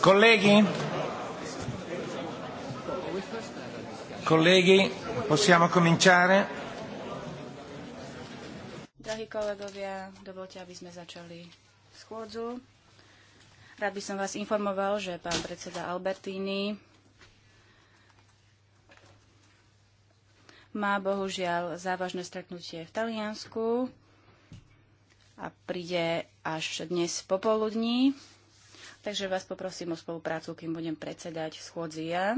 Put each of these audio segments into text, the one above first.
Colleghi, teda. colleghi, possiamo cominciare? Drahí kolegovia, dovolte, aby sme začali schôdzu. Rád by som vás informoval, že pán predseda Albertini má bohužiaľ závažné stretnutie v Taliansku príde až dnes popoludní. Takže vás poprosím o spoluprácu, kým budem predsedať schôdzi ja.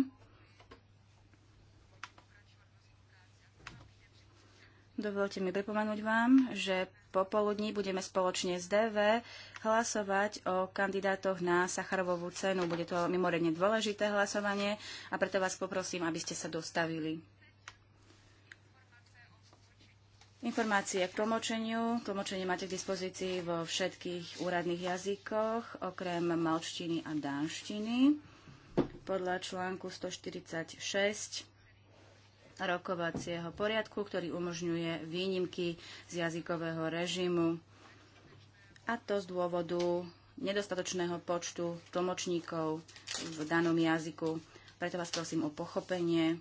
Dovolte mi pripomenúť vám, že popoludní budeme spoločne s DV hlasovať o kandidátoch na Sacharovovú cenu. Bude to mimoriadne dôležité hlasovanie a preto vás poprosím, aby ste sa dostavili. Informácie k tlmočeniu. Tlmočenie máte k dispozícii vo všetkých úradných jazykoch, okrem malčtiny a dánštiny. Podľa článku 146 rokovacieho poriadku, ktorý umožňuje výnimky z jazykového režimu. A to z dôvodu nedostatočného počtu tlmočníkov v danom jazyku. Preto vás prosím o pochopenie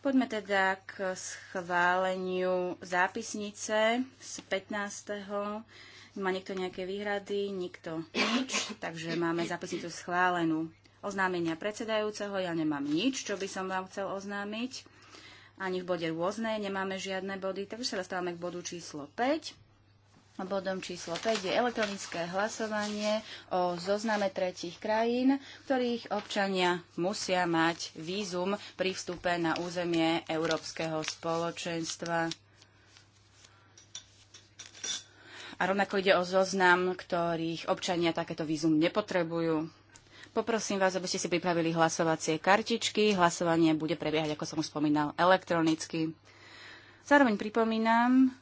Poďme teda k schváleniu zápisnice z 15. Má niekto nejaké výhrady? Nikto nič. Takže máme zápisnicu schválenú. Oznámenia predsedajúceho ja nemám nič, čo by som vám chcel oznámiť. Ani v bode rôzne nemáme žiadne body, takže sa dostávame k bodu číslo 5. Bodom číslo 5 je elektronické hlasovanie o zozname tretich krajín, ktorých občania musia mať vízum pri vstupe na územie Európskeho spoločenstva. A rovnako ide o zoznam, ktorých občania takéto vízum nepotrebujú. Poprosím vás, aby ste si pripravili hlasovacie kartičky. Hlasovanie bude prebiehať, ako som už spomínal, elektronicky. Zároveň pripomínam,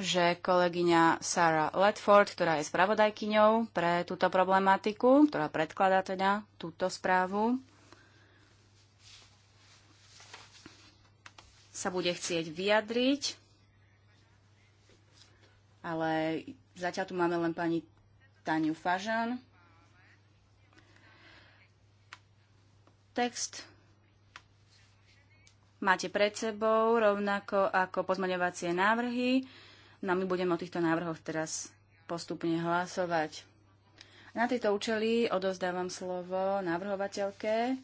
že kolegyňa Sarah Ledford, ktorá je spravodajkyňou pre túto problematiku, ktorá predkladá teda túto správu, sa bude chcieť vyjadriť, ale zatiaľ tu máme len pani Taniu Fažan. Text máte pred sebou, rovnako ako pozmaňovacie návrhy. No my budeme o týchto návrhoch teraz postupne hlasovať. Na tieto účely odozdávam slovo navrhovateľke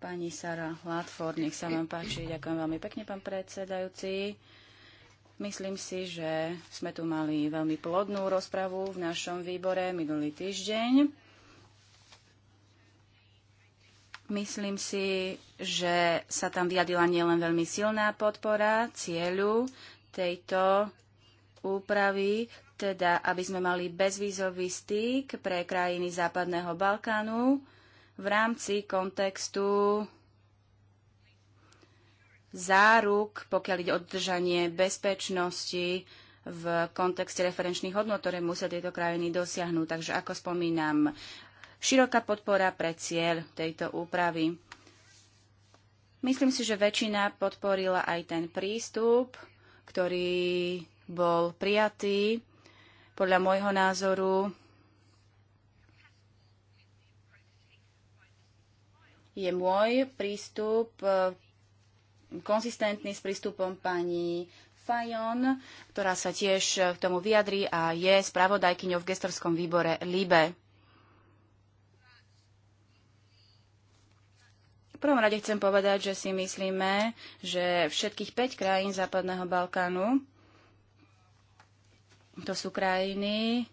pani Sara Latford. Nech sa vám páči. Ďakujem veľmi pekne, pán predsedajúci. Myslím si, že sme tu mali veľmi plodnú rozpravu v našom výbore minulý týždeň. Myslím si, že sa tam vyjadila nielen veľmi silná podpora cieľu tejto úpravy, teda aby sme mali bezvízový styk pre krajiny Západného Balkánu v rámci kontextu záruk, pokiaľ ide o držanie bezpečnosti v kontexte referenčných hodnot, ktoré musia tieto krajiny dosiahnuť. Takže ako spomínam, široká podpora pre cieľ tejto úpravy. Myslím si, že väčšina podporila aj ten prístup, ktorý bol prijatý. Podľa môjho názoru je môj prístup e, konzistentný s prístupom pani Fajon, ktorá sa tiež e, k tomu vyjadrí a je spravodajkyňou v gestorskom výbore LIBE. V prvom rade chcem povedať, že si myslíme, že všetkých 5 krajín Západného Balkánu to sú krajiny,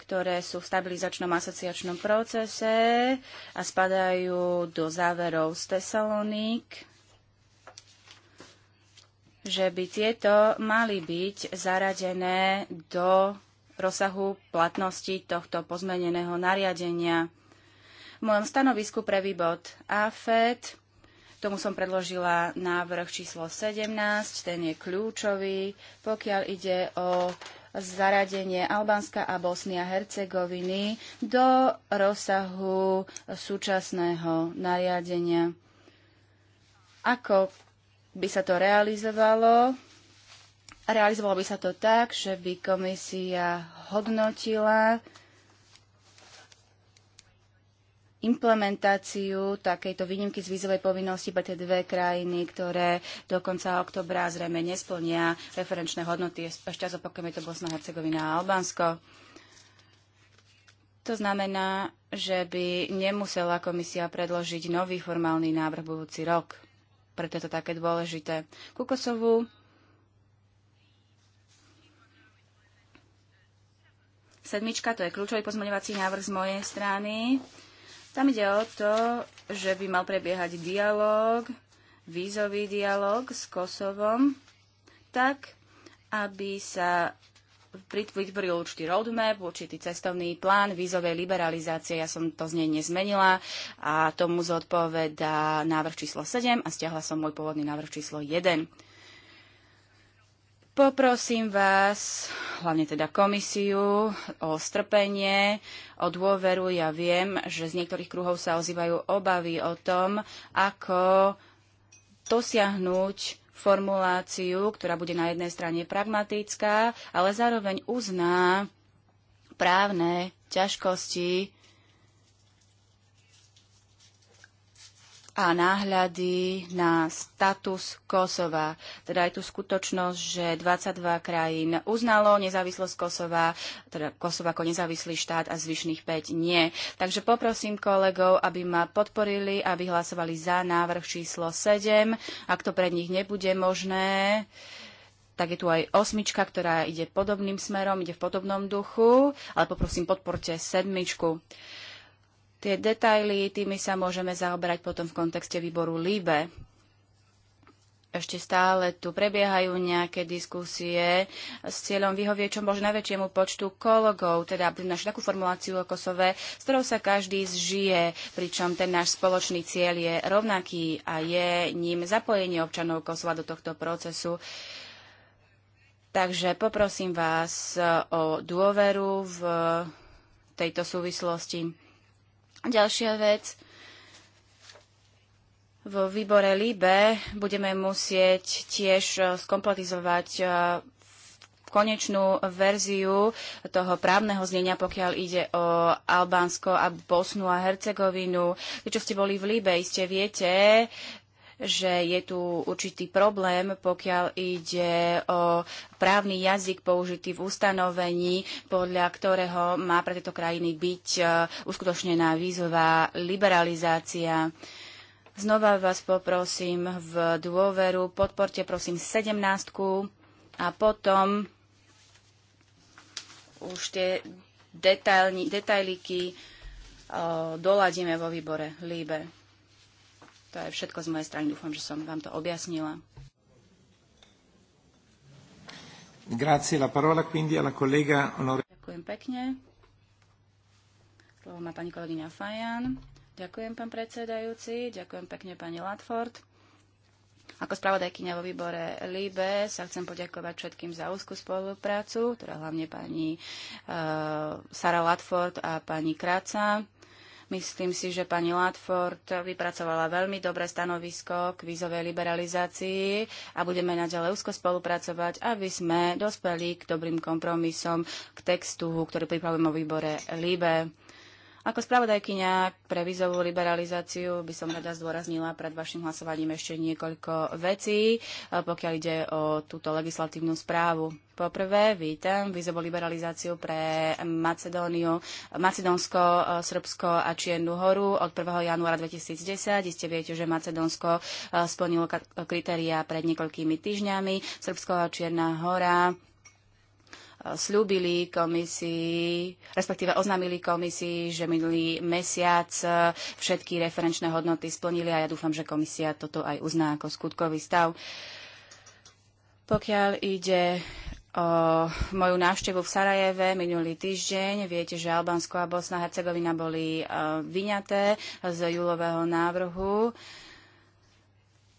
ktoré sú v stabilizačnom asociačnom procese a spadajú do záverov z Tesaloník, že by tieto mali byť zaradené do rozsahu platnosti tohto pozmeneného nariadenia. V mojom stanovisku pre výbod AFED tomu som predložila návrh číslo 17, ten je kľúčový, pokiaľ ide o zaradenie Albánska a Bosny a Hercegoviny do rozsahu súčasného nariadenia. Ako by sa to realizovalo? Realizovalo by sa to tak, že by komisia hodnotila implementáciu takejto výnimky z vízovej povinnosti pre tie dve krajiny, ktoré do konca oktobra zrejme nesplnia referenčné hodnoty. Ešte raz opakujem, je to Bosna, Hercegovina a Albánsko. To znamená, že by nemusela komisia predložiť nový formálny návrh budúci rok. Preto je to také dôležité. Ku Kosovu Sedmička, to je kľúčový pozmeňovací návrh z mojej strany. Tam ide o to, že by mal prebiehať dialog, vízový dialog s Kosovom, tak, aby sa vytvoril určitý roadmap, určitý cestovný plán vízovej liberalizácie. Ja som to z nej nezmenila a tomu zodpoveda návrh číslo 7 a stiahla som môj pôvodný návrh číslo 1. Poprosím vás, hlavne teda komisiu, o strpenie, o dôveru. Ja viem, že z niektorých kruhov sa ozývajú obavy o tom, ako dosiahnuť formuláciu, ktorá bude na jednej strane pragmatická, ale zároveň uzná právne ťažkosti, a náhľady na status Kosova. Teda je tu skutočnosť, že 22 krajín uznalo nezávislosť Kosova, teda Kosova ako nezávislý štát a zvyšných 5 nie. Takže poprosím kolegov, aby ma podporili, aby hlasovali za návrh číslo 7. Ak to pre nich nebude možné, tak je tu aj osmička, ktorá ide podobným smerom, ide v podobnom duchu, ale poprosím, podporte sedmičku. Tie detaily, tými sa môžeme zaoberať potom v kontexte výboru LIBE. Ešte stále tu prebiehajú nejaké diskusie s cieľom vyhovieť čo možno najväčšiemu počtu kolegov, teda aby našli takú formuláciu o Kosove, s ktorou sa každý zžije, pričom ten náš spoločný cieľ je rovnaký a je ním zapojenie občanov Kosova do tohto procesu. Takže poprosím vás o dôveru v tejto súvislosti. Ďalšia vec. Vo výbore LIBE budeme musieť tiež e, skompletizovať e, konečnú verziu toho právneho znenia, pokiaľ ide o Albánsko a Bosnu a Hercegovinu. Vy, čo ste boli v Líbe, iste viete, že je tu určitý problém, pokiaľ ide o právny jazyk použitý v ustanovení, podľa ktorého má pre tieto krajiny byť e, uskutočnená vízová liberalizácia. Znova vás poprosím v dôveru, podporte prosím 17 a potom už tie detailní, detailiky o, e, doladíme vo výbore Líbe. To je všetko z mojej strany. Dúfam, že som vám to objasnila. Grazie, la parola quindi alla collega onore... Ďakujem pekne. Slovo má pani kolegyňa Fajan. Ďakujem, pán predsedajúci. Ďakujem pekne, pani Latford. Ako spravodajkyňa vo výbore LIBE sa chcem poďakovať všetkým za úzkú spoluprácu, teda hlavne pani uh, Sara Latford a pani Kráca Myslím si, že pani Latford vypracovala veľmi dobré stanovisko k vízovej liberalizácii a budeme naďalej úzko spolupracovať, aby sme dospeli k dobrým kompromisom k textu, ktorý pripravujeme o výbore LIBE. Ako spravodajkyňa pre vízovú liberalizáciu by som rada zdôraznila pred vašim hlasovaním ešte niekoľko vecí, e, pokiaľ ide o túto legislatívnu správu. Poprvé, vítam vízovú liberalizáciu pre Macedóniu, Macedónsko, e, Srbsko a Čiernu horu od 1. januára 2010. Iste viete, že Macedónsko e, splnilo kritéria pred niekoľkými týždňami. Srbsko a Čierna hora slúbili komisii, respektíve oznámili komisii, že minulý mesiac e, všetky referenčné hodnoty splnili a ja dúfam, že komisia toto aj uzná ako skutkový stav. Pokiaľ ide o moju návštevu v Sarajeve minulý týždeň. Viete, že Albánsko a Bosna a Hercegovina boli e, vyňaté z júlového návrhu. Uh,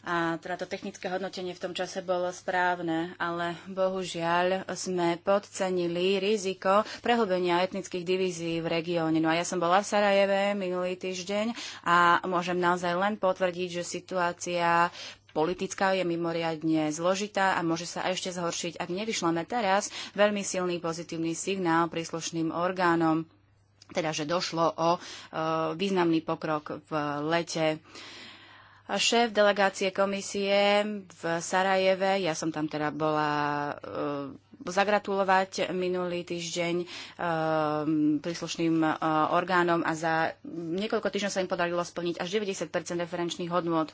a teda to technické hodnotenie v tom čase bolo správne, ale bohužiaľ sme podcenili riziko prehlbenia etnických divízií v regióne. No a ja som bola v Sarajeve minulý týždeň a môžem naozaj len potvrdiť, že situácia politická je mimoriadne zložitá a môže sa ešte zhoršiť, ak nevyšleme teraz veľmi silný pozitívny signál príslušným orgánom, teda že došlo o e, významný pokrok v lete. E, šéf delegácie komisie v Sarajeve. Ja som tam teda bola e, zagratulovať minulý týždeň e, príslušným e, orgánom a za niekoľko týždňov sa im podarilo splniť až 90 referenčných hodnôt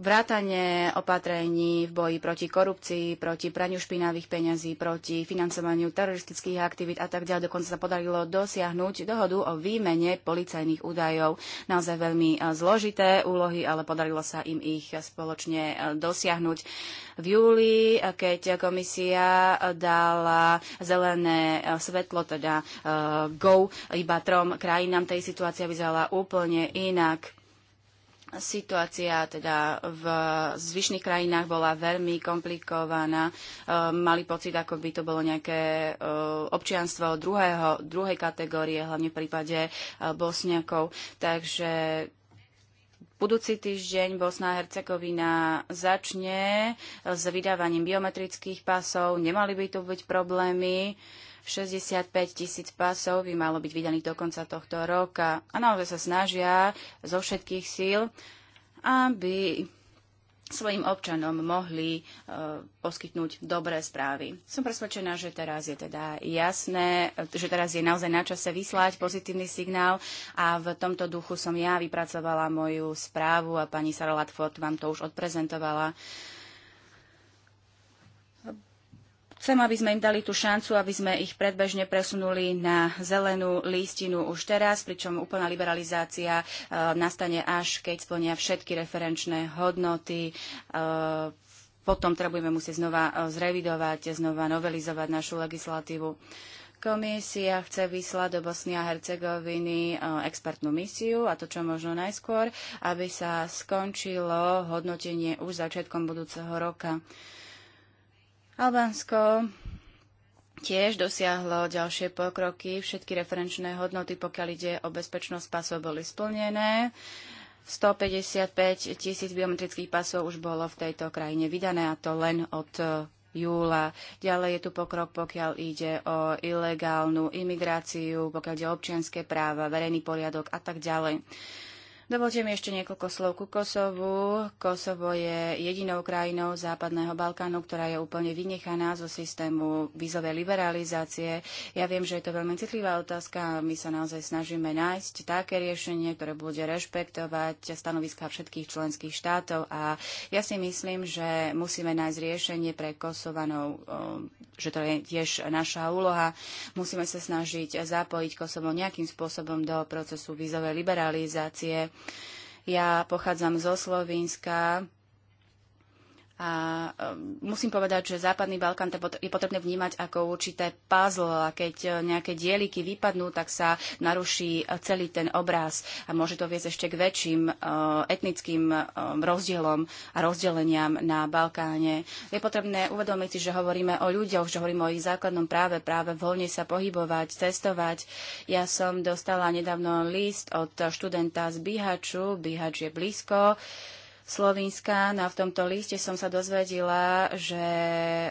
vrátanie opatrení v boji proti korupcii, proti praniu špinavých peňazí, proti financovaniu teroristických aktivít a tak ďalej. Dokonca sa podarilo dosiahnuť dohodu o výmene policajných údajov. Naozaj veľmi e, zložité úlohy, ale podarilo sa im ich spoločne e, dosiahnuť. V júli, e, keď komisia dala zelené svetlo, teda go, iba trom krajinám, tej situácia vyzerala úplne inak Situácia teda v zvyšných krajinách bola veľmi komplikovaná. E, mali pocit, ako by to bolo nejaké e, občianstvo druhého, druhej kategórie, hlavne v prípade e, Bosniakov. Takže Budúci týždeň Bosna a Hercegovina začne s vydávaním biometrických pasov. Nemali by tu byť problémy. 65 tisíc pasov by malo byť vydaných do konca tohto roka. A naozaj sa snažia zo všetkých síl, aby svojim občanom mohli e, poskytnúť dobré správy. Som presvedčená, že teraz je teda jasné, že teraz je naozaj na čase vyslať pozitívny signál a v tomto duchu som ja vypracovala moju správu a pani Sara Latford vám to už odprezentovala. E, Chcem, aby sme im dali tú šancu, aby sme ich predbežne presunuli na zelenú lístinu už teraz, pričom úplná liberalizácia e, nastane až keď splnia všetky referenčné hodnoty. E, potom teda budeme musieť znova e, zrevidovať, znova novelizovať našu legislatívu. Komisia chce vyslať do Bosny a Hercegoviny expertnú misiu a to čo možno najskôr, aby sa skončilo hodnotenie už začiatkom budúceho roka. Albánsko tiež dosiahlo ďalšie pokroky. Všetky referenčné hodnoty, pokiaľ ide o bezpečnosť pasov, boli splnené. 155 tisíc biometrických pasov už bolo v tejto krajine vydané a to len od e, júla. Ďalej je tu pokrok, pokiaľ ide o ilegálnu imigráciu, pokiaľ ide o občianské práva, verejný poriadok a tak ďalej. Dovolte mi ešte niekoľko slov ku Kosovu. Kosovo je jedinou krajinou Západného Balkánu, ktorá je úplne vynechaná zo systému vízovej liberalizácie. Ja viem, že je to veľmi citlivá otázka my sa naozaj snažíme nájsť také riešenie, ktoré bude rešpektovať stanoviská všetkých členských štátov a ja si myslím, že musíme nájsť riešenie pre Kosovanov, že to je tiež naša úloha. Musíme sa snažiť zapojiť Kosovo nejakým spôsobom do procesu vízovej liberalizácie ja pochádzam zo Slovenska, a e, musím povedať, že Západný Balkán je potrebné vnímať ako určité puzzle a keď e, nejaké dieliky vypadnú, tak sa naruší e, celý ten obraz a môže to viesť ešte k väčším etnickým rozdielom a rozdeleniam na Balkáne. Je potrebné uvedomiť si, že hovoríme o ľuďoch, že hovoríme o ich základnom práve, práve voľne sa pohybovať, cestovať. Ja som dostala nedávno list od študenta z Bihaču, Bihač je blízko, Slovenska. No a v tomto liste som sa dozvedela, že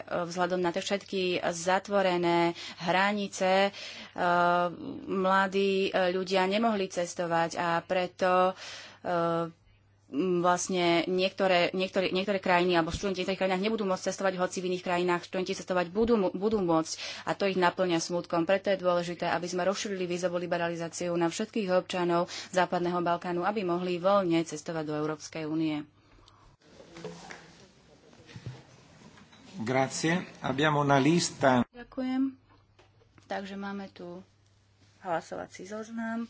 e, vzhľadom na tie všetky zatvorené hranice e, mladí e, ľudia nemohli cestovať a preto vlastne niektoré, niektoré, niektoré krajiny alebo študenti v niektorých krajinách nebudú môcť cestovať, hoci v iných krajinách študenti cestovať budú, budú môcť a to ich naplňa smutkom. Preto je dôležité, aby sme rozšírili vízovú liberalizáciu na všetkých občanov Západného Balkánu, aby mohli voľne cestovať do Európskej únie. Grazie. Abbiamo una lista. Ďakujem. Takže máme tu hlasovací zoznam.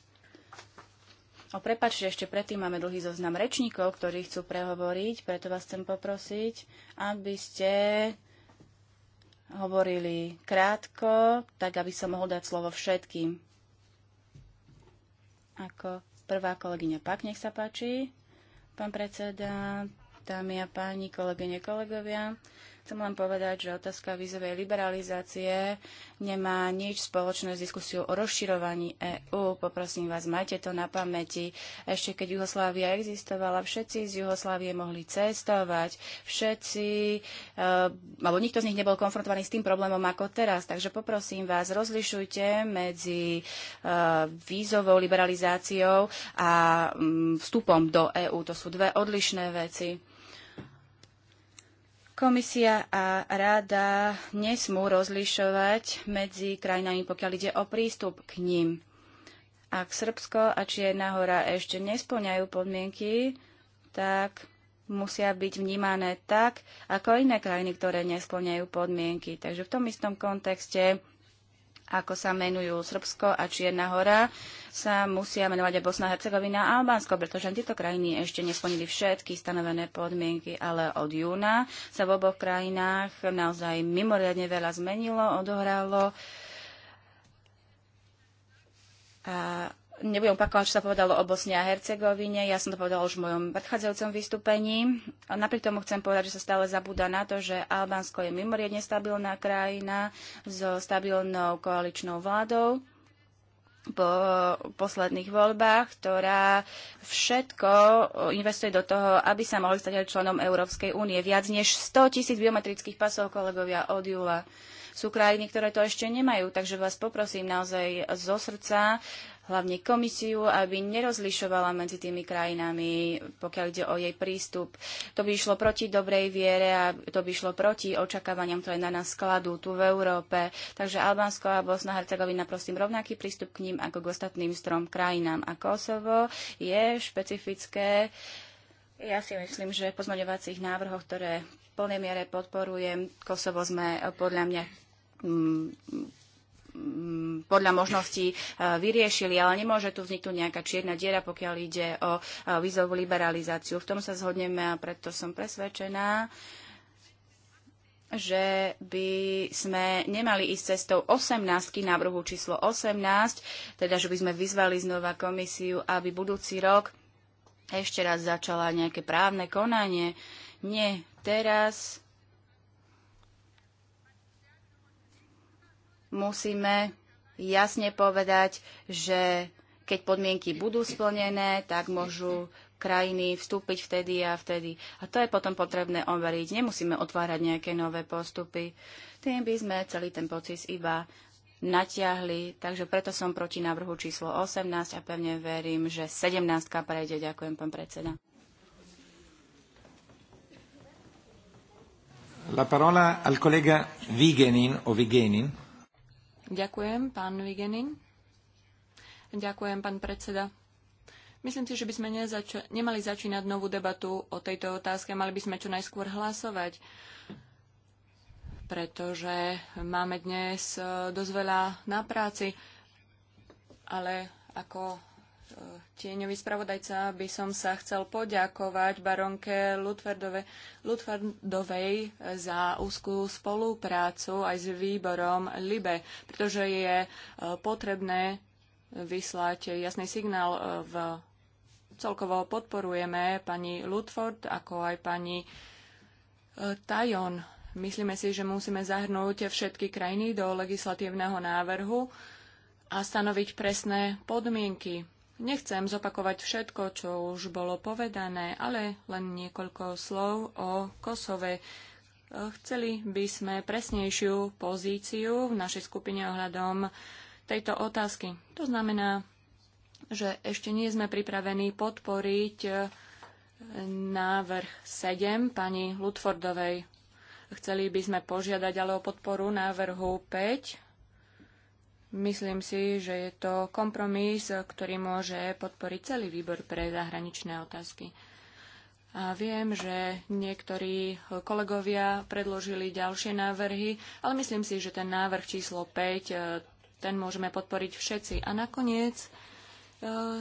O prepačte, ešte predtým máme dlhý zoznam rečníkov, ktorí chcú prehovoriť, preto vás chcem poprosiť, aby ste hovorili krátko, tak aby som mohol dať slovo všetkým. Ako prvá kolegyňa Pak, nech sa páči. Pán predseda, dámy a páni, kolegyne, kolegovia. Chcem len povedať, že otázka vízovej liberalizácie nemá nič spoločné s diskusiou o rozširovaní EÚ. Poprosím vás, majte to na pamäti. Ešte keď Juhoslávia existovala, všetci z Juhoslávie mohli cestovať, všetci, eh, alebo nikto z nich nebol konfrontovaný s tým problémom ako teraz. Takže poprosím vás, rozlišujte medzi eh, vízovou liberalizáciou a mm, vstupom do EÚ. To sú dve odlišné veci. Komisia a rada nesmú rozlišovať medzi krajinami, pokiaľ ide o prístup k ním. Ak Srbsko a Čierna hora ešte nesplňajú podmienky, tak musia byť vnímané tak, ako iné krajiny, ktoré nesplňajú podmienky. Takže v tom istom kontexte ako sa menujú Srbsko a Čierna hora, sa musia menovať aj Bosna, Hercegovina a Albánsko, pretože tieto krajiny ešte nesplnili všetky stanovené podmienky, ale od júna sa v oboch krajinách naozaj mimoriadne veľa zmenilo, odohralo. A Nebudem opakovať, čo sa povedalo o Bosne a Hercegovine. Ja som to povedala už v mojom predchádzajúcom vystúpení. Napriek tomu chcem povedať, že sa stále zabúda na to, že Albánsko je mimoriadne stabilná krajina so stabilnou koaličnou vládou po posledných voľbách, ktorá všetko investuje do toho, aby sa mohli stať aj členom Európskej únie. Viac než 100 tisíc biometrických pasov, kolegovia, od júla. Sú krajiny, ktoré to ešte nemajú, takže vás poprosím naozaj zo srdca, hlavne komisiu, aby nerozlišovala medzi tými krajinami, pokiaľ ide o jej prístup. To by išlo proti dobrej viere a to by išlo proti očakávaniam, ktoré na nás skladú tu v Európe. Takže Albánsko a Bosna Hercegovina prosím rovnaký prístup k ním ako k ostatným strom krajinám. A Kosovo je špecifické. Ja si myslím, že v pozmaňovacích návrhoch, ktoré v plnej miere podporujem, Kosovo sme podľa mňa mm, Mm, podľa možností e, vyriešili, ale nemôže tu vzniknúť nejaká čierna diera, pokiaľ ide o e, vízovú liberalizáciu. V tom sa zhodneme a preto som presvedčená, že by sme nemali ísť cestou 18 vrhu číslo 18, teda že by sme vyzvali znova komisiu, aby budúci rok ešte raz začala nejaké právne konanie. Nie, teraz musíme jasne povedať, že keď podmienky budú splnené, tak môžu krajiny vstúpiť vtedy a vtedy. A to je potom potrebné overiť. Nemusíme otvárať nejaké nové postupy. Tým by sme celý ten proces iba natiahli, takže preto som proti návrhu číslo 18 a pevne verím, že 17 prejde. Ďakujem, pán predseda. La parola al collega Vigenin o Vigenin. Ďakujem, pán Vigenin. Ďakujem, pán predseda. Myslím si, že by sme nezač- nemali začínať novú debatu o tejto otázke, mali by sme čo najskôr hlasovať, pretože máme dnes eh, dosť veľa na práci, ale ako tieňový spravodajca, by som sa chcel poďakovať baronke Lutvardove, za úzkú spoluprácu aj s výborom LIBE, pretože je e, potrebné vyslať jasný signál e, v celkovo podporujeme pani Ludford, ako aj pani e, Tajon. Myslíme si, že musíme zahrnúť všetky krajiny do legislatívneho návrhu a stanoviť presné podmienky Nechcem zopakovať všetko, čo už bolo povedané, ale len niekoľko slov o Kosove. Chceli by sme presnejšiu pozíciu v našej skupine ohľadom tejto otázky. To znamená, že ešte nie sme pripravení podporiť eh, návrh 7 pani Ludfordovej. Chceli by sme požiadať ale o podporu návrhu 5 Myslím si, že je to kompromis, ktorý môže podporiť celý výbor pre zahraničné otázky. A viem, že niektorí kolegovia predložili ďalšie návrhy, ale myslím si, že ten návrh číslo 5, e, ten môžeme podporiť všetci. A nakoniec e,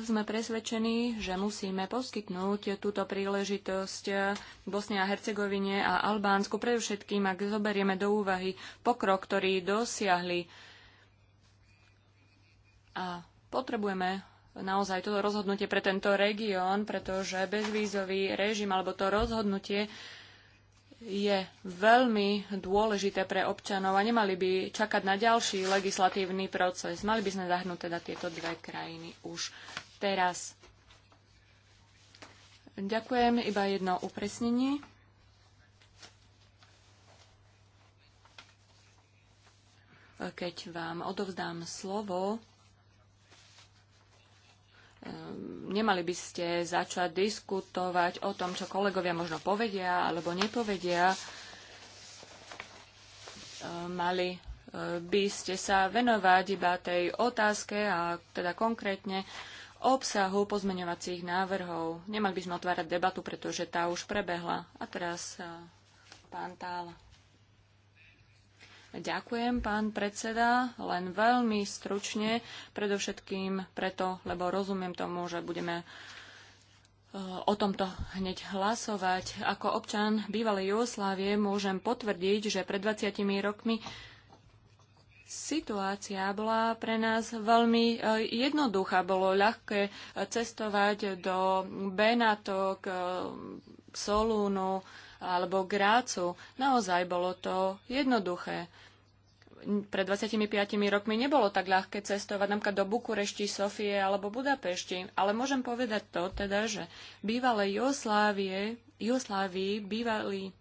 sme presvedčení, že musíme poskytnúť túto príležitosť Bosne a Hercegovine a Albánsku, predovšetkým ak zoberieme do úvahy pokrok, ktorý dosiahli a potrebujeme naozaj toto rozhodnutie pre tento región, pretože bezvízový režim alebo to rozhodnutie je veľmi dôležité pre občanov a nemali by čakať na ďalší legislatívny proces. Mali by sme zahrnúť teda tieto dve krajiny už teraz. Ďakujem, iba jedno upresnenie. Keď vám odovzdám slovo, Ehm, nemali by ste začať diskutovať o tom, čo kolegovia možno povedia alebo nepovedia. Ehm, mali eh, by ste sa venovať iba tej otázke a teda konkrétne obsahu pozmeňovacích návrhov. Nemali by sme otvárať debatu, pretože tá už prebehla. A teraz eh, pán Tála. Ďakujem, pán predseda, len veľmi stručne, predovšetkým preto, lebo rozumiem tomu, že budeme e, o tomto hneď hlasovať. Ako občan bývalej Jugoslávie môžem potvrdiť, že pred 20 rokmi situácia bola pre nás veľmi e, jednoduchá. Bolo ľahké e, cestovať do Benatok, Solúnu, alebo Grácu. Naozaj bolo to jednoduché. Pred 25 rokmi nebolo tak ľahké cestovať napríklad do Bukurešti, Sofie alebo Budapešti, ale môžem povedať to teda, že bývalé Jugoslávie, Jugoslávii bývali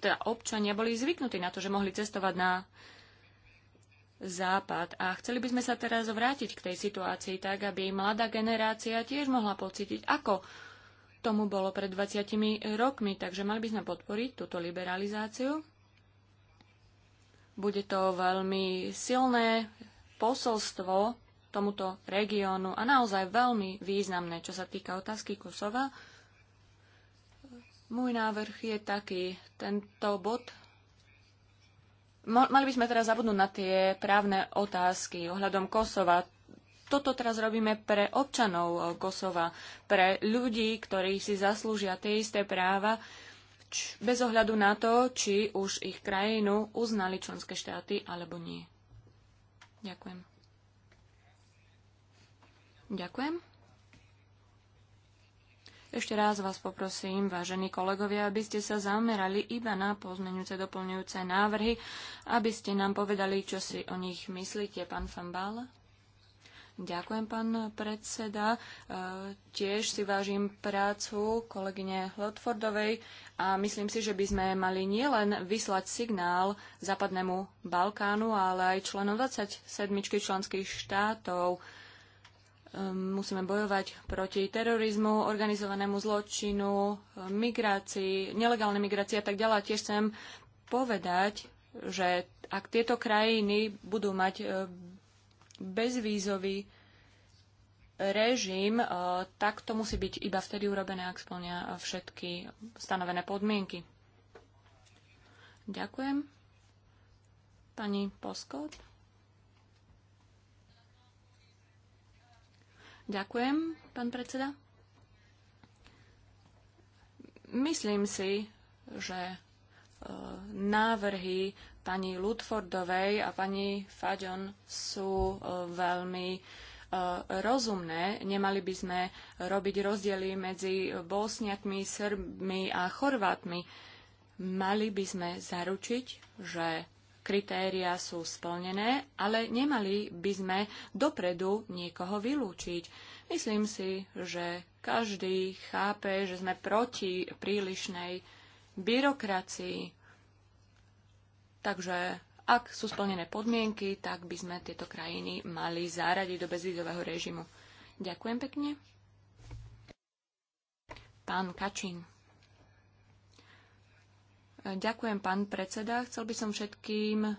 teda občania boli zvyknutí na to, že mohli cestovať na západ a chceli by sme sa teraz vrátiť k tej situácii tak, aby mladá generácia tiež mohla pocítiť, ako tomu bolo pred 20 rokmi, takže mali by sme podporiť túto liberalizáciu. Bude to veľmi silné posolstvo tomuto regiónu a naozaj veľmi významné, čo sa týka otázky Kosova. Môj návrh je taký, tento bod Mali by sme teraz zabudnúť na tie právne otázky ohľadom Kosova toto teraz robíme pre občanov eh, Kosova, pre ľudí, ktorí si zaslúžia tie isté práva, bez ohľadu na to, či už ich krajinu uznali členské štáty alebo nie. Ďakujem. Ďakujem. Ešte raz vás poprosím, vážení kolegovia, aby ste sa zamerali iba na pozmeňujúce doplňujúce návrhy, aby ste nám povedali, čo si o nich myslíte, pán Fambála. Ďakujem, pán predseda. E, tiež si vážim prácu kolegyne Lotfordovej a myslím si, že by sme mali nielen vyslať signál Západnému Balkánu, ale aj členom 27 členských štátov. E, musíme bojovať proti terorizmu, organizovanému zločinu, migrácii, nelegálnej migrácii a tak ďalej. Tiež chcem povedať, že ak tieto krajiny budú mať e, bezvízový režim, e, tak to musí byť iba vtedy urobené, ak splňa všetky stanovené podmienky. Ďakujem. Pani Poskot. Ďakujem, pán predseda. Myslím si, že e, návrhy pani Ludfordovej a pani Fajon sú e, veľmi e, rozumné. Nemali by sme robiť rozdiely medzi Bosniakmi, Srbmi a Chorvátmi. Mali by sme zaručiť, že kritéria sú splnené, ale nemali by sme dopredu niekoho vylúčiť. Myslím si, že každý chápe, že sme proti prílišnej byrokracii Takže ak sú splnené podmienky, tak by sme tieto krajiny mali zaradiť do bezvízového režimu. Ďakujem pekne. Pán Kačín. Ďakujem, pán predseda. Chcel by som všetkým e,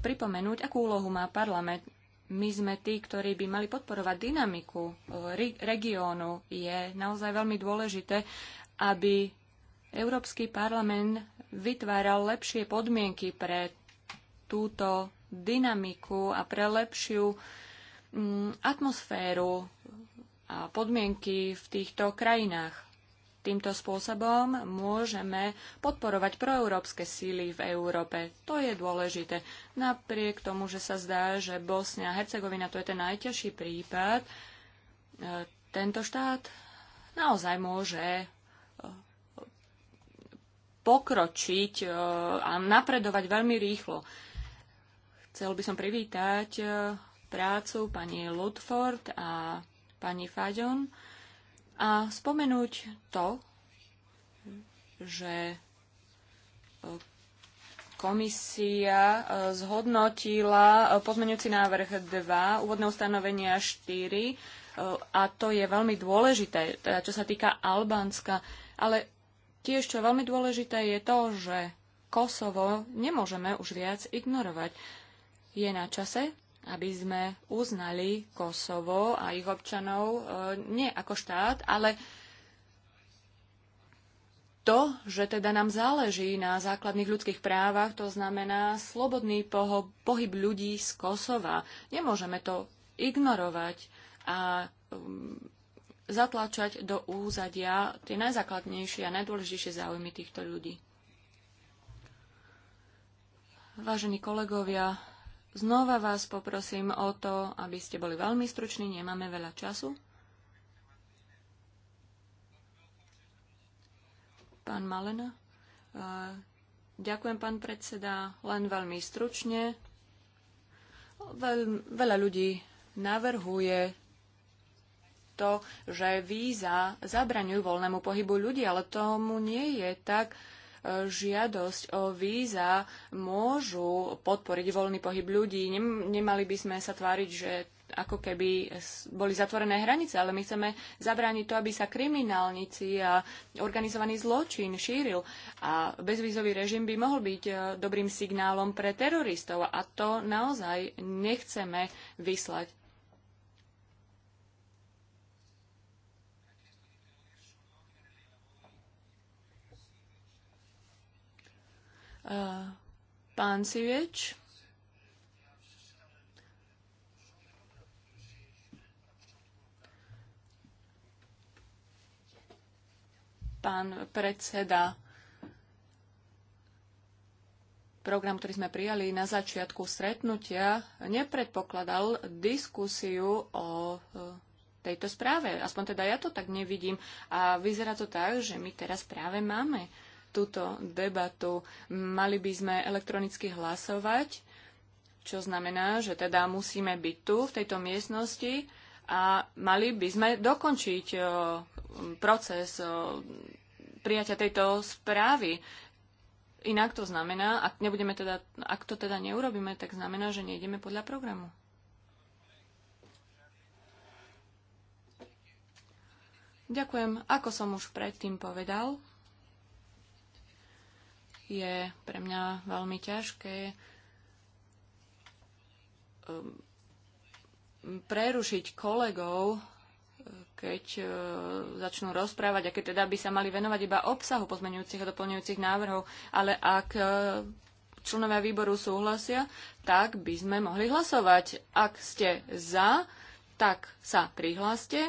pripomenúť, akú úlohu má parlament. My sme tí, ktorí by mali podporovať dynamiku e, regiónu. Je naozaj veľmi dôležité, aby Európsky parlament vytváral lepšie podmienky pre túto dynamiku a pre lepšiu mm, atmosféru a podmienky v týchto krajinách. Týmto spôsobom môžeme podporovať proeurópske síly v Európe. To je dôležité. Napriek tomu, že sa zdá, že Bosnia a Hercegovina to je ten najťažší prípad, e, tento štát naozaj môže pokročiť e, a napredovať veľmi rýchlo. Chcel by som privítať e, prácu pani Ludford a pani Fajon a spomenúť to, že e, komisia zhodnotila pozmeňujúci návrh 2, úvodné ustanovenia 4 a to je veľmi dôležité, teda čo sa týka Albánska. Ale Tiež, čo je veľmi dôležité, je to, že Kosovo nemôžeme už viac ignorovať. Je na čase, aby sme uznali Kosovo a ich občanov e, nie ako štát, ale to, že teda nám záleží na základných ľudských právach, to znamená slobodný poho- pohyb ľudí z Kosova. Nemôžeme to ignorovať a mm, zatlačať do úzadia tie najzákladnejšie a najdôležitejšie záujmy týchto ľudí. Vážení kolegovia, znova vás poprosím o to, aby ste boli veľmi struční, nemáme veľa času. Pán Malena. Eh, ďakujem, pán predseda, len veľmi stručne. Veľ, veľa ľudí navrhuje to, že víza zabraňujú voľnému pohybu ľudí, ale tomu nie je tak e, žiadosť o víza môžu podporiť voľný pohyb ľudí. nemali by sme sa tváriť, že ako keby boli zatvorené hranice, ale my chceme zabrániť to, aby sa kriminálnici a organizovaný zločin šíril. A bezvízový režim by mohol byť e, dobrým signálom pre teroristov a to naozaj nechceme vyslať Eh, pán Sivieč. Pán predseda, program, ktorý sme prijali na začiatku stretnutia, nepredpokladal diskusiu o eh, tejto správe. Aspoň teda ja to tak nevidím. A vyzerá to tak, že my teraz práve máme túto debatu. Mali by sme elektronicky hlasovať, čo znamená, že teda musíme byť tu, v tejto miestnosti a mali by sme dokončiť o, e, proces o, e, prijatia tejto správy. Inak to znamená, ak, nebudeme teda, ak to teda neurobíme, tak znamená, že nejdeme podľa programu. Ďakujem. Ako som už predtým povedal, je pre mňa veľmi ťažké um, prerušiť kolegov, uh, keď uh, začnú rozprávať a keď teda by sa mali venovať iba obsahu pozmenujúcich a doplňujúcich návrhov, ale ak uh, členovia výboru súhlasia, tak by sme mohli hlasovať. Ak ste za, tak sa prihláste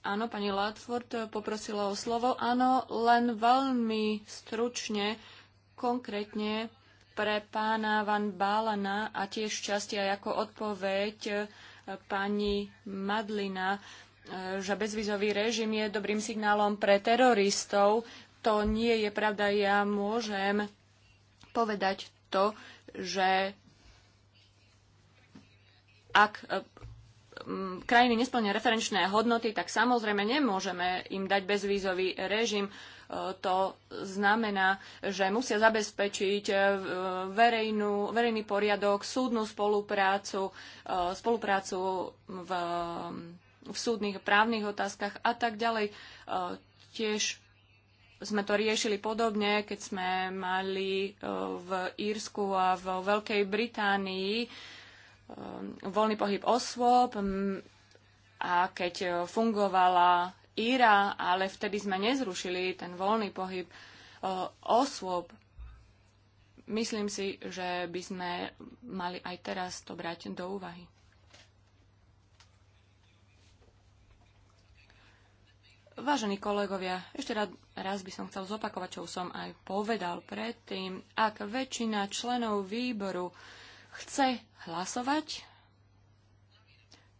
Áno, pani Latford poprosila o slovo. Áno, len veľmi stručne, konkrétne pre pána Van Balana a tiež časti aj ako odpoveď e, pani Madlina, e, že bezvizový režim je dobrým signálom pre teroristov. To nie je pravda. Ja môžem povedať to, že ak krajiny nesplnia referenčné hodnoty, tak samozrejme nemôžeme im dať bezvízový režim. E, to znamená, že musia zabezpečiť e, verejnú, verejný poriadok, súdnu spoluprácu, e, spoluprácu v, v súdnych právnych otázkach a tak ďalej. Tiež sme to riešili podobne, keď sme mali v Írsku a v Veľkej Británii Um, voľný pohyb osôb a keď e, fungovala Íra, ale vtedy sme nezrušili ten voľný pohyb e, osôb. Myslím si, že by sme mali aj teraz to brať do úvahy. Vážení kolegovia, ešte raz, raz by som chcel zopakovať, čo som aj povedal predtým. Ak väčšina členov výboru uh, chce hlasovať,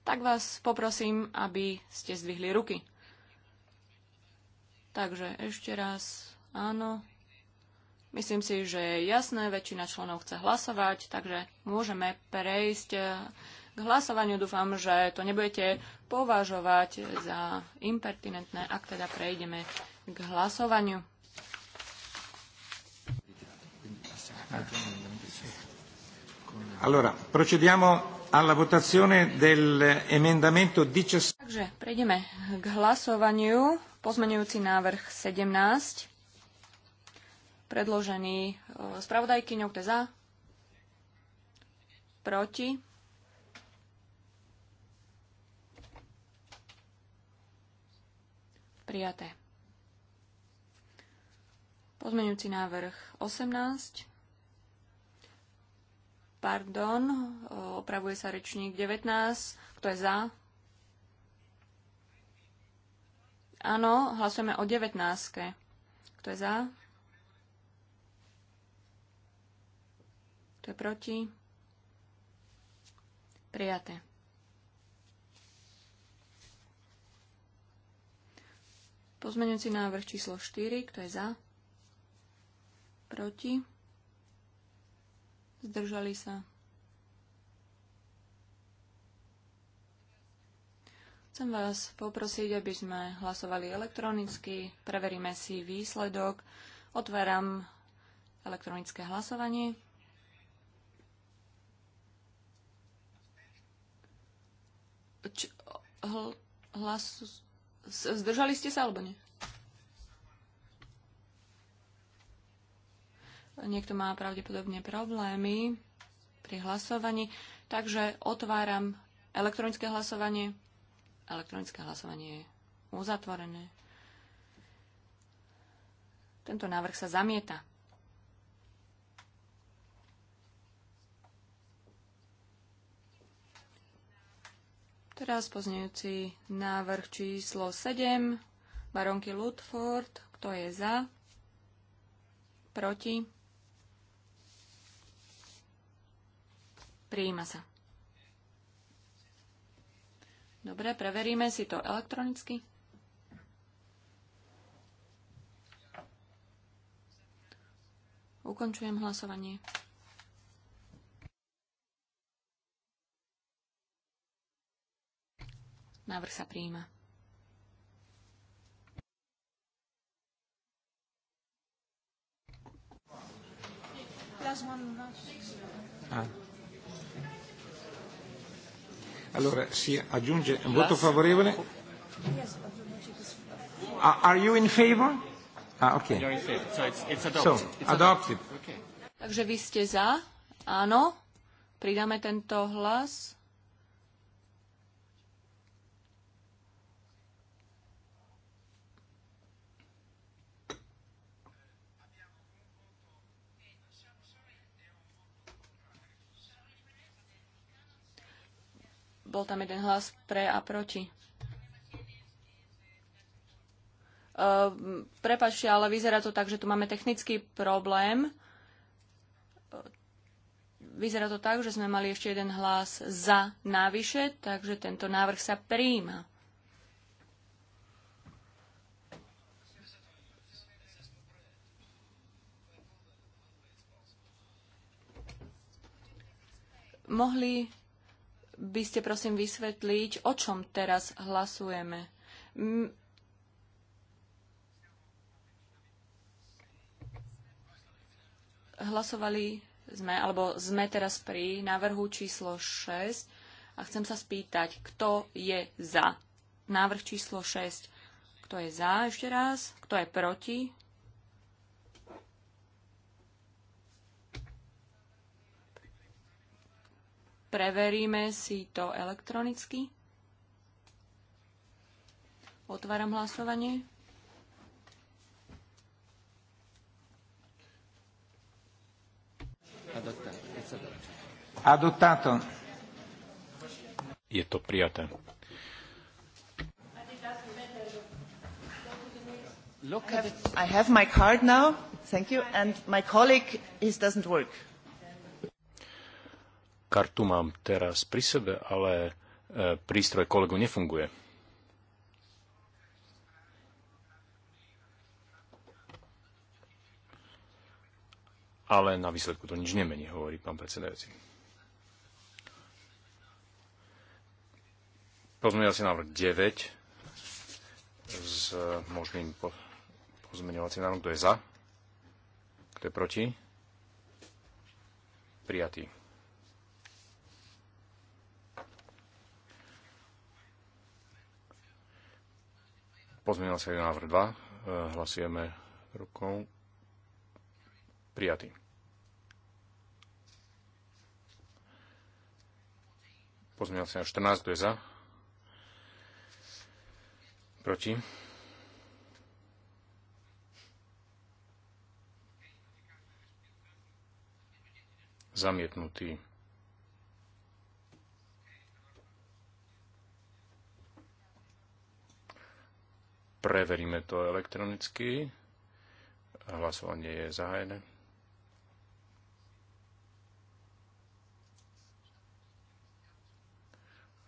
tak vás poprosím, aby ste zdvihli ruky. Takže ešte raz, áno. Myslím si, že je jasné, väčšina členov chce hlasovať, takže môžeme prejsť k hlasovaniu. Dúfam, že to nebudete považovať za impertinentné, ak teda prejdeme k hlasovaniu. Ah. Allora, procediamo alla votazione dell'emendamento 17. Takže prejdeme k hlasovaniu. Pozmenujúci návrh 17, predložený e, spravodajkyňou, kto za? Proti? Prijaté. Pozmenujúci návrh 18, Pardon, opravuje sa rečník 19. Kto je za? Áno, hlasujeme o 19. Kto je za? Kto je proti? Prijaté. Pozmeňujúci návrh číslo 4. Kto je za? Proti? Zdržali sa. Chcem vás poprosiť, aby sme hlasovali elektronicky. Preveríme si výsledok. Otváram elektronické hlasovanie. Č- zdržali ste sa alebo nie? Niekto má pravdepodobne problémy pri hlasovaní, takže otváram elektronické hlasovanie. Elektronické hlasovanie je uzatvorené. Tento návrh sa zamieta. Teraz pozňujúci návrh číslo 7 baronky Ludford. Kto je za? Proti? Prijíma sa. Dobre, preveríme si to elektronicky. Ukončujem hlasovanie. Návrh sa prijíma. Plus Allora si aggiunge un voto favorevole. Ah, are you in favor? Ah, okay. So adopted. Takže vy ste za? Áno. Pridáme tento hlas. bol tam jeden hlas pre a proti. Uh, prepačte, ale vyzerá to tak, že tu máme technický problém. Vyzerá to tak, že sme mali ešte jeden hlas za návyše, takže tento návrh sa prijíma. Mohli by ste prosím vysvetliť, o čom teraz hlasujeme. Hlasovali sme, alebo sme teraz pri návrhu číslo 6 a chcem sa spýtať, kto je za návrh číslo 6. Kto je za ešte raz? Kto je proti? Preveríme si to elektronicky. Otváram hlasovanie. Adottato. Je to prijaté. Look I have my card now. Thank you. And my colleague, his doesn't work. Kartu mám teraz pri sebe, ale e, prístroj kolegu nefunguje. Ale na výsledku to nič nemení, hovorí pán predsedajúci. Pozmeňovací návrh 9 s možným pozmeňovacím návrhom, kto je za, kto je proti. Prijatý. Pozmeňovací návrh 2. E, hlasujeme rukou. Prijatý. Pozmeňovací návrh 14. Kto je za? Proti? Zamietnutý. Preveríme to elektronicky. Hlasovanie je zahájené.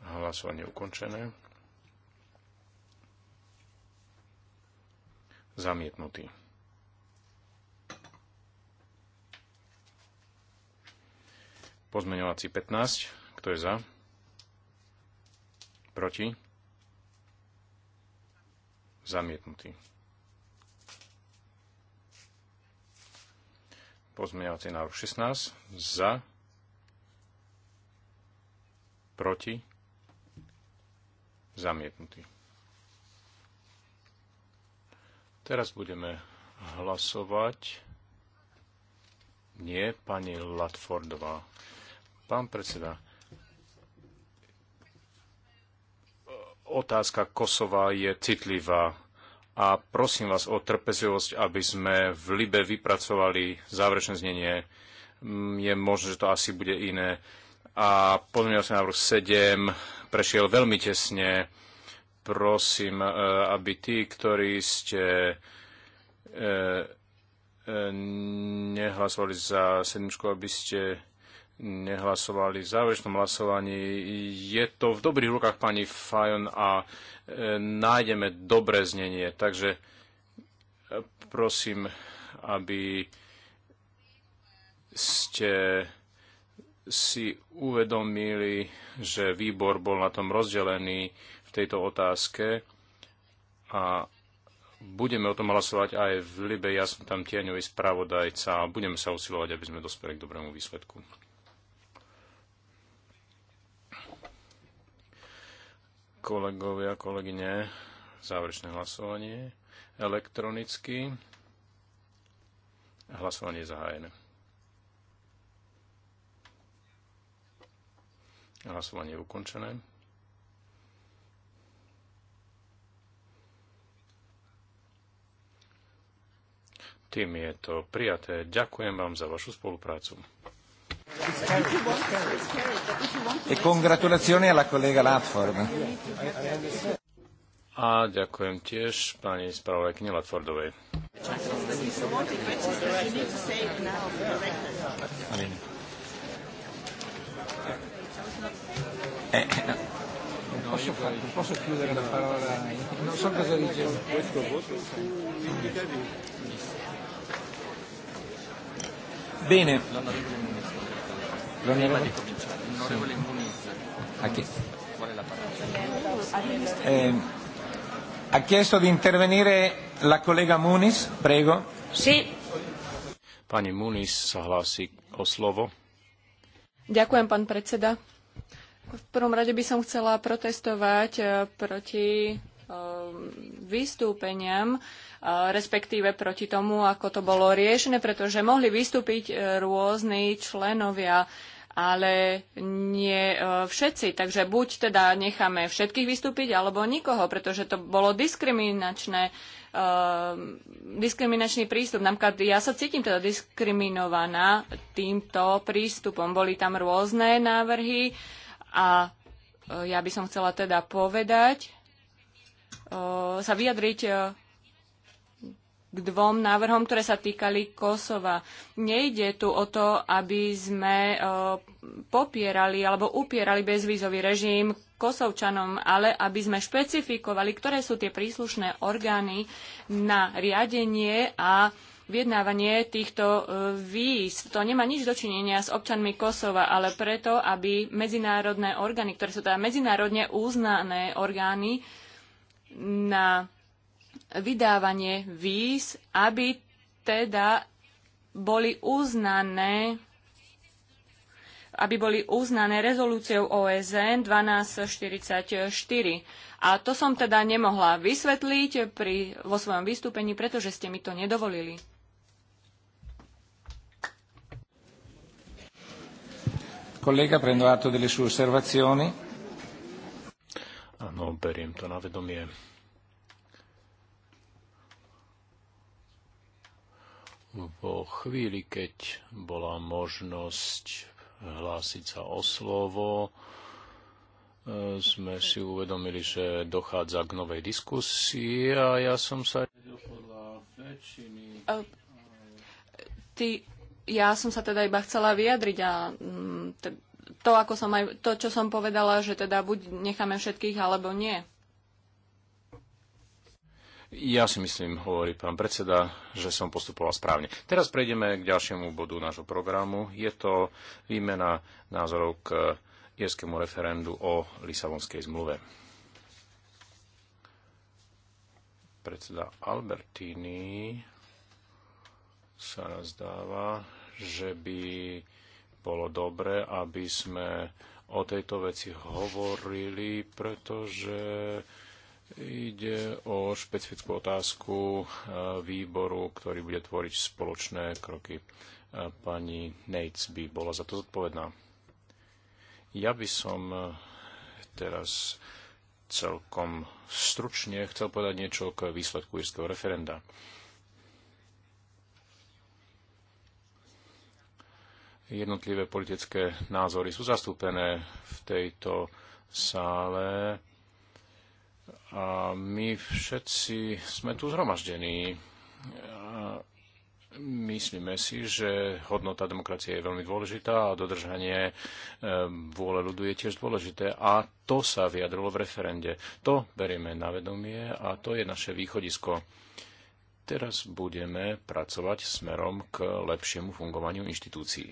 Hlasovanie ukončené. Zamietnutý. Pozmeňovací 15. Kto je za? Proti? Zamietnutý. Pozmeňovací návrh 16. Za. Proti. Zamietnutý. Teraz budeme hlasovať. Nie, pani Latfordová. Pán predseda, otázka Kosova je citlivá a prosím vás o trpezlivosť, aby sme v Libe vypracovali záverečné znenie. Mm, je možné, že to asi bude iné. A pozmeňovací návrh 7 prešiel veľmi tesne. Prosím, e, aby tí, ktorí ste e, e, nehlasovali za sedmičku, aby ste nehlasovali v záverečnom hlasovaní. Je to v dobrých rukách pani Fajon a e, nájdeme dobré znenie. Takže e, prosím, aby ste si uvedomili, že výbor bol na tom rozdelený v tejto otázke a budeme o tom hlasovať aj v Libe. Ja som tam tieňový spravodajca a budeme sa usilovať, aby sme dospeli k dobrému výsledku. Kolegovia, kolegyne, záverečné hlasovanie elektronicky. Hlasovanie je zahájené. Hlasovanie je ukončené. Tým je to prijaté. Ďakujem vám za vašu spoluprácu. E congratulazioni alla collega Latford. A ďakujem tiež pani spravodajkyni Latfordovej. Bene. L'onorevole no, no, no. sì. Muniz. A chi? Qual è la parola? Ehm, ha chiesto di intervenire la collega Muniz, prego. Sì. Pani Muniz sa hlási o slovo. Ďakujem, pán predseda. V prvom rade by som chcela protestovať eh, proti eh, vystúpeniam, eh, respektíve proti tomu, ako to bolo riešené, pretože mohli vystúpiť rôzni členovia ale nie e, všetci. Takže buď teda necháme všetkých vystúpiť, alebo nikoho, pretože to bolo diskriminačné, e, diskriminačný prístup. Napríklad ja sa cítim teda diskriminovaná týmto prístupom. Boli tam rôzne návrhy a e, ja by som chcela teda povedať, sa vyjadriť k dvom návrhom, ktoré sa týkali Kosova. Nejde tu o to, aby sme e, popierali alebo upierali bezvízový režim Kosovčanom, ale aby sme špecifikovali, ktoré sú tie príslušné orgány na riadenie a vyjednávanie týchto e, víz. To nemá nič dočinenia s občanmi Kosova, ale preto, aby medzinárodné orgány, ktoré sú teda medzinárodne uznané orgány na vydávanie víz, aby teda boli uznané aby boli uznané rezolúciou OSN 1244. A to som teda nemohla vysvetliť pri, vo svojom vystúpení, pretože ste mi to nedovolili. Kolega, prendo atto delle sue osservazioni. Áno, beriem to na vedomie. Po chvíli, keď bola možnosť hlásiť sa o slovo, e, sme si uvedomili, že dochádza k novej diskusii a ja som sa e, Ty, ja som sa teda iba chcela vyjadriť a mm, to, ako som aj, to, čo som povedala, že teda buď necháme všetkých, alebo nie. Ja si myslím, hovorí pán predseda, že som postupoval správne. Teraz prejdeme k ďalšiemu bodu nášho programu. Je to výmena názorov k írskému referendu o Lisabonskej zmluve. Predseda Albertini sa nazdáva, že by bolo dobre, aby sme o tejto veci hovorili, pretože Ide o špecifickú otázku e, výboru, ktorý bude tvoriť spoločné kroky. E, pani Nates by bola za to zodpovedná. Ja by som e, teraz celkom stručne chcel povedať niečo k výsledku írskeho referenda. Jednotlivé politické názory sú zastúpené v tejto sále a my všetci sme tu zhromaždení. A myslíme si, že hodnota demokracie je veľmi dôležitá a dodržanie e, vôle ľudu je tiež dôležité. A to sa vyjadrilo v referende. To berieme na vedomie a to je naše východisko. Teraz budeme pracovať smerom k lepšiemu fungovaniu inštitúcií.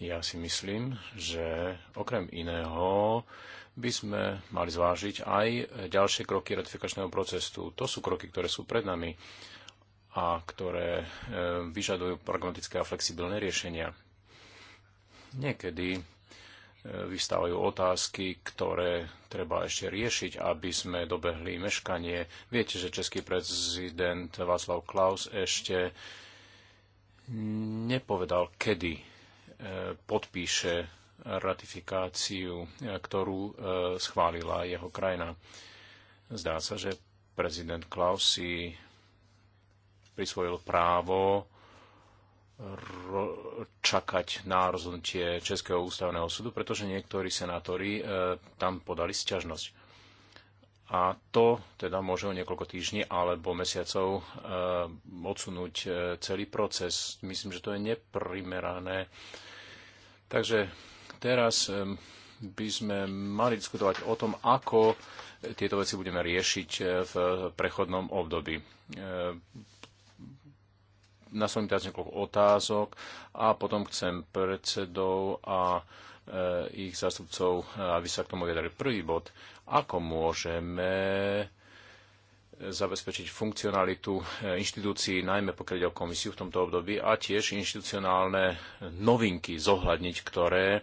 Ja si myslím, že okrem iného by sme mali zvážiť aj ďalšie kroky ratifikačného procesu. To sú kroky, ktoré sú pred nami a ktoré e, vyžadujú pragmatické a flexibilné riešenia. Niekedy e, vystávajú otázky, ktoré treba ešte riešiť, aby sme dobehli meškanie. Viete, že český prezident Václav Klaus ešte nepovedal, kedy e, podpíše ratifikáciu, eh, ktorú eh, schválila jeho krajina. Zdá sa, že prezident Klaus si prisvojil právo čakať na rozhodnutie Českého ústavného súdu, pretože niektorí senátori eh, tam podali sťažnosť. A to teda môže o niekoľko týždní alebo mesiacov odsunúť celý proces. Myslím, že to je neprimerané. Takže Teraz by sme mali diskutovať o tom, ako tieto veci budeme riešiť e, v prechodnom období. E, Naslovím teraz niekoľko otázok a potom chcem predsedov a e, ich zástupcov, aby sa k tomu vyjadrili. Prvý bod, ako môžeme zabezpečiť funkcionalitu eh, inštitúcií, najmä pokiaľ ide o komisiu v tomto období, a tiež inštitucionálne novinky zohľadniť, ktoré eh,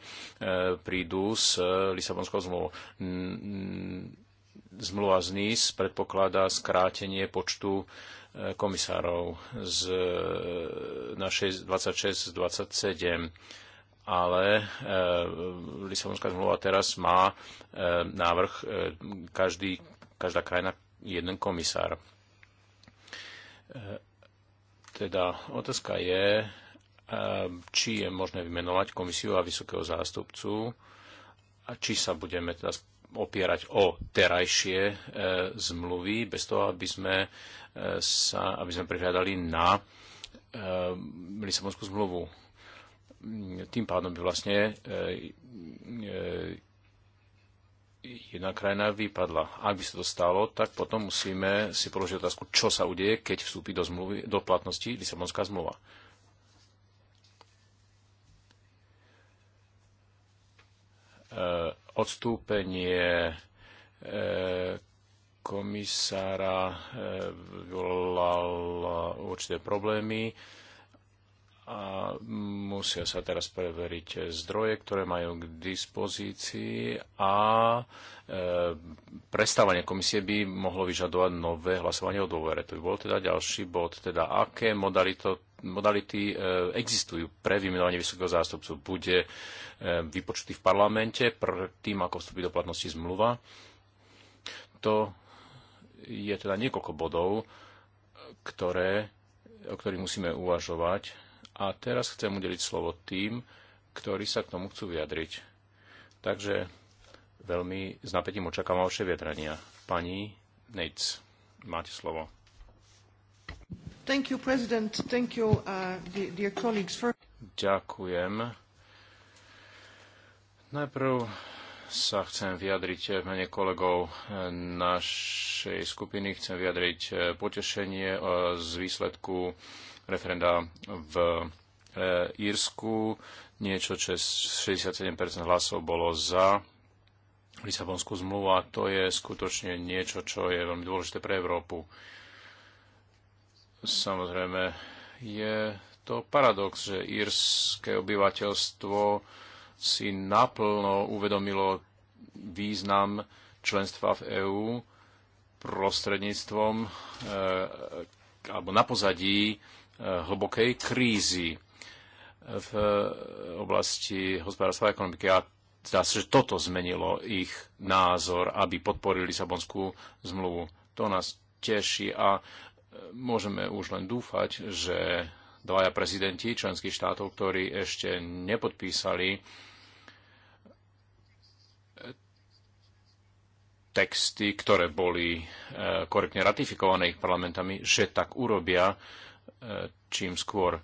prídu s eh, Lisabonskou zmluvou. Zmluva z NIS predpokladá skrátenie počtu komisárov z, na 26 z 27 ale e, Lisabonská zmluva teraz má e, návrh, e, každý, každá krajina jeden komisár. E, teda otázka je, e, či je možné vymenovať komisiu a vysokého zástupcu a či sa budeme teda opierať o terajšie e, zmluvy, bez toho, aby sme, sa, aby sme prihľadali na Lisabonskú zmluvu. Tým pádom by vlastne jedna krajina vypadla. Ak by sa to stalo, tak potom musíme si položiť otázku, čo sa udeje, keď vstúpi do, zmluvy, do platnosti Lisabonská zmluva. E, odstúpenie e, komisára e, vyvolalo určité problémy a musia sa teraz preveriť zdroje, ktoré majú k dispozícii a e, prestávanie komisie by mohlo vyžadovať nové hlasovanie o dôvere. To by bol teda ďalší bod, teda aké modalito, modality e, existujú pre vymenovanie vysokého zástupcu. Bude e, vypočutý v parlamente pr tým, ako vstúpi do platnosti zmluva. To je teda niekoľko bodov, ktoré, o ktorých musíme uvažovať a teraz chcem udeliť slovo tým, ktorí sa k tomu chcú vyjadriť. Takže veľmi s napätím očakávam vaše vyjadrenia. Pani Nates, máte slovo. Thank you, President. Thank you, uh, dear, colleagues. Ďakujem. Najprv sa chcem vyjadriť v mene kolegov našej skupiny. Chcem vyjadriť eh, potešenie eh, z výsledku referenda v e, Írsku. Niečo, čes 67% hlasov bolo za Lisabonskú zmluvu a to je skutočne niečo, čo je veľmi dôležité pre Európu. Samozrejme, je to paradox, že írske obyvateľstvo si naplno uvedomilo význam členstva v EÚ prostredníctvom e, alebo na pozadí Eh, hlbokej krízy eh, v eh, oblasti hospodárstva a ekonomiky. A zdá sa, že toto zmenilo ich názor, aby podporili Lisabonskú zmluvu. To nás teší a môžeme už len dúfať, že dvaja prezidenti členských štátov, ktorí ešte nepodpísali texty, ktoré boli korektne ratifikované ich parlamentami, že tak urobia E, čím skôr,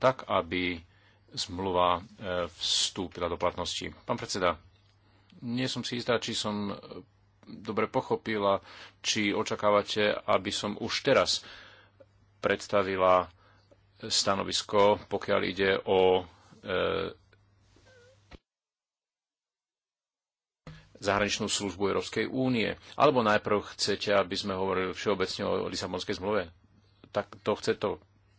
tak aby zmluva e, vstúpila do platnosti. Pán predseda, nie som si istá, či som dobre pochopila, či očakávate, aby som už teraz predstavila stanovisko, pokiaľ ide o e, zahraničnú službu Európskej únie. Alebo najprv chcete, aby sme hovorili všeobecne o Lisabonskej zmluve? tak to chce to.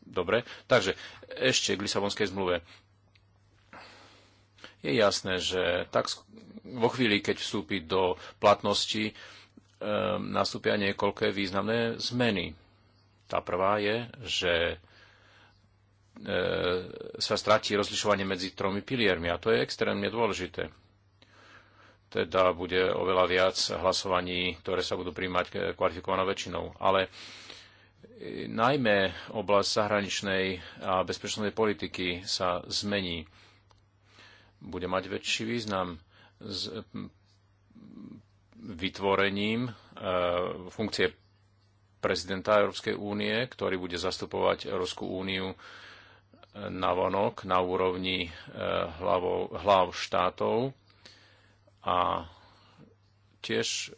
Dobre, takže ešte k Lisabonskej zmluve. Je jasné, že tak vo chvíli, keď vstúpi do platnosti, e, nastúpia niekoľké významné zmeny. Tá prvá je, že ehm, sa stratí rozlišovanie medzi tromi piliermi a to je extrémne dôležité. Teda bude oveľa viac hlasovaní, ktoré sa budú príjmať eh, kvalifikovanou väčšinou. Ale najmä oblasť zahraničnej a bezpečnostnej politiky sa zmení. Bude mať väčší význam s vytvorením e, funkcie prezidenta Európskej únie, ktorý bude zastupovať Európsku úniu e, navonok na úrovni e, hlavou, hlav štátov a tiež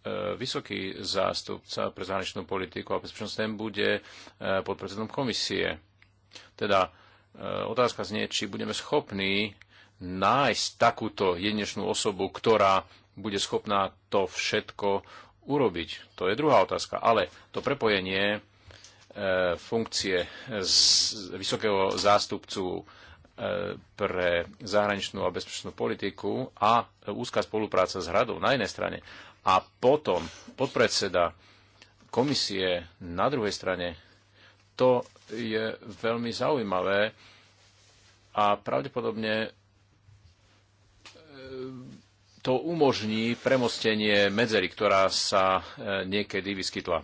E, vysoký zástupca pre zahraničnú politiku a bezpečnosť, ten bude e, podpredsedom komisie. Teda e, otázka znie, či budeme schopní nájsť takúto jedinečnú osobu, ktorá bude schopná to všetko urobiť. To je druhá otázka. Ale to prepojenie funkcie z vysokého zástupcu pre zahraničnú a bezpečnú politiku a úzka spolupráca s Hradou na jednej strane a potom podpredseda komisie na druhej strane. To je veľmi zaujímavé a pravdepodobne e, to umožní premostenie medzery, ktorá sa e, niekedy vyskytla.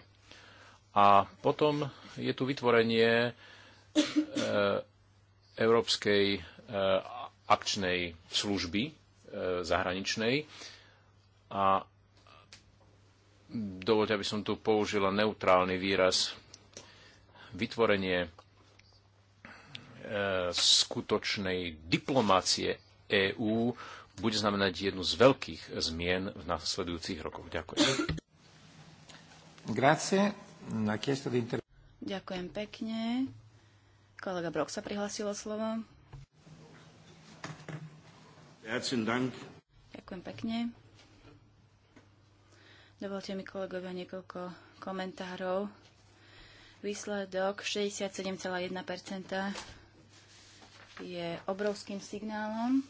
A potom je tu vytvorenie e, Európskej akčnej služby zahraničnej a Dovolte, aby som tu použila neutrálny výraz. Vytvorenie e, skutočnej diplomácie EÚ bude znamenať jednu z veľkých zmien v nasledujúcich rokoch. Ďakujem. Ďakujem pekne. Kolega Brok sa o slovo. Ďakujem pekne. Dovolte mi, kolegovia, niekoľko komentárov. Výsledok 67,1 je obrovským signálom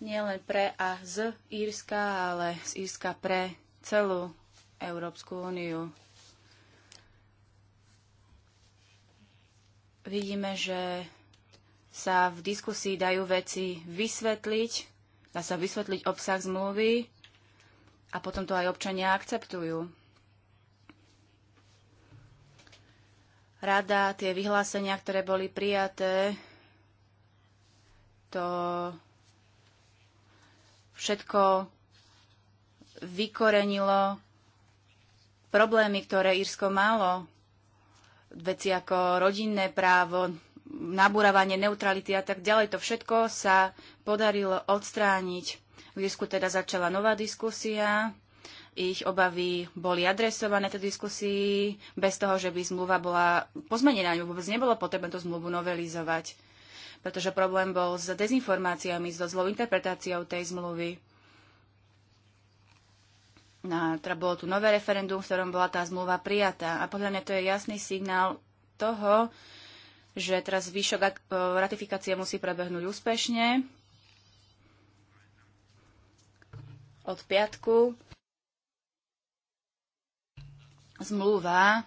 nielen pre a z Írska, ale z Írska pre celú Európsku úniu. Vidíme, že sa v diskusii dajú veci vysvetliť, dá sa vysvetliť obsah zmluvy, a potom to aj občania akceptujú. Rada, tie vyhlásenia, ktoré boli prijaté, to všetko vykorenilo problémy, ktoré Írsko malo, veci ako rodinné právo, nabúravanie neutrality a tak ďalej. To všetko sa podarilo odstrániť. V Írsku teda začala nová diskusia, ich obavy boli adresované tej diskusii bez toho, že by zmluva bola pozmenená. Vôbec nebolo potrebné tú zmluvu novelizovať, pretože problém bol s dezinformáciami, so zlou interpretáciou tej zmluvy. No, teda bolo tu nové referendum, v ktorom bola tá zmluva prijatá. A podľa mňa to je jasný signál toho, že teraz výšok ratifikácie musí prebehnúť úspešne od piatku zmluva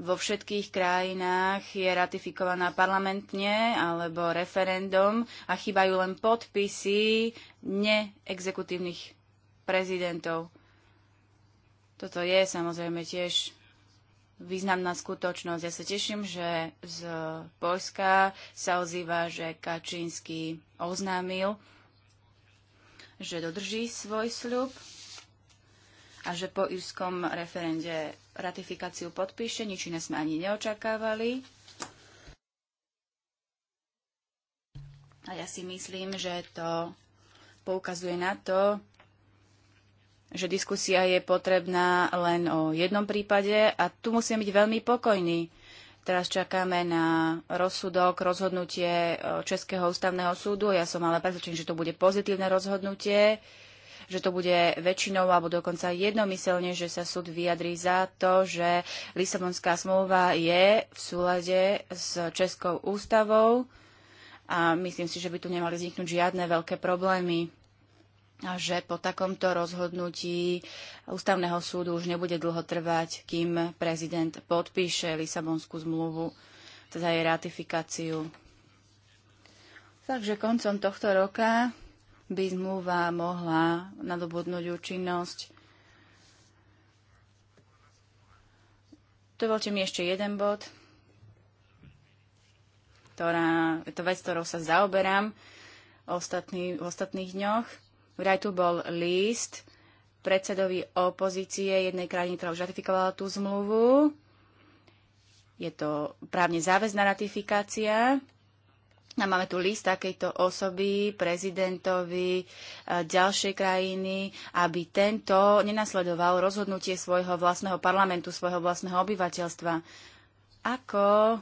vo všetkých krajinách je ratifikovaná parlamentne alebo referendum a chýbajú len podpisy neexekutívnych prezidentov. Toto je samozrejme tiež významná skutočnosť. Ja sa teším, že z Polska sa ozýva, že Kačínsky oznámil, že dodrží svoj sľub a že po írskom referende ratifikáciu podpíše, nič iné sme ani neočakávali. A ja si myslím, že to poukazuje na to, že diskusia je potrebná len o jednom prípade a tu musíme byť veľmi pokojní. Teraz čakáme na rozsudok, rozhodnutie e, Českého ústavného súdu. Ja som ale presvedčený, že to bude pozitívne rozhodnutie, že to bude väčšinou alebo dokonca jednomyselne, že sa súd vyjadrí za to, že Lisabonská smlouva je v súlade s Českou ústavou a myslím si, že by tu nemali vzniknúť žiadne veľké problémy že po takomto rozhodnutí ústavného súdu už nebude dlho trvať, kým prezident podpíše Lisabonskú zmluvu, teda jej ratifikáciu. Takže koncom tohto roka by zmluva mohla nadobudnúť účinnosť. Dovolte mi ešte jeden bod, ktorá, je to vec, ktorou sa zaoberám v ostatných dňoch. Vraj tu bol list predsedovi opozície jednej krajiny, ktorá už ratifikovala tú zmluvu. Je to právne záväzná ratifikácia. A máme tu list takejto osoby, prezidentovi e, ďalšej krajiny, aby tento nenasledoval rozhodnutie svojho vlastného parlamentu, svojho vlastného obyvateľstva. Ako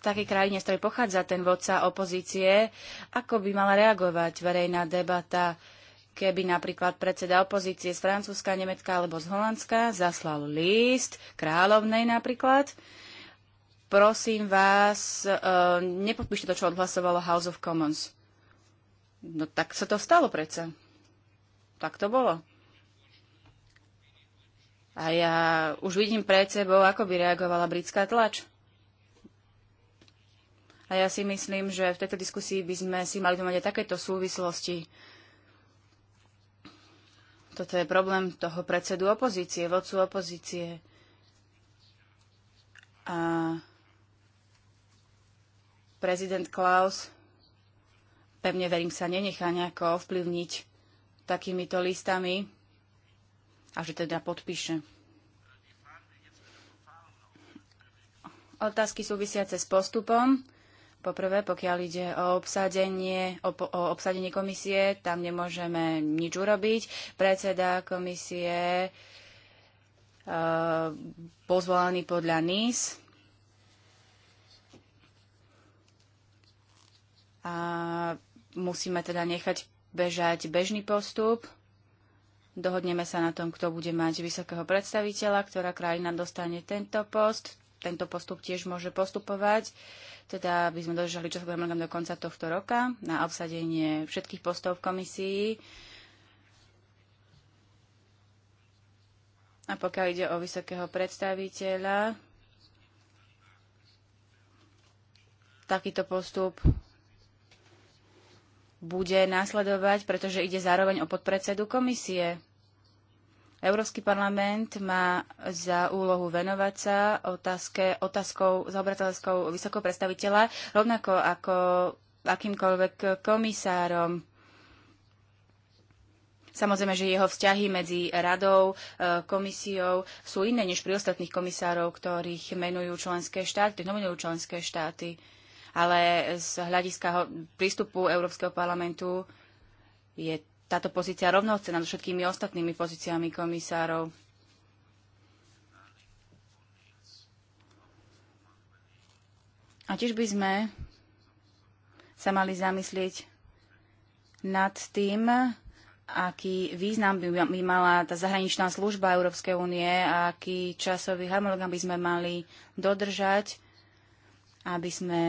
v takej krajine, z ktorej pochádza ten vodca opozície, ako by mala reagovať verejná debata, keby napríklad predseda opozície z Francúzska, Nemecka alebo z Holandska zaslal list kráľovnej napríklad. Prosím vás, e, nepodpíšte to, čo odhlasovalo House of Commons. No tak sa to stalo predsa. Tak to bolo. A ja už vidím pred sebou, ako by reagovala britská tlač. A ja si myslím, že v tejto diskusii by sme si mali mať aj takéto súvislosti. Toto je problém toho predsedu opozície, vodcu opozície. A prezident Klaus, pevne verím, sa nenechá nejako ovplyvniť takýmito listami a že teda podpíše. otázky súvisiace s postupom. Poprvé, pokiaľ ide o obsadenie, o, o obsadenie komisie, tam nemôžeme nič urobiť. Predseda komisie e, bol podľa NIS. A musíme teda nechať bežať bežný postup. Dohodneme sa na tom, kto bude mať vysokého predstaviteľa, ktorá krajina dostane tento post tento postup tiež môže postupovať, teda by sme dožali časový harmonogram do konca tohto roka na obsadenie všetkých postov v komisii. A pokiaľ ide o vysokého predstaviteľa, takýto postup bude následovať, pretože ide zároveň o podpredsedu komisie. Európsky parlament má za úlohu venovať sa otázke, otázkou, zaobrať vysokého predstaviteľa, rovnako ako akýmkoľvek komisárom. Samozrejme, že jeho vzťahy medzi radou, e, komisiou sú iné než pri ostatných komisárov, ktorých menujú členské štáty, nominujú členské štáty. Ale z hľadiska prístupu Európskeho parlamentu je táto pozícia rovnocená so všetkými ostatnými pozíciami komisárov. A tiež by sme sa mali zamyslieť nad tým, aký význam by, by mala tá zahraničná služba Európskej únie a aký časový harmonogram by sme mali dodržať aby sme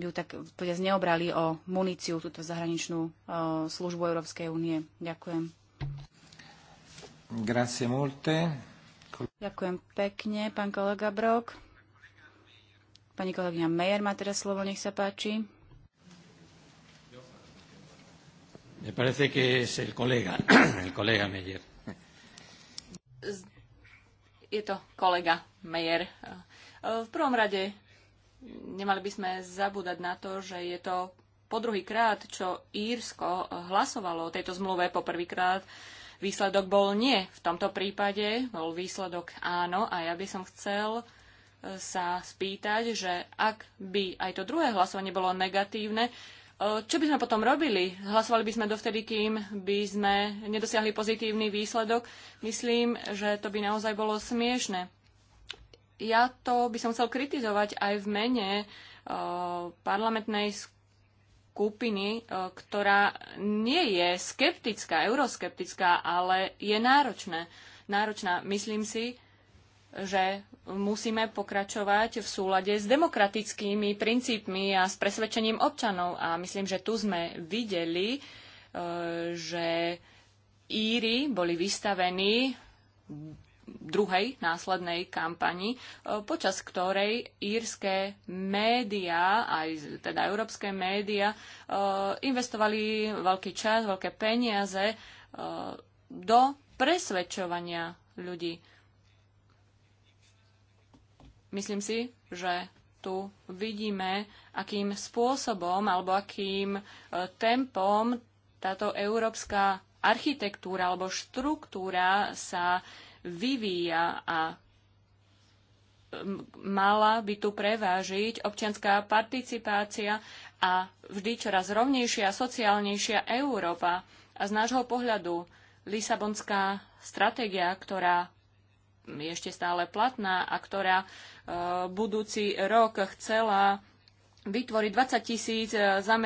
ju tak povedať, neobrali o muníciu, túto zahraničnú službu Európskej únie. Ďakujem. Grazie molte. Ďakujem pekne, pán kolega Brok. Pani kolegyňa Mejer má teraz slovo, nech sa páči. Me parece que es el colega, el colega Meyer. Je to kolega Mejer. V prvom rade nemali by sme zabúdať na to, že je to po druhý krát, čo Írsko hlasovalo o tejto zmluve, po krát. výsledok bol nie. V tomto prípade bol výsledok áno a ja by som chcel e, sa spýtať, že ak by aj to druhé hlasovanie bolo negatívne, e, čo by sme potom robili? Hlasovali by sme dovtedy, kým by sme nedosiahli pozitívny výsledok? Myslím, že to by naozaj bolo smiešne ja to by som chcel kritizovať aj v mene eh, parlamentnej skupiny, eh, ktorá nie je skeptická, euroskeptická, ale je náročné. náročná. Myslím si, že musíme pokračovať v súlade s demokratickými princípmi a s presvedčením občanov. A myslím, že tu sme videli, eh, že Íry boli vystavení druhej následnej kampani, e, počas ktorej írske médiá, aj teda európske médiá, e, investovali veľký čas, veľké peniaze e, do presvedčovania ľudí. Myslím si, že tu vidíme, akým spôsobom alebo akým tempom táto európska architektúra alebo štruktúra sa vyvíja a mala by tu prevážiť občianská participácia a vždy čoraz rovnejšia a sociálnejšia Európa. A z nášho pohľadu Lisabonská stratégia, ktorá je ešte stále platná a ktorá e, budúci rok chcela vytvoriť 20 tisíc e, e,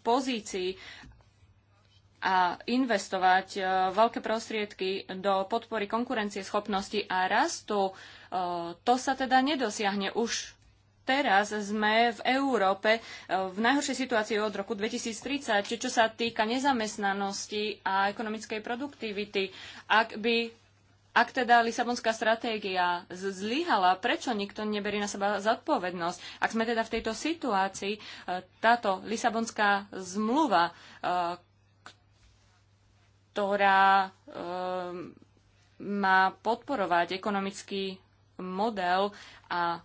pozícií a investovať e, veľké prostriedky do podpory konkurencie schopnosti a rastu, e, to sa teda nedosiahne už teraz sme v Európe e, v najhoršej situácii od roku 2030, čo sa týka nezamestnanosti a ekonomickej produktivity. Ak by ak teda Lisabonská stratégia zlyhala, prečo nikto neberie na seba zodpovednosť? Ak sme teda v tejto situácii, táto Lisabonská zmluva, ktorá ehm, má podporovať ekonomický model a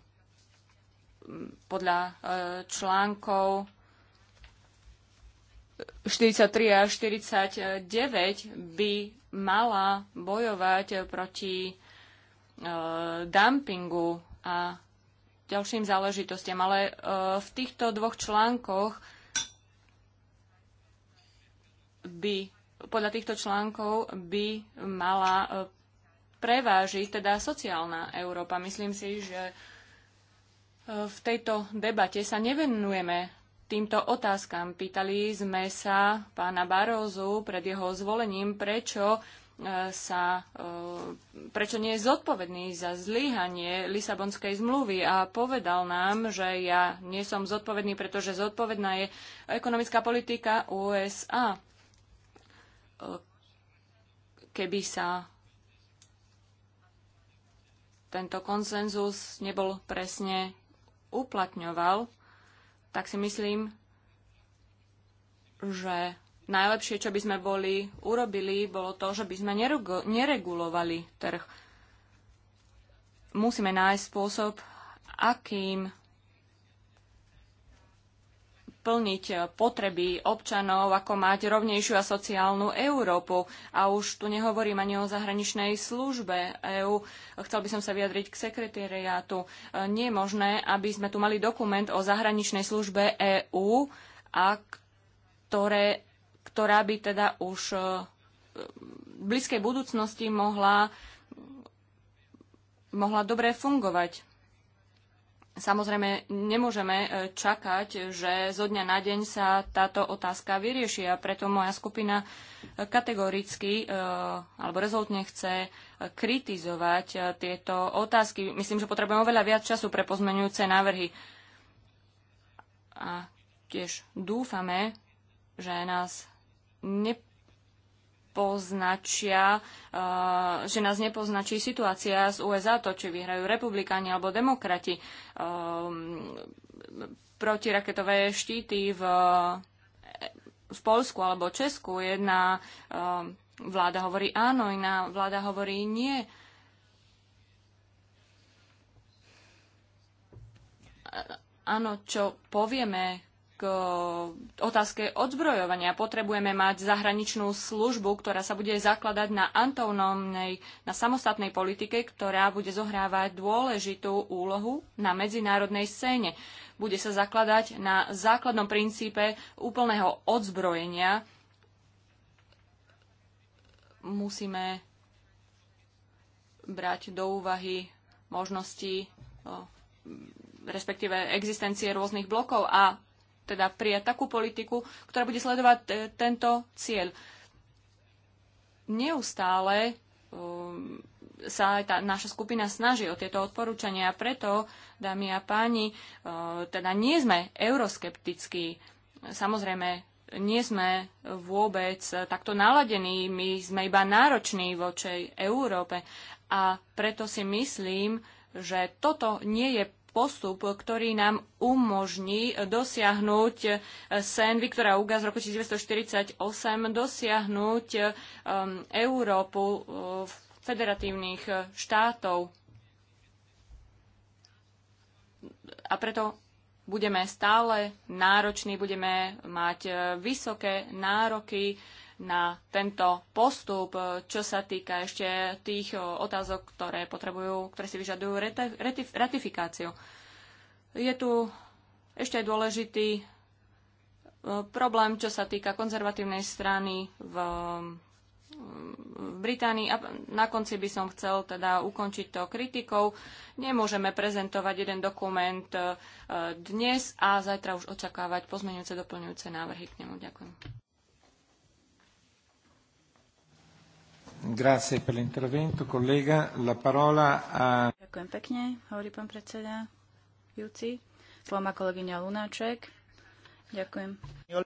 podľa eh, článkov 43 a 49 by mala bojovať proti eh, dumpingu a ďalším záležitostiam. Ale eh, v týchto dvoch článkoch by podľa týchto článkov by mala e, prevážiť teda sociálna Európa. Myslím si, že e, v tejto debate sa nevenujeme týmto otázkam. Pýtali sme sa pána Barózu pred jeho zvolením, prečo e, sa, prečo nie je zodpovedný za zlyhanie Lisabonskej zmluvy a povedal nám, že ja nie som zodpovedný, pretože zodpovedná je ekonomická politika USA keby sa tento konsenzus nebol presne uplatňoval, tak si myslím, že najlepšie, čo by sme boli urobili, bolo to, že by sme neregulovali trh. Musíme nájsť spôsob, akým plniť e, potreby občanov, ako mať rovnejšiu a sociálnu Európu. A už tu nehovorím ani o zahraničnej službe EÚ. Chcel by som sa vyjadriť k sekretariátu. E, Nie je možné, aby sme tu mali dokument o zahraničnej službe EÚ, a ktoré, ktorá by teda už e, v blízkej budúcnosti mohla, mohla dobre fungovať. Samozrejme, nemôžeme e, čakať, že zo dňa na deň sa táto otázka vyrieši a preto moja skupina e, kategoricky e, alebo rezultne chce kritizovať tieto otázky. Myslím, že potrebujeme oveľa viac času pre pozmenujúce návrhy. A tiež dúfame, že nás ne poznačia, eh, že nás nepoznačí situácia z USA, to, či vyhrajú republikáni alebo demokrati, eh, protiraketové štíty v, v Polsku alebo Česku. Jedna eh, vláda hovorí áno, iná vláda hovorí nie. Áno, čo povieme k otázke odzbrojovania. Potrebujeme mať zahraničnú službu, ktorá sa bude zakladať na antonómnej, na samostatnej politike, ktorá bude zohrávať dôležitú úlohu na medzinárodnej scéne. Bude sa zakladať na základnom princípe úplného odzbrojenia. Musíme brať do úvahy možnosti respektíve existencie rôznych blokov a teda prijať takú politiku, ktorá bude sledovať e, tento cieľ. Neustále um, sa aj tá naša skupina snaží o tieto odporúčania a preto, dámy a páni, uh, teda nie sme euroskeptickí. Samozrejme, nie sme vôbec takto naladení, my sme iba nároční voči Európe a preto si myslím, že toto nie je postup, ktorý nám umožní dosiahnuť sen Viktora Uga z roku 1948, dosiahnuť um, Európu um, federatívnych štátov. A preto budeme stále nároční, budeme mať uh, vysoké nároky na tento postup, čo sa týka ešte tých eh, otázok, ktoré potrebujú, ktoré si vyžadujú ratifikáciu. Je tu ešte aj dôležitý eh, problém, čo sa týka konzervatívnej strany v, eh, v Británii. A na konci by som chcel teda ukončiť to kritikou. Nemôžeme prezentovať jeden dokument dnes a zajtra už očakávať pozmeňujúce, doplňujúce návrhy k nemu. Ďakujem. Grazie per l'intervento, collega. La parola a... Ďakujem pekne, hovorí pán predseda Júci. Slovo má kolegyňa Lunáček. Ďakujem. E,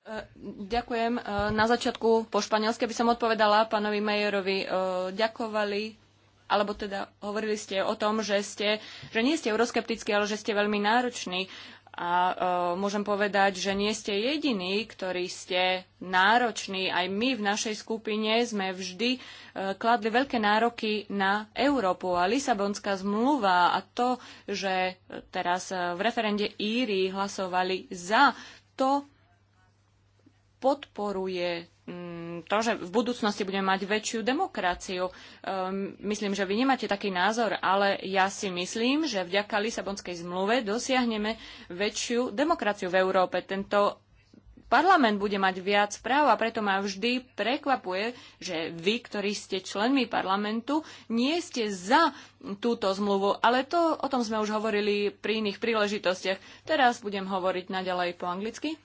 ďakujem. E, na začiatku po španielsky by som odpovedala pánovi Majorovi. E, ďakovali alebo teda hovorili ste o tom, že, ste, že nie ste euroskeptickí, ale že ste veľmi nároční. A e, môžem povedať, že nie ste jediní, ktorí ste nároční. Aj my v našej skupine sme vždy e, kladli veľké nároky na Európu. A Lisabonská zmluva a to, že teraz v referende Íry hlasovali za, to podporuje mm, to, že v budúcnosti budeme mať väčšiu demokraciu. Ehm, myslím, že vy nemáte taký názor, ale ja si myslím, že vďaka Lisabonskej zmluve dosiahneme väčšiu demokraciu v Európe. Tento parlament bude mať viac práv a preto ma vždy prekvapuje, že vy, ktorí ste členmi parlamentu, nie ste za túto zmluvu, ale to, o tom sme už hovorili pri iných príležitostiach. Teraz budem hovoriť naďalej po anglicky.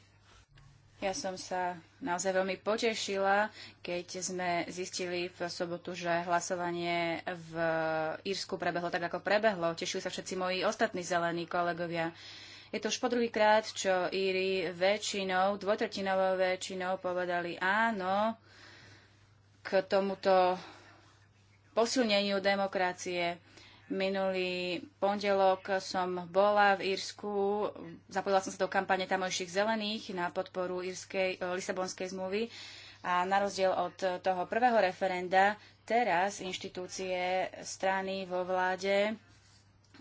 Ja som sa naozaj veľmi potešila, keď sme zistili v sobotu, že hlasovanie v Írsku prebehlo tak, ako prebehlo. Tešili sa všetci moji ostatní zelení kolegovia. Je to už po krát, čo Íri väčšinou, dvojtretinovou väčšinou povedali áno k tomuto posilneniu demokracie. Minulý pondelok som bola v Írsku, zapojila som sa do kampane tamojších zelených na podporu írskej, e, Lisabonskej zmluvy a na rozdiel od toho prvého referenda teraz inštitúcie strany vo vláde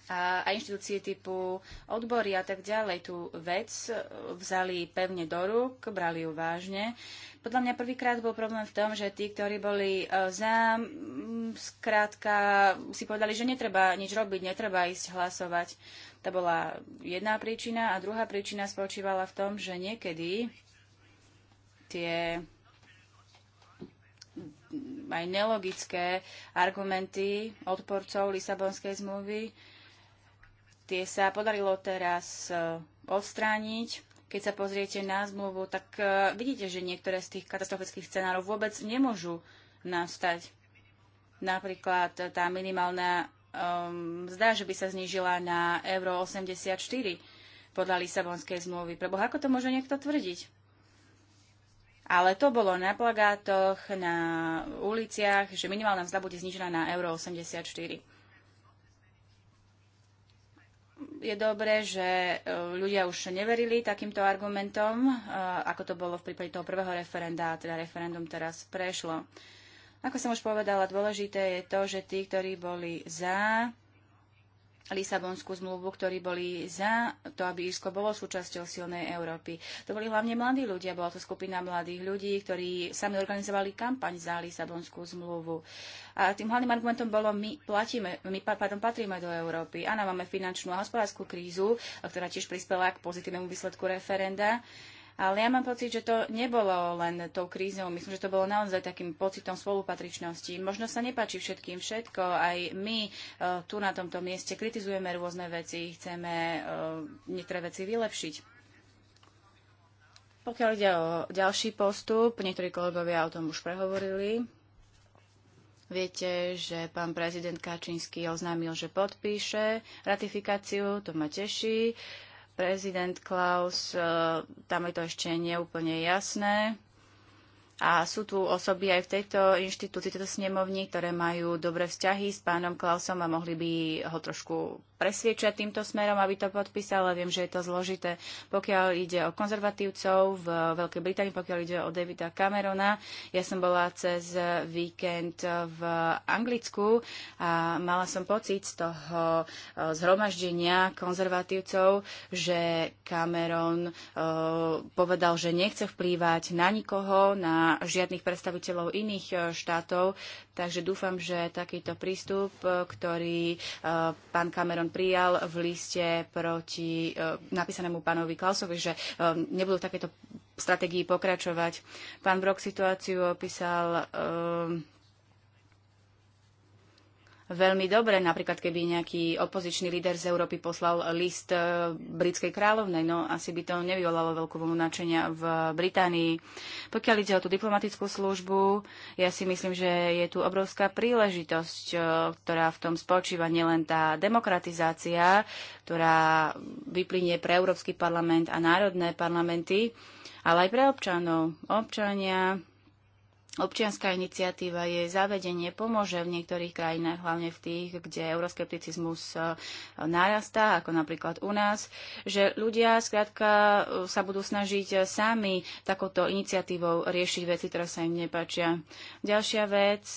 a, a inštitúcie typu odbory a tak ďalej tú vec e, vzali pevne do rúk, brali ju vážne podľa mňa prvýkrát bol problém v tom, že tí, ktorí boli e, za, skrátka si povedali, že netreba nič robiť, netreba ísť hlasovať. To bola jedna príčina a druhá príčina spočívala v tom, že niekedy tie aj nelogické argumenty odporcov Lisabonskej zmluvy, tie sa podarilo teraz e, odstrániť keď sa pozriete na zmluvu, tak e, vidíte, že niektoré z tých katastrofických scenárov vôbec nemôžu nastať. Napríklad e, tá minimálna um, ehm, zdá, že by sa znížila na euro 84 podľa Lisabonskej zmluvy. Preboha, ako to môže niekto tvrdiť? Ale to bolo na plagátoch, na uliciach, že minimálna mzda bude znižená na euro 84 je dobré, že e, ľudia už neverili takýmto argumentom, e, ako to bolo v prípade toho prvého referenda, teda referendum teraz prešlo. Ako som už povedala, dôležité je to, že tí, ktorí boli za, Lisabonskú zmluvu, ktorí boli za to, aby Írsko bolo súčasťou silnej Európy. To boli hlavne mladí ľudia, bola to skupina mladých ľudí, ktorí sami organizovali kampaň za Lisabonskú zmluvu. A tým hlavným argumentom bolo, my, platíme, my pardon, patríme do Európy. Áno, máme finančnú a hospodárskú krízu, ktorá tiež prispela k pozitívnemu výsledku referenda. Ale ja mám pocit, že to nebolo len tou krízou. Myslím, že to bolo naozaj takým pocitom spolupatričnosti. Možno sa nepáči všetkým všetko. Aj my uh, tu na tomto mieste kritizujeme rôzne veci, chceme uh, niektoré veci vylepšiť. Pokiaľ ide o ďalší postup, niektorí kolegovia o tom už prehovorili. Viete, že pán prezident Kačínsky oznámil, že podpíše ratifikáciu, to ma teší. Uh, prezident Klaus, e, tam je to ešte neúplne jasné. A sú tu osoby aj v tejto inštitúcii, tejto snemovni, ktoré majú dobré vzťahy s pánom Klausom a mohli by ho trošku presviečať týmto smerom, aby to podpísal, ale viem, že je to zložité. Pokiaľ ide o konzervatívcov v Veľkej Británii, pokiaľ ide o Davida Camerona, ja som bola cez víkend v Anglicku a mala som pocit z toho e, zhromaždenia konzervatívcov, že Cameron e, povedal, že nechce vplývať na nikoho, na žiadnych predstaviteľov iných e, štátov, takže dúfam, že takýto prístup, ktorý pán Cameron prijal v liste proti e, napísanému pánovi Klausovi, že e, nebudú v takéto stratégii pokračovať. Pán Brok situáciu opísal e, veľmi dobre. Napríklad, keby nejaký opozičný líder z Európy poslal list e, britskej kráľovnej, no asi by to nevyvolalo veľkú vlnu načenia v Británii. Pokiaľ ide o tú diplomatickú službu, ja si myslím, že je tu obrovská príležitosť, e, ktorá v tom spočíva nielen tá demokratizácia, ktorá vyplynie pre Európsky parlament a národné parlamenty, ale aj pre občanov. Občania Občianská iniciatíva, jej zavedenie pomôže v niektorých krajinách, hlavne v tých, kde euroskepticizmus e, narastá, ako napríklad u nás, že ľudia skrátka e, sa budú snažiť e, sami takouto iniciatívou riešiť veci, ktoré sa im nepačia. Ďalšia vec,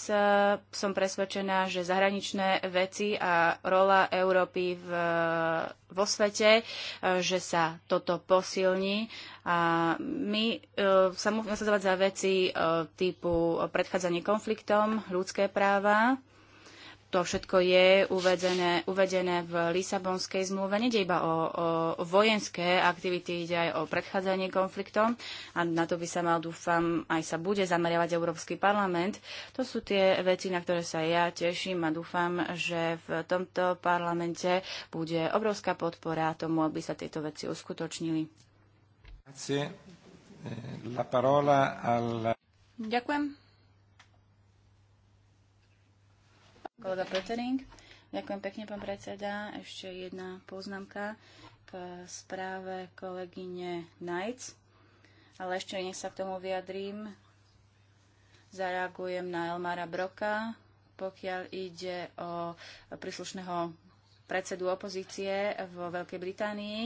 som presvedčená, že zahraničné veci a rola Európy v, vo svete, že sa toto posilní a my e, sa môžeme nasadzovať za veci e, typu predchádzanie konfliktom, ľudské práva. To všetko je uvedené, uvedené v Lisabonskej zmluve. Nede iba o, o vojenské aktivity, ide aj o predchádzanie konfliktom a na to by sa mal, dúfam, aj sa bude zameriavať Európsky parlament. To sú tie veci, na ktoré sa ja teším a dúfam, že v tomto parlamente bude obrovská podpora tomu, aby sa tieto veci uskutočnili. Eh, ďakujem. Kolega Petering. Ďakujem pekne, pán predseda. Ešte jedna poznámka k správe kolegyne Najc, Ale ešte nech sa k tomu vyjadrím. Zareagujem na Elmara Broka, pokiaľ ide o príslušného predsedu opozície vo Veľkej Británii.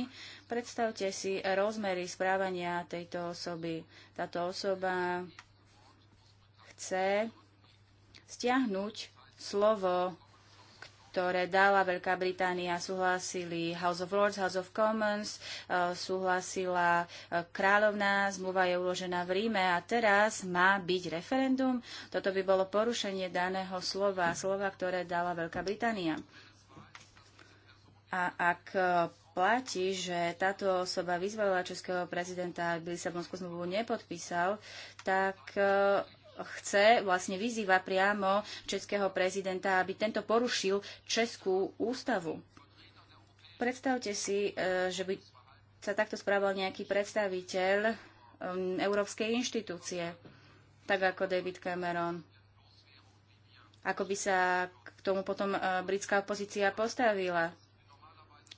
Predstavte si rozmery správania tejto osoby. Táto osoba chce stiahnuť slovo, ktoré dala Veľká Británia. Súhlasili House of Lords, House of Commons, e, súhlasila e, kráľovná, zmluva je uložená v Ríme a teraz má byť referendum. Toto by bolo porušenie daného slova, slova, ktoré dala Veľká Británia. A ak e, platí, že táto osoba vyzvolila českého prezidenta, aby Lisabonskú zmluvu nepodpísal, tak e, chce, vlastne vyzýva priamo českého prezidenta, aby tento porušil Českú ústavu. Predstavte si, e, že by sa takto správal nejaký predstaviteľ Európskej inštitúcie, tak ako David Cameron. Ako by sa k tomu potom britská opozícia postavila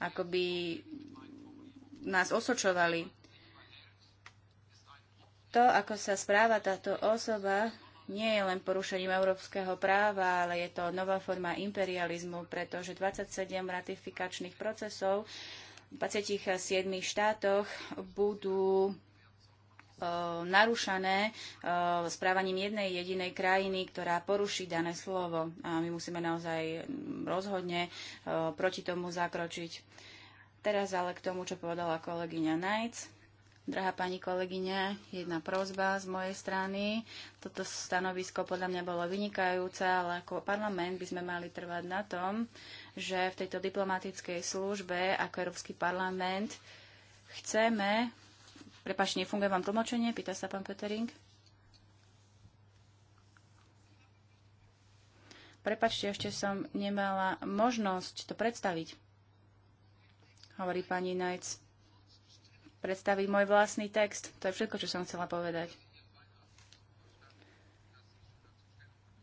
akoby nás osočovali. To, ako sa správa táto osoba, nie je len porušením európskeho práva, ale je to nová forma imperializmu, pretože 27 ratifikačných procesov v 27 štátoch budú Eh, narúšané eh, správaním jednej jedinej krajiny, ktorá poruší dané slovo. A my musíme naozaj rozhodne eh, proti tomu zakročiť. Teraz ale k tomu, čo povedala kolegyňa Najc. Drahá pani kolegyňa, jedna prozba z mojej strany. Toto stanovisko podľa mňa bolo vynikajúce, ale ako parlament by sme mali trvať na tom, že v tejto diplomatickej službe ako Európsky parlament chceme Prepač, nefunguje vám tlmočenie? Pýta sa pán Petering. Prepačte, ešte som nemala možnosť to predstaviť, hovorí pani Najc. Predstaviť môj vlastný text. To je všetko, čo som chcela povedať.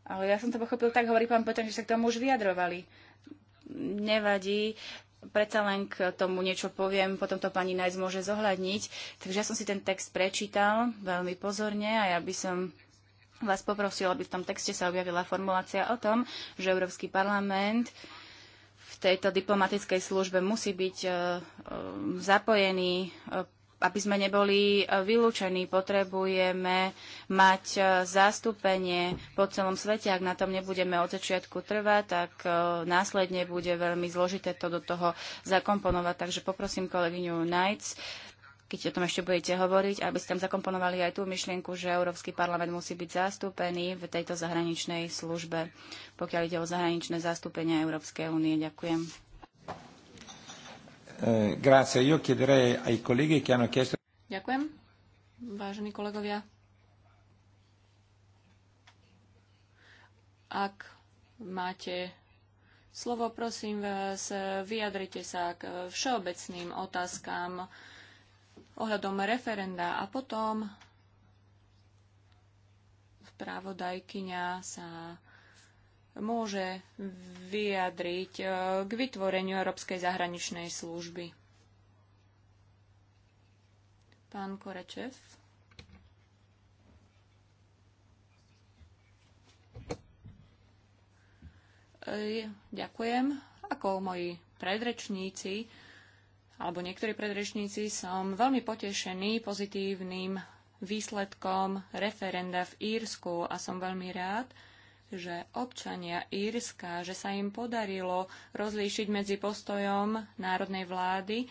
Ale ja som to pochopil tak, hovorí pán Petering, že sa k tomu už vyjadrovali nevadí predsa len k tomu niečo poviem, potom to pani Najc môže zohľadniť. Takže ja som si ten text prečítal veľmi pozorne a ja by som vás poprosil, aby v tom texte sa objavila formulácia o tom, že Európsky parlament v tejto diplomatickej službe musí byť e, e, zapojený e, aby sme neboli e, vylúčení, potrebujeme mať e, zastúpenie po celom svete. Ak na tom nebudeme od začiatku trvať, tak e, následne bude veľmi zložité to do toho zakomponovať. Takže poprosím kolegyňu Nights, keď o tom ešte budete hovoriť, aby ste tam zakomponovali aj tú myšlienku, že Európsky parlament musí byť zastúpený v tejto zahraničnej službe, pokiaľ ide o zahraničné zastúpenia Európskej únie. Ďakujem. Eh, Ďakujem, vážení kolegovia. Ak máte slovo, prosím vás, vyjadrite sa k všeobecným otázkam ohľadom referenda a potom spravodajkyňa sa môže vyjadriť e, k vytvoreniu Európskej zahraničnej služby. Pán Korečev. E, ďakujem. Ako moji predrečníci, alebo niektorí predrečníci, som veľmi potešený pozitívnym výsledkom referenda v Írsku a som veľmi rád, že občania Írska, že sa im podarilo rozlíšiť medzi postojom národnej vlády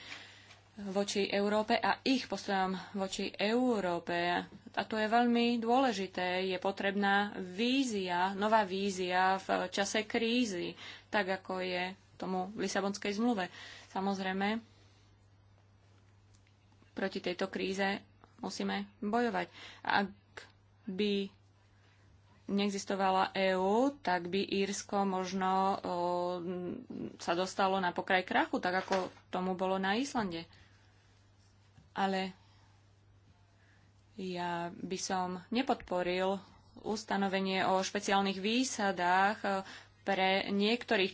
voči Európe a ich postojom voči Európe. A to je veľmi dôležité. Je potrebná vízia, nová vízia v čase krízy, tak ako je tomu v Lisabonskej zmluve. Samozrejme, proti tejto kríze musíme bojovať. Ak by neexistovala EÚ, tak by Írsko možno o, sa dostalo na pokraj krachu, tak ako tomu bolo na Islande. Ale ja by som nepodporil ustanovenie o špeciálnych výsadách e, pre, niektorých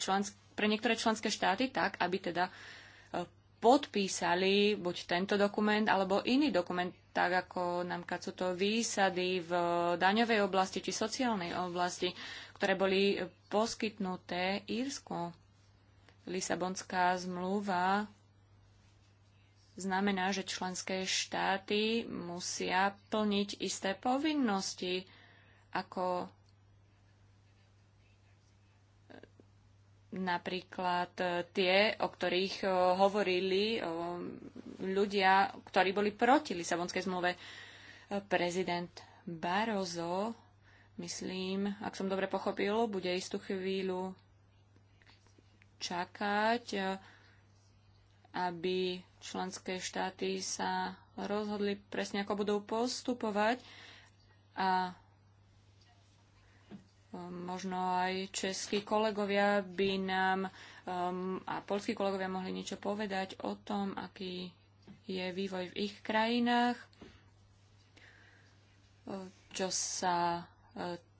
pre niektoré členské štáty tak, aby teda podpísali buď tento dokument alebo iný dokument, tak ako nám sú to výsady v daňovej oblasti či sociálnej oblasti, ktoré boli poskytnuté Írsku. Lisabonská zmluva znamená, že členské štáty musia plniť isté povinnosti, ako napríklad eh, tie, o ktorých eh, hovorili eh, ľudia, ktorí boli proti Lisabonskej zmluve. Prezident Barozo, myslím, ak som dobre pochopil, bude istú chvíľu čakať, aby členské štáty sa rozhodli presne, ako budú postupovať a Možno aj českí kolegovia by nám um, a polskí kolegovia mohli niečo povedať o tom, aký je vývoj v ich krajinách, čo sa e,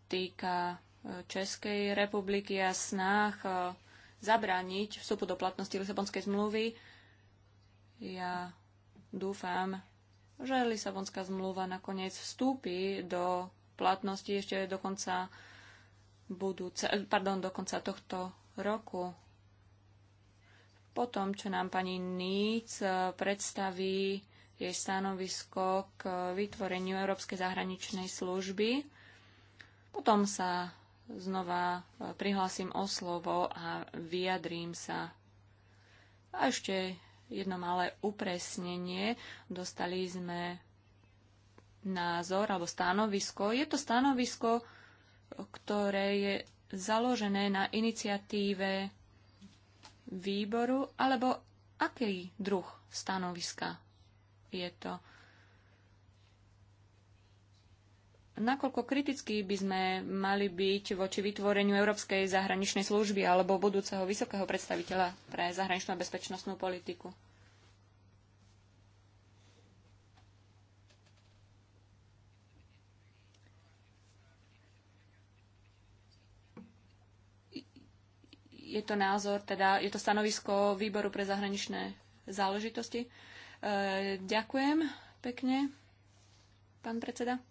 týka e, Českej republiky a snách e, zabrániť vstupu do platnosti Lisabonskej zmluvy. Ja dúfam, že Lisabonská zmluva nakoniec vstúpi do platnosti ešte do konca budúce, pardon, do konca tohto roku. Potom, čo nám pani Níc eh, predstaví jej stanovisko k vytvoreniu Európskej zahraničnej služby, potom sa znova eh, prihlásim o slovo a vyjadrím sa. A ešte jedno malé upresnenie. Dostali sme názor alebo stanovisko. Je to stanovisko ktoré je založené na iniciatíve výboru, alebo aký druh stanoviska je to. Nakoľko kriticky by sme mali byť voči vytvoreniu Európskej zahraničnej služby alebo budúceho vysokého predstaviteľa pre zahraničnú a bezpečnostnú politiku? je to názor, teda je to stanovisko výboru pre zahraničné záležitosti. E, ďakujem pekne, pán predseda.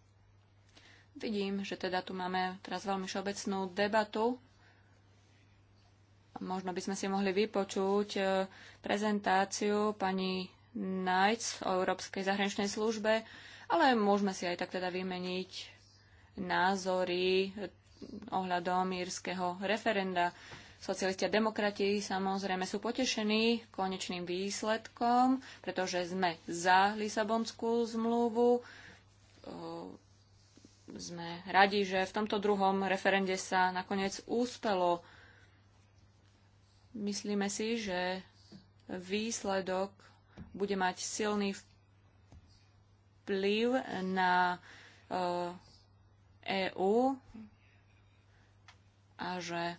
Vidím, že teda tu máme teraz veľmi všeobecnú debatu. Možno by sme si mohli vypočuť e, prezentáciu pani Knights o Európskej zahraničnej službe, ale môžeme si aj tak teda vymeniť názory ohľadom írskeho referenda. Socialisti a demokrati samozrejme sú potešení konečným výsledkom, pretože sme za Lisabonskú zmluvu. Eh, sme radi, že v tomto druhom referende sa nakoniec úspelo. Myslíme si, že výsledok bude mať silný vplyv na EÚ eh, e a že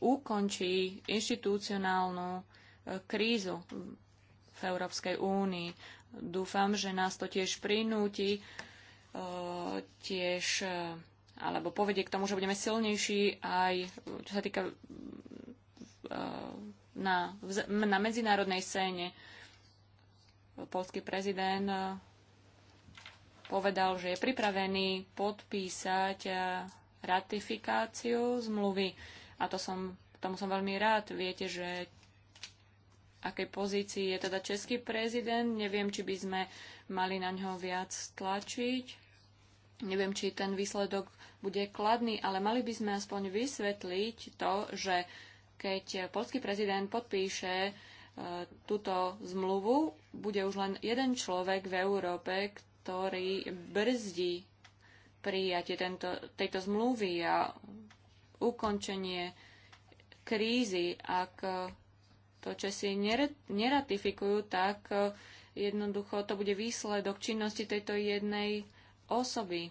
ukončí inštitucionálnu e, krízu v Európskej únii. Dúfam, že nás to tiež prinúti e, tiež e, alebo povedie k tomu, že budeme silnejší aj čo sa týka na, na medzinárodnej scéne. Polský prezident povedal, že je pripravený podpísať ratifikáciu zmluvy a to som, tomu som veľmi rád. Viete, že akej pozícii je teda český prezident. Neviem, či by sme mali na ňo viac tlačiť. Neviem, či ten výsledok bude kladný, ale mali by sme aspoň vysvetliť to, že keď polský prezident podpíše e, túto zmluvu, bude už len jeden človek v Európe, ktorý brzdí prijatie tento, tejto zmluvy a ukončenie krízy, ak to Česi neratifikujú, tak e, jednoducho to bude výsledok činnosti tejto jednej osoby.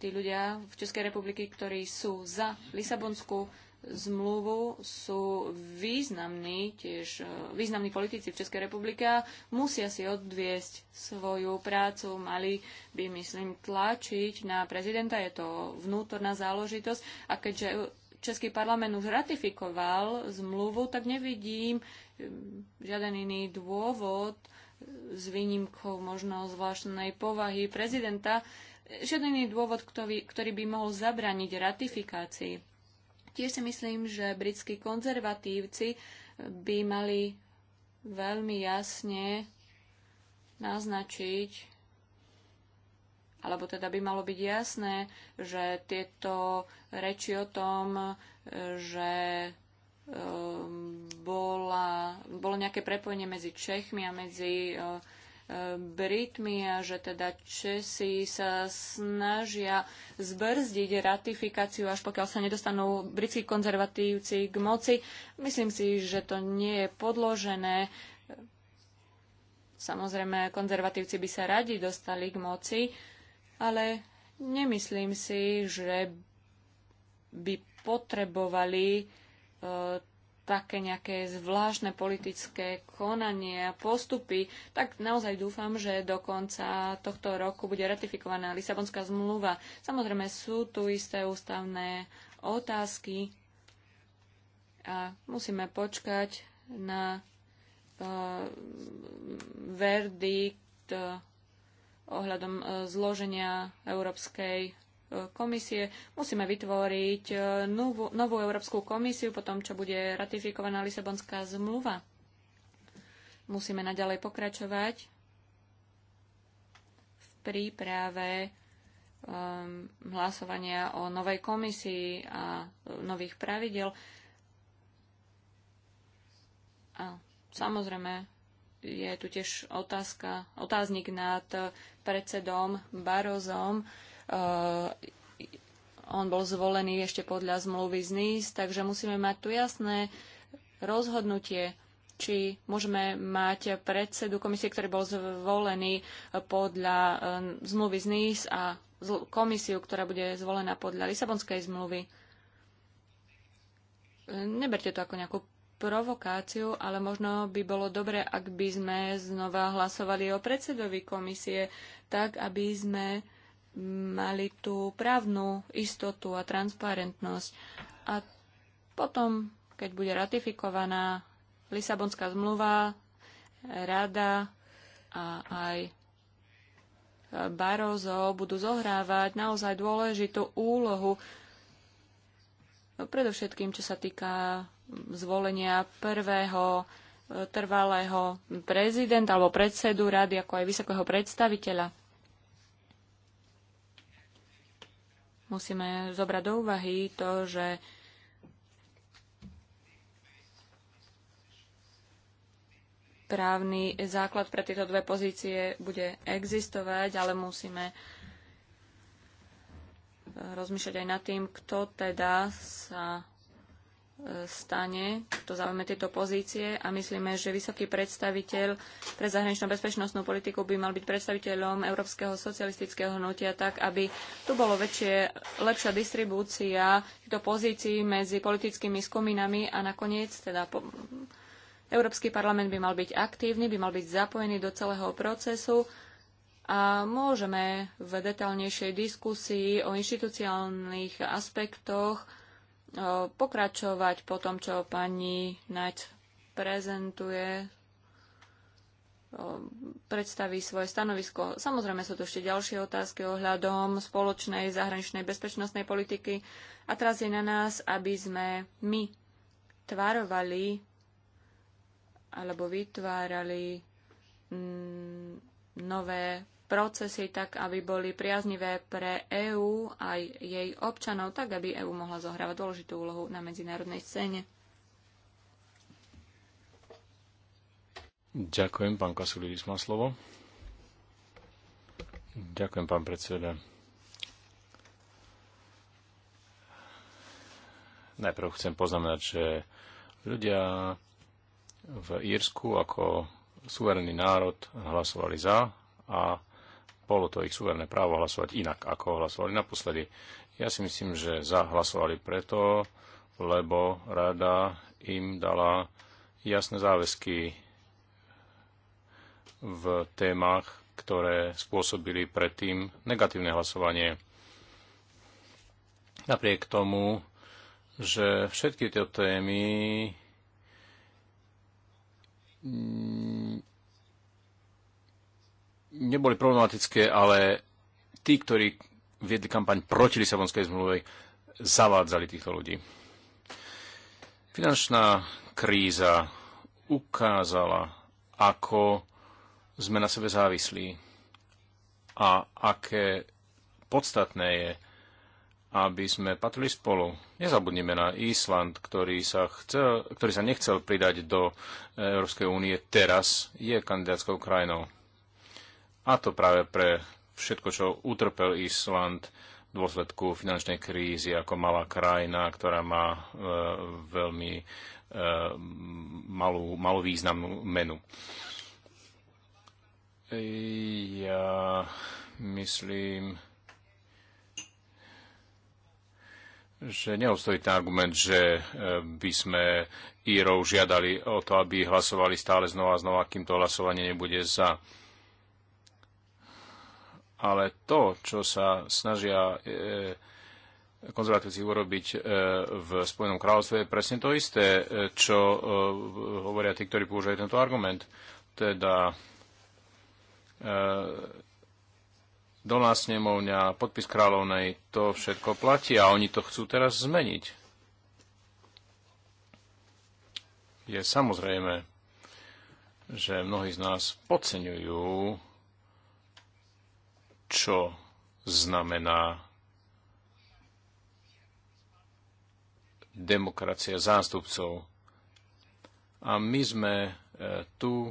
Tí ľudia v Českej republiky, ktorí sú za Lisabonskú zmluvu sú významní, tiež e, významní politici v Českej republike a musia si odviesť svoju prácu. Mali by, myslím, tlačiť na prezidenta, je to vnútorná záležitosť a keďže Český parlament už ratifikoval zmluvu, tak nevidím e, žiaden iný dôvod e, s výnimkou možno zvláštnej povahy prezidenta, žiaden iný dôvod, ktorý by mohol zabraniť ratifikácii Tiež si myslím, že britskí konzervatívci by mali veľmi jasne naznačiť, alebo teda by malo byť jasné, že tieto reči o tom, že ehm, bola, bolo nejaké prepojenie medzi Čechmi a medzi eh, Britmi a že teda Česi sa snažia zbrzdiť ratifikáciu, až pokiaľ sa nedostanú britskí konzervatívci k moci. Myslím si, že to nie je podložené. Samozrejme, konzervatívci by sa radi dostali k moci, ale nemyslím si, že by potrebovali eh, také nejaké zvláštne politické konanie a postupy, tak naozaj dúfam, že do konca tohto roku bude ratifikovaná Lisabonská zmluva. Samozrejme sú tu isté ústavné otázky a musíme počkať na uh, verdikt uh, ohľadom uh, zloženia Európskej komisie. Musíme vytvoriť e, novú, novú Európsku komisiu po tom, čo bude ratifikovaná Lisabonská zmluva. Musíme naďalej pokračovať v príprave um, hlasovania o novej komisii a e, nových pravidel. A samozrejme, je tu tiež otázka, otáznik nad predsedom Barozom, Uh, on bol zvolený ešte podľa zmluvy z NIS, takže musíme mať tu jasné rozhodnutie, či môžeme mať predsedu komisie, ktorý bol zvolený podľa uh, zmluvy z NIS a komisiu, ktorá bude zvolená podľa Lisabonskej zmluvy. Neberte to ako nejakú provokáciu, ale možno by bolo dobre, ak by sme znova hlasovali o predsedovi komisie, tak aby sme mali tú právnu istotu a transparentnosť. A potom, keď bude ratifikovaná Lisabonská zmluva, Rada a aj Barozo budú zohrávať naozaj dôležitú úlohu, no predovšetkým čo sa týka zvolenia prvého e, trvalého prezidenta alebo predsedu rady, ako aj vysokého predstaviteľa Musíme zobrať do úvahy to, že právny základ pre tieto dve pozície bude existovať, ale musíme rozmýšľať aj nad tým, kto teda sa stane, kto zaujme tieto pozície a myslíme, že vysoký predstaviteľ pre zahraničnú bezpečnostnú politiku by mal byť predstaviteľom Európskeho socialistického hnutia tak, aby tu bolo väčšie, lepšia distribúcia týchto pozícií medzi politickými skupinami a nakoniec teda po, Európsky parlament by mal byť aktívny, by mal byť zapojený do celého procesu a môžeme v detaľnejšej diskusii o inštitucionálnych aspektoch pokračovať po tom, čo pani Nať prezentuje, predstaví svoje stanovisko. Samozrejme sú tu ešte ďalšie otázky ohľadom spoločnej zahraničnej bezpečnostnej politiky a teraz je na nás, aby sme my tvarovali alebo vytvárali mm, nové procesy tak, aby boli priaznivé pre EÚ aj jej občanov, tak aby EÚ mohla zohrávať dôležitú úlohu na medzinárodnej scéne. Ďakujem, pán Kasulidis má slovo. Ďakujem, pán predseda. Najprv chcem poznamenať, že ľudia v Írsku ako suverený národ hlasovali za a bolo to ich suverné právo hlasovať inak, ako hlasovali naposledy. Ja si myslím, že zahlasovali preto, lebo rada im dala jasné záväzky v témach, ktoré spôsobili predtým negatívne hlasovanie. Napriek tomu, že všetky tieto témy neboli problematické, ale tí, ktorí viedli kampaň proti Lisabonskej zmluve, zavádzali týchto ľudí. Finančná kríza ukázala, ako sme na sebe závislí a aké podstatné je, aby sme patrili spolu. Nezabudnime na Island, ktorý sa, chcel, ktorý sa nechcel pridať do Európskej únie, teraz je kandidátskou krajinou. A to práve pre všetko, čo utrpel Island v dôsledku finančnej krízy ako malá krajina, ktorá má e, veľmi e, malú, malú významnú menu. E, ja myslím, že neobstojí ten argument, že e, by sme Írov žiadali o to, aby hlasovali stále znova a znova, kým to hlasovanie nebude za ale to, čo sa snažia e, konzervatívci urobiť e, v Spojenom kráľovstve, je presne to isté, e, čo hovoria tí, ktorí používajú tento argument. Teda dolná snemovňa, podpis kráľovnej, to všetko platí a oni to chcú teraz zmeniť. Je samozrejme, že mnohí z nás podceňujú čo znamená demokracia zástupcov. A my sme e, tu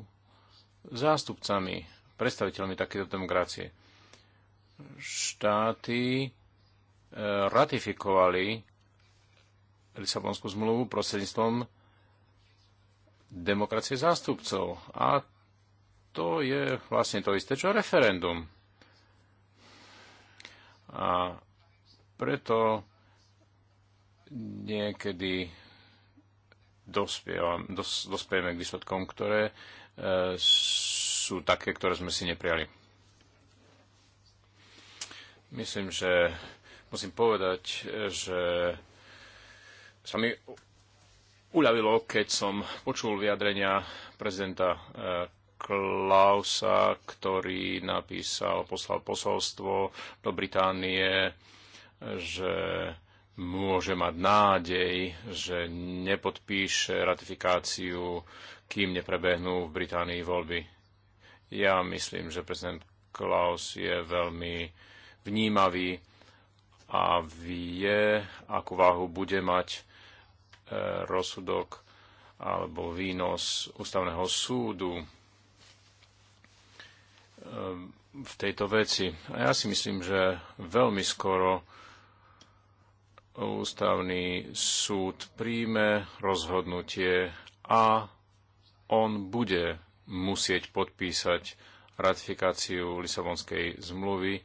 zástupcami, predstaviteľmi takéto demokracie. Štáty e, ratifikovali Lisabonskú zmluvu prostredníctvom demokracie zástupcov. A to je vlastne to isté, čo referendum. A preto niekedy dos, dospieme k výsledkom, ktoré e, sú také, ktoré sme si neprijali. Myslím, že musím povedať, že sa mi uľavilo, keď som počul vyjadrenia prezidenta e, Klausa, ktorý napísal, poslal posolstvo do Británie, že môže mať nádej, že nepodpíše ratifikáciu, kým neprebehnú v Británii voľby. Ja myslím, že prezident Klaus je veľmi vnímavý a vie, akú váhu bude mať e, rozsudok alebo výnos ústavného súdu v tejto veci. A ja si myslím, že veľmi skoro ústavný súd príjme rozhodnutie a on bude musieť podpísať ratifikáciu Lisabonskej zmluvy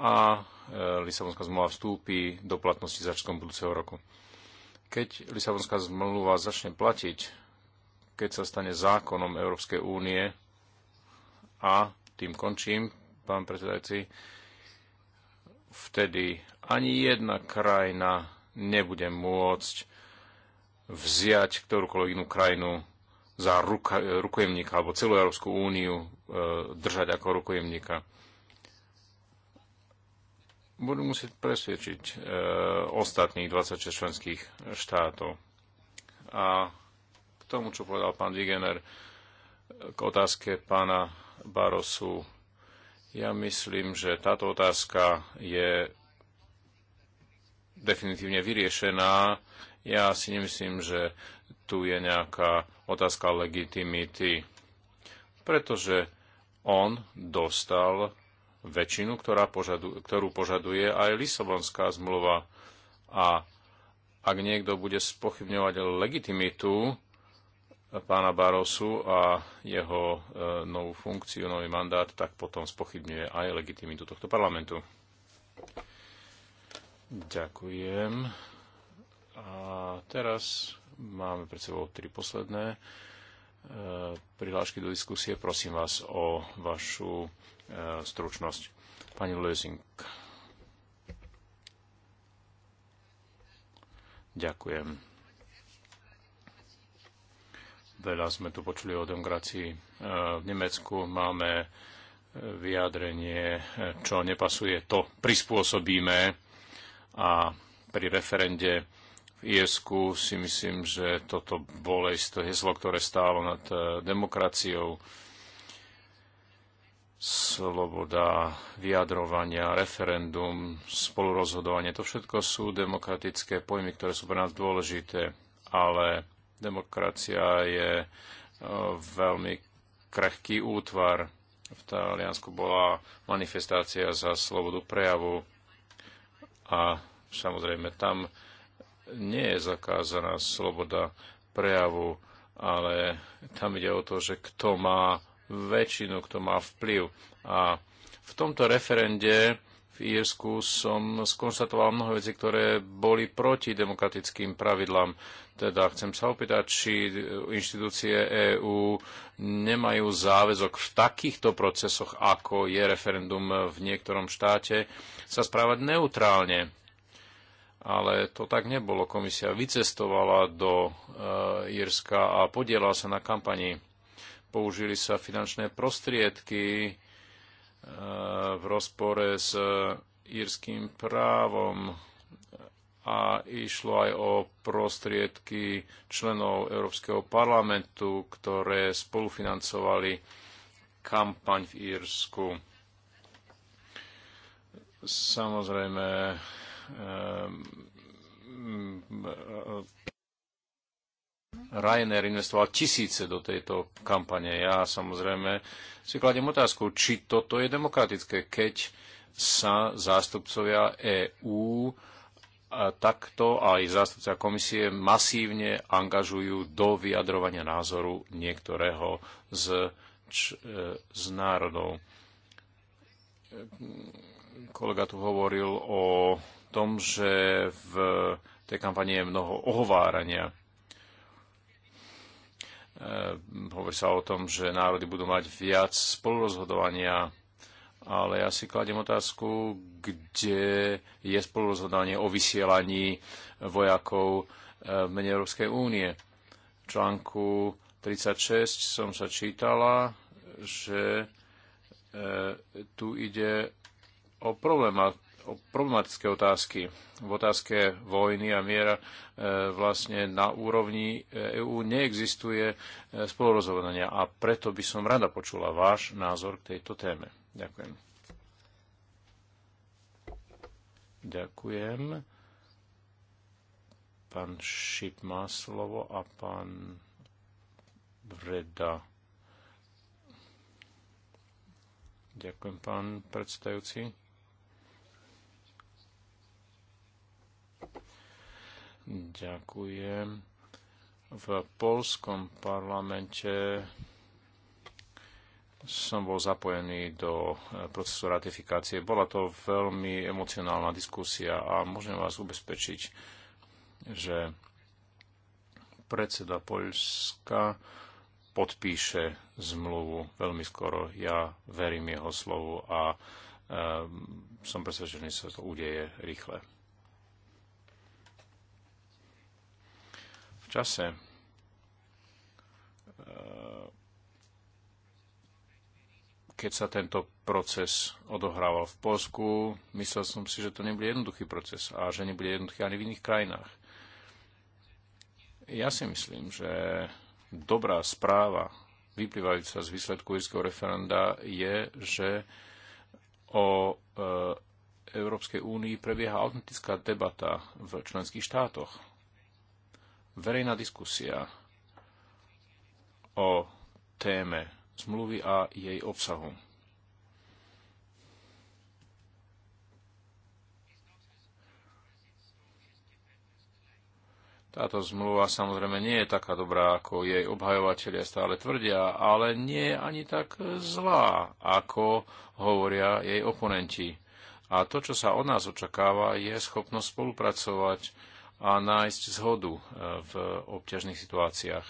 a e, Lisabonská zmluva vstúpi do platnosti začiatkom budúceho roku. Keď Lisabonská zmluva začne platiť, keď sa stane zákonom Európskej únie a tým končím, pán predsedajúci, vtedy ani jedna krajina nebude môcť vziať ktorúkoľvek inú krajinu za ruka, e, rukojemníka alebo celú Európsku úniu e, držať ako rukojemníka. Budú musieť presvedčiť e, ostatných 26 členských štátov. A k tomu, čo povedal pán Digener, k otázke pána Barosu. Ja myslím, že táto otázka je definitívne vyriešená. Ja si nemyslím, že tu je nejaká otázka legitimity, pretože on dostal väčšinu, ktorá požadu, ktorú požaduje aj Lisabonská zmluva. A ak niekto bude spochybňovať legitimitu pána Barosu a jeho e, novú funkciu, nový mandát, tak potom spochybňuje aj legitimitu tohto parlamentu. Ďakujem. A teraz máme pred sebou tri posledné e, prihlášky do diskusie. Prosím vás o vašu e, stručnosť. Pani Lezing. Ďakujem. Veľa sme tu počuli o demokracii. E, v Nemecku máme e, vyjadrenie, e, čo nepasuje, to prispôsobíme a pri referende v Iesku si myslím, že toto bolo to heslo, ktoré stálo nad demokraciou, sloboda vyjadrovania, referendum, spolurozhodovanie, to všetko sú demokratické pojmy, ktoré sú pre nás dôležité, ale Demokracia je e, veľmi krehký útvar. V Taliansku bola manifestácia za slobodu prejavu a samozrejme tam nie je zakázaná sloboda prejavu, ale tam ide o to, že kto má väčšinu, kto má vplyv. A v tomto referende v Írsku som skonštatoval mnohé veci, ktoré boli proti demokratickým pravidlám. Teda chcem sa opýtať, či inštitúcie EÚ nemajú záväzok v takýchto procesoch, ako je referendum v niektorom štáte, sa správať neutrálne. Ale to tak nebolo. Komisia vycestovala do e, Írska a podielala sa na kampanii. Použili sa finančné prostriedky, Eh, v rozpore s eh, írským právom a išlo aj o prostriedky členov Európskeho parlamentu, ktoré spolufinancovali kampaň v Írsku. Samozrejme, eh, Ryanair investoval tisíce do tejto kampane. Ja samozrejme si kladiem otázku, či toto je demokratické, keď sa zástupcovia EÚ takto aj zástupca komisie masívne angažujú do vyjadrovania názoru niektorého z, č, e, z národov. Kolega tu hovoril o tom, že v tej kampani je mnoho ohovárania. Eh, hovorí sa o tom, že národy budú mať viac spolurozhodovania, ale ja si kladem otázku, kde je spolurozhodovanie o vysielaní vojakov eh, v mene Európskej únie. V článku 36 som sa čítala, že eh, tu ide o problém a problematické otázky. V otázke vojny a miera e, vlastne na úrovni EÚ e neexistuje e, spolurozhodania a preto by som rada počula váš názor k tejto téme. Ďakujem. Ďakujem. Pán Šip má slovo a pán Vreda. Ďakujem, pán predstavujúci. Ďakujem. V polskom parlamente som bol zapojený do e, procesu ratifikácie. Bola to veľmi emocionálna diskusia a môžem vás ubezpečiť, že predseda Poľska podpíše zmluvu veľmi skoro. Ja verím jeho slovu a e, som presvedčený, že sa to udeje rýchle. čase. E, keď sa tento proces odohrával v Polsku, myslel som si, že to nebude jednoduchý proces a že nebude jednoduchý ani v iných krajinách. Ja si myslím, že dobrá správa vyplývajúca z výsledku írskeho referenda je, že o e, Európskej únii prebieha autentická debata v členských štátoch verejná diskusia o téme zmluvy a jej obsahu. Táto zmluva samozrejme nie je taká dobrá, ako jej obhajovateľia stále tvrdia, ale nie je ani tak zlá, ako hovoria jej oponenti. A to, čo sa od nás očakáva, je schopnosť spolupracovať a nájsť zhodu e, v obťažných situáciách.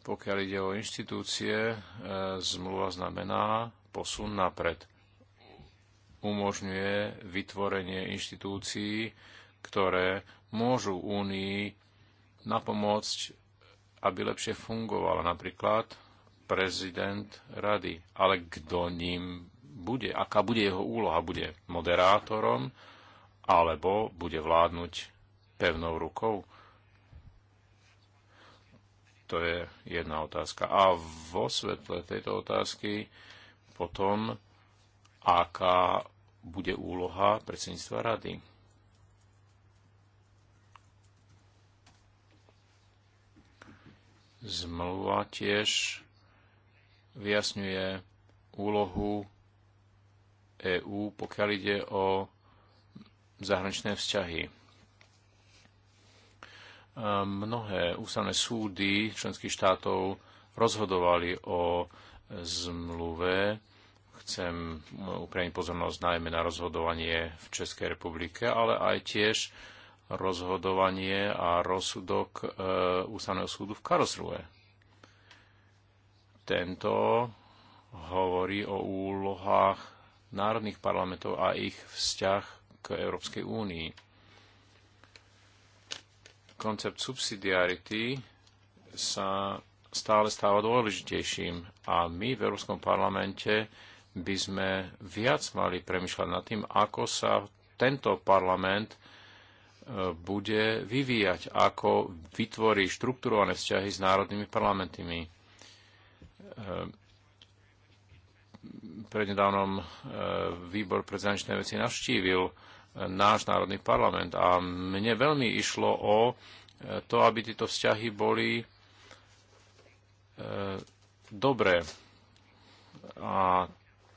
Pokiaľ ide o inštitúcie, e, zmluva znamená posun napred. Umožňuje vytvorenie inštitúcií, ktoré môžu Únii napomôcť, aby lepšie fungovala. Napríklad prezident rady. Ale kto ním bude? Aká bude jeho úloha? Bude moderátorom alebo bude vládnuť pevnou rukou? To je jedna otázka. A vo svetle tejto otázky potom, aká bude úloha predsedníctva rady. Zmluva tiež vyjasňuje úlohu EÚ, pokiaľ ide o zahraničné vzťahy. Mnohé ústavné súdy členských štátov rozhodovali o zmluve. Chcem upriamiť pozornosť najmä na rozhodovanie v Českej republike, ale aj tiež rozhodovanie a rozsudok e, ústavného súdu v Karlsruhe. Tento hovorí o úlohách národných parlamentov a ich vzťah k Európskej únii. Koncept subsidiarity sa stále stáva dôležitejším a my v Európskom parlamente by sme viac mali premyšľať nad tým, ako sa tento parlament e, bude vyvíjať, ako vytvorí štruktúrované vzťahy s národnými parlamentmi. E, prednedávnom e, výbor pre zahraničné veci navštívil náš národný parlament. A mne veľmi išlo o e, to, aby tieto vzťahy boli e, dobré. A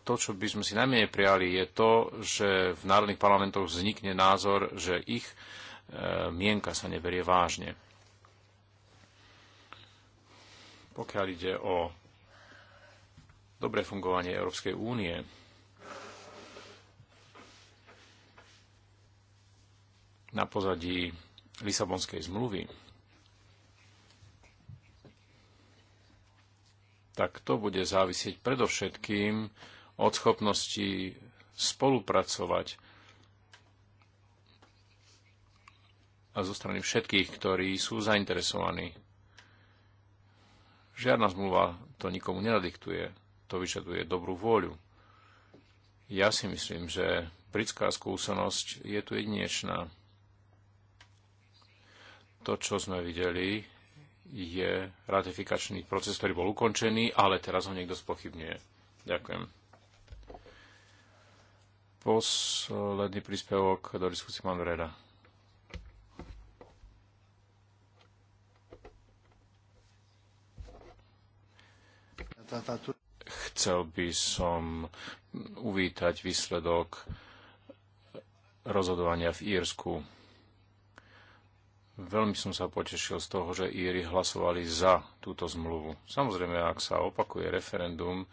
to, čo by sme si najmenej prijali, je to, že v národných parlamentoch vznikne názor, že ich e, mienka sa neberie vážne. Pokiaľ ide o dobré fungovanie Európskej únie, na pozadí Lisabonskej zmluvy, tak to bude závisieť predovšetkým od schopnosti spolupracovať a zo strany všetkých, ktorí sú zainteresovaní. Žiadna zmluva to nikomu nenadiktuje, to vyžaduje dobrú vôľu. Ja si myslím, že britská skúsenosť je tu jedinečná. To, čo sme videli, je ratifikačný proces, ktorý bol ukončený, ale teraz ho niekto spochybňuje. Ďakujem. Posledný príspevok do diskusie pán Vreda. Chcel by som uvítať výsledok rozhodovania v Írsku Veľmi som sa potešil z toho, že Íry hlasovali za túto zmluvu. Samozrejme, ak sa opakuje referendum,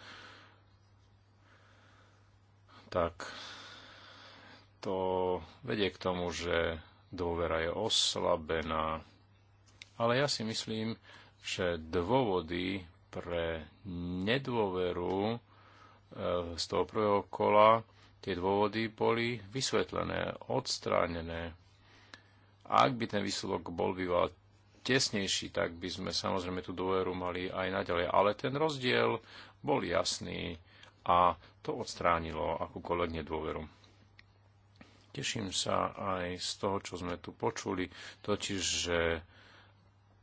tak to vedie k tomu, že dôvera je oslabená. Ale ja si myslím, že dôvody pre nedôveru e, z toho prvého kola, tie dôvody boli vysvetlené, odstránené. Ak by ten výsledok bol býval tesnejší, tak by sme samozrejme tú dôveru mali aj naďalej. Ale ten rozdiel bol jasný a to odstránilo akúkoľvek nedôveru. Teším sa aj z toho, čo sme tu počuli, totiž, že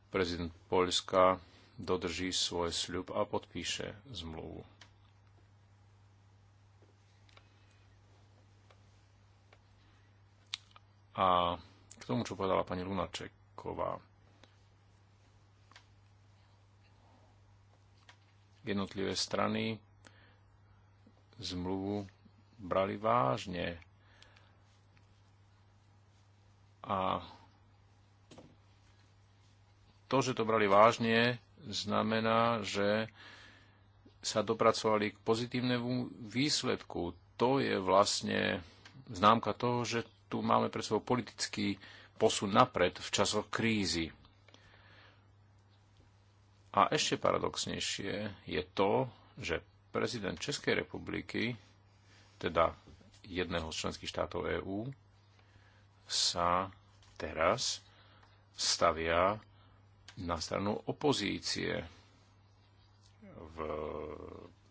prezident Polska dodrží svoj sľub a podpíše zmluvu. A k tomu, čo povedala pani Lunačeková. Jednotlivé strany zmluvu brali vážne a to, že to brali vážne, znamená, že sa dopracovali k pozitívnemu výsledku. To je vlastne známka toho, že tu máme pre sebou politický posun napred v časoch krízy. A ešte paradoxnejšie je to, že prezident Českej republiky, teda jedného z členských štátov EÚ, sa teraz stavia na stranu opozície v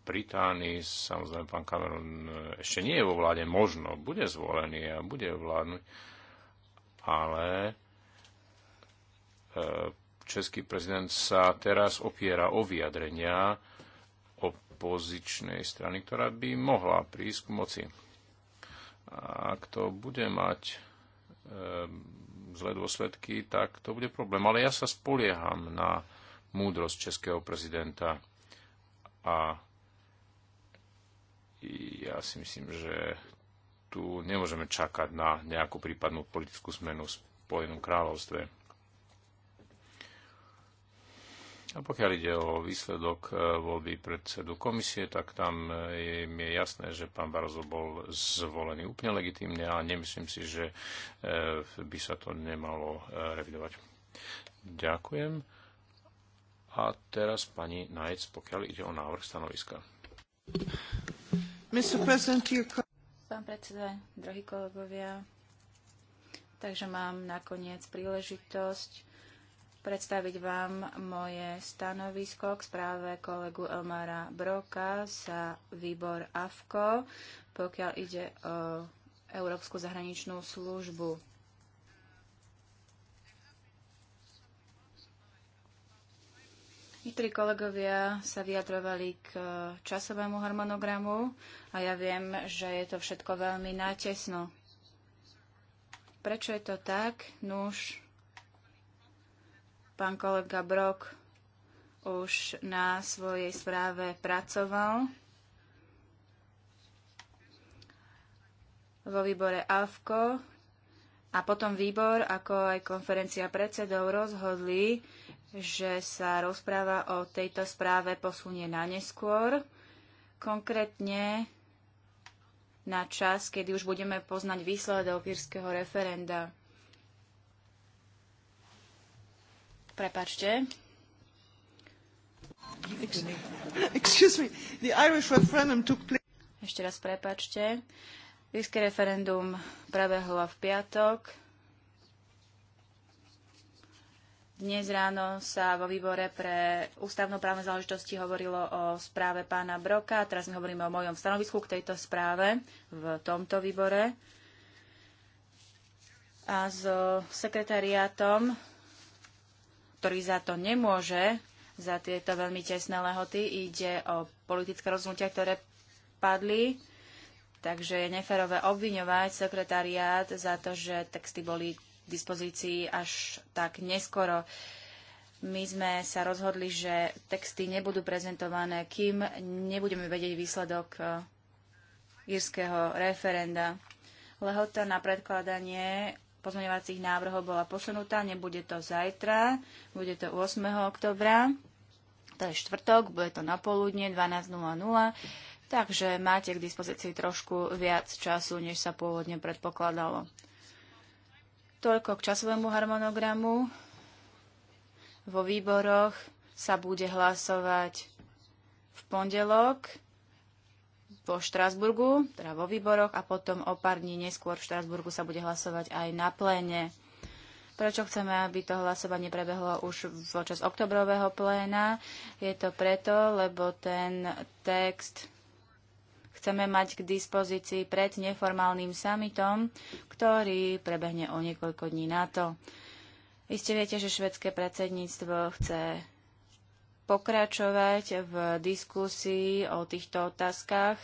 Británii, samozrejme pán Cameron e, ešte nie je vo vláde, možno bude zvolený a bude vládnuť, ale e, český prezident sa teraz opiera o vyjadrenia opozičnej strany, ktorá by mohla prísť k moci. A ak to bude mať e, zlé dôsledky, tak to bude problém. Ale ja sa spolieham na múdrosť českého prezidenta a ja si myslím, že tu nemôžeme čakať na nejakú prípadnú politickú zmenu v Spojenom kráľovstve. A pokiaľ ide o výsledok e, voľby predsedu komisie, tak tam je, mi je jasné, že pán Barzo bol zvolený úplne legitimne a nemyslím si, že e, by sa to nemalo e, revidovať. Ďakujem. A teraz pani Najec, pokiaľ ide o návrh stanoviska. Pán predseda, drahí kolegovia, takže mám nakoniec príležitosť predstaviť vám moje stanovisko k správe kolegu Elmara Broka za výbor AFKO, pokiaľ ide o Európsku zahraničnú službu. Niektorí kolegovia sa vyjadrovali k e, časovému harmonogramu a ja viem, že je to všetko veľmi nátesno. Prečo je to tak? Nuž, pán kolega Brok už na svojej správe pracoval. vo výbore AFKO a potom výbor, ako aj konferencia predsedov rozhodli, že sa rozpráva o tejto správe posunie na neskôr, konkrétne na čas, kedy už budeme poznať výsledok írskeho referenda. Prepačte. Excuse me. The Irish referendum took place... Ešte raz prepačte. Írske referendum prebehlo v piatok. Dnes ráno sa vo výbore pre ústavnoprávne záležitosti hovorilo o správe pána Broka. Teraz my hovoríme o mojom stanovisku k tejto správe v tomto výbore. A so sekretariátom, ktorý za to nemôže, za tieto veľmi tesné lehoty, ide o politické rozhodnutia, ktoré padli. Takže je neférové obviňovať sekretariát za to, že texty boli dispozícii až tak neskoro. My sme sa rozhodli, že texty nebudú prezentované, kým nebudeme vedieť výsledok e, írskeho referenda. Lehota na predkladanie pozmeňovacích návrhov bola posunutá, nebude to zajtra, bude to 8. oktobra, to je štvrtok, bude to napoludne 12.00, takže máte k dispozícii trošku viac času, než sa pôvodne predpokladalo. Toľko k časovému harmonogramu. Vo výboroch sa bude hlasovať v pondelok vo Štrásburgu, teda vo výboroch a potom o pár dní neskôr v Štrásburgu sa bude hlasovať aj na pléne. Prečo chceme, aby to hlasovanie prebehlo už počas oktobrového pléna? Je to preto, lebo ten text chceme mať k dispozícii pred neformálnym summitom, ktorý prebehne o niekoľko dní na to. Iste viete, že švedské predsedníctvo chce pokračovať v diskusii o týchto otázkach.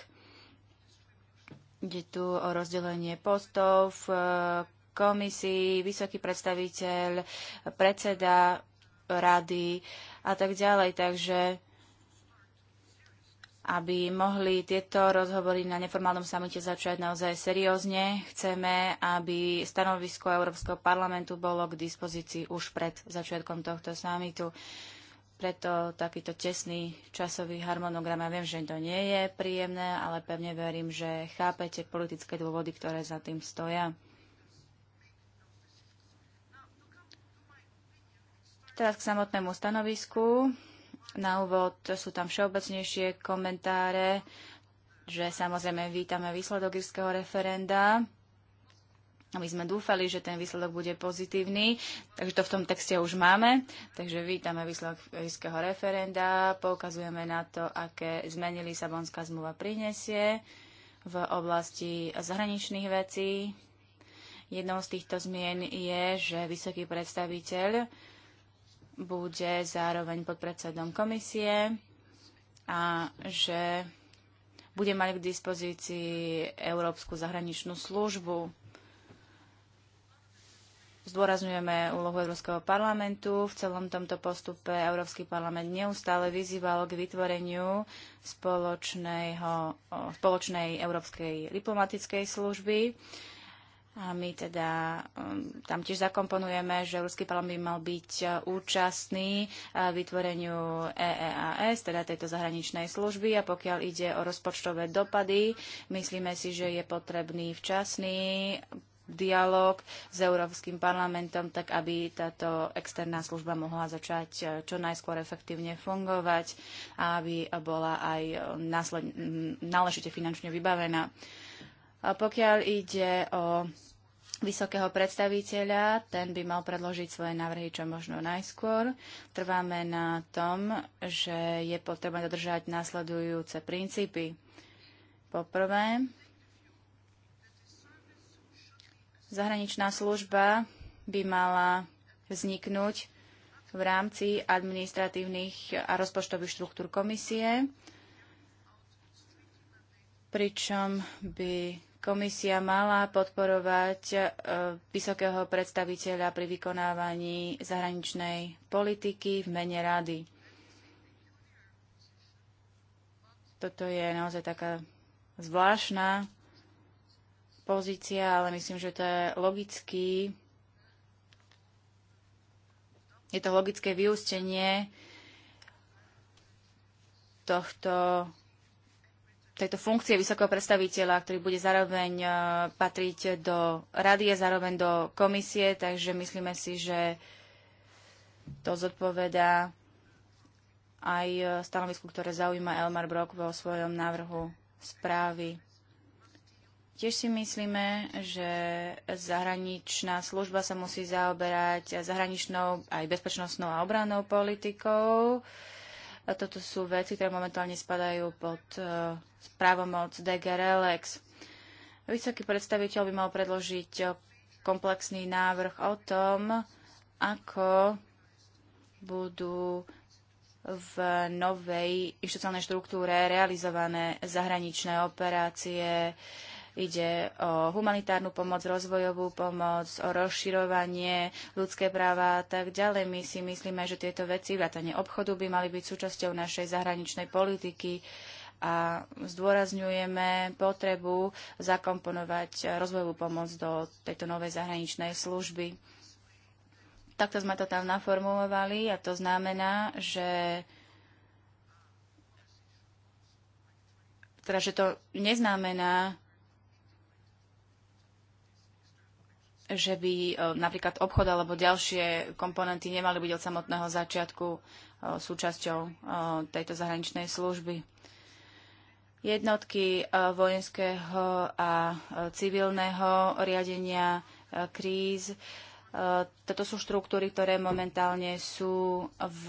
Ide tu o rozdelenie postov v eh, komisii, vysoký predstaviteľ, predseda rady a tak ďalej. Takže aby mohli tieto rozhovory na neformálnom samite začať naozaj seriózne. Chceme, aby stanovisko Európskeho parlamentu bolo k dispozícii už pred začiatkom tohto samitu. Preto takýto tesný časový harmonogram, ja viem, že to nie je príjemné, ale pevne verím, že chápete politické dôvody, ktoré za tým stoja. Teraz k samotnému stanovisku. Na úvod sú tam všeobecnejšie komentáre, že samozrejme vítame výsledok irského referenda. My sme dúfali, že ten výsledok bude pozitívny, takže to v tom texte už máme. Takže vítame výsledok irského referenda, poukazujeme na to, aké zmeny Lisabonská zmluva prinesie v oblasti zahraničných vecí. Jednou z týchto zmien je, že vysoký predstaviteľ bude zároveň podpredsedom komisie a že bude mať k dispozícii Európsku zahraničnú službu. Zdôrazňujeme úlohu Európskeho parlamentu. V celom tomto postupe Európsky parlament neustále vyzýval k vytvoreniu spoločnej európskej diplomatickej služby a my teda um, tam tiež zakomponujeme, že Európsky parlament by mal byť uh, účastný uh, vytvoreniu EEAS, teda tejto zahraničnej služby. A pokiaľ ide o rozpočtové dopady, myslíme si, že je potrebný včasný dialog s Európskym parlamentom, tak aby táto externá služba mohla začať uh, čo najskôr efektívne fungovať a aby bola aj mm, náležite finančne vybavená pokiaľ ide o vysokého predstaviteľa, ten by mal predložiť svoje návrhy čo možno najskôr. Trváme na tom, že je potrebné dodržať následujúce princípy. Poprvé, zahraničná služba by mala vzniknúť v rámci administratívnych a rozpočtových štruktúr komisie, pričom by komisia mala podporovať e, vysokého predstaviteľa pri vykonávaní zahraničnej politiky v mene rady. Toto je naozaj taká zvláštna pozícia, ale myslím, že to je logický. Je to logické vyústenie tohto tejto funkcie vysokého predstaviteľa, ktorý bude zároveň e, patriť do rady a zároveň do komisie, takže myslíme si, že to zodpoveda aj e, stanovisku, ktoré zaujíma Elmar Brock vo svojom návrhu správy. Tiež si myslíme, že zahraničná služba sa musí zaoberať zahraničnou aj bezpečnostnou a obrannou politikou. Uh, toto sú veci, ktoré momentálne spadajú pod uh, právomoc DG Relex. Vysoký predstaviteľ by mal predložiť e, komplexný návrh o tom, ako budú v novej inštitucionálnej štruktúre realizované zahraničné operácie, uh, Ide o humanitárnu pomoc, rozvojovú pomoc, o rozširovanie, ľudské práva a tak ďalej. My si myslíme, že tieto veci, vrátanie obchodu, by mali byť súčasťou našej zahraničnej politiky a zdôrazňujeme potrebu zakomponovať rozvojovú pomoc do tejto novej zahraničnej služby. Takto sme to tam naformulovali a to znamená, že teda, že to neznamená, že by e, napríklad obchod alebo ďalšie komponenty nemali byť od samotného začiatku e, súčasťou e, tejto zahraničnej služby. Jednotky vojenského a civilného riadenia kríz E, toto sú štruktúry, ktoré momentálne sú v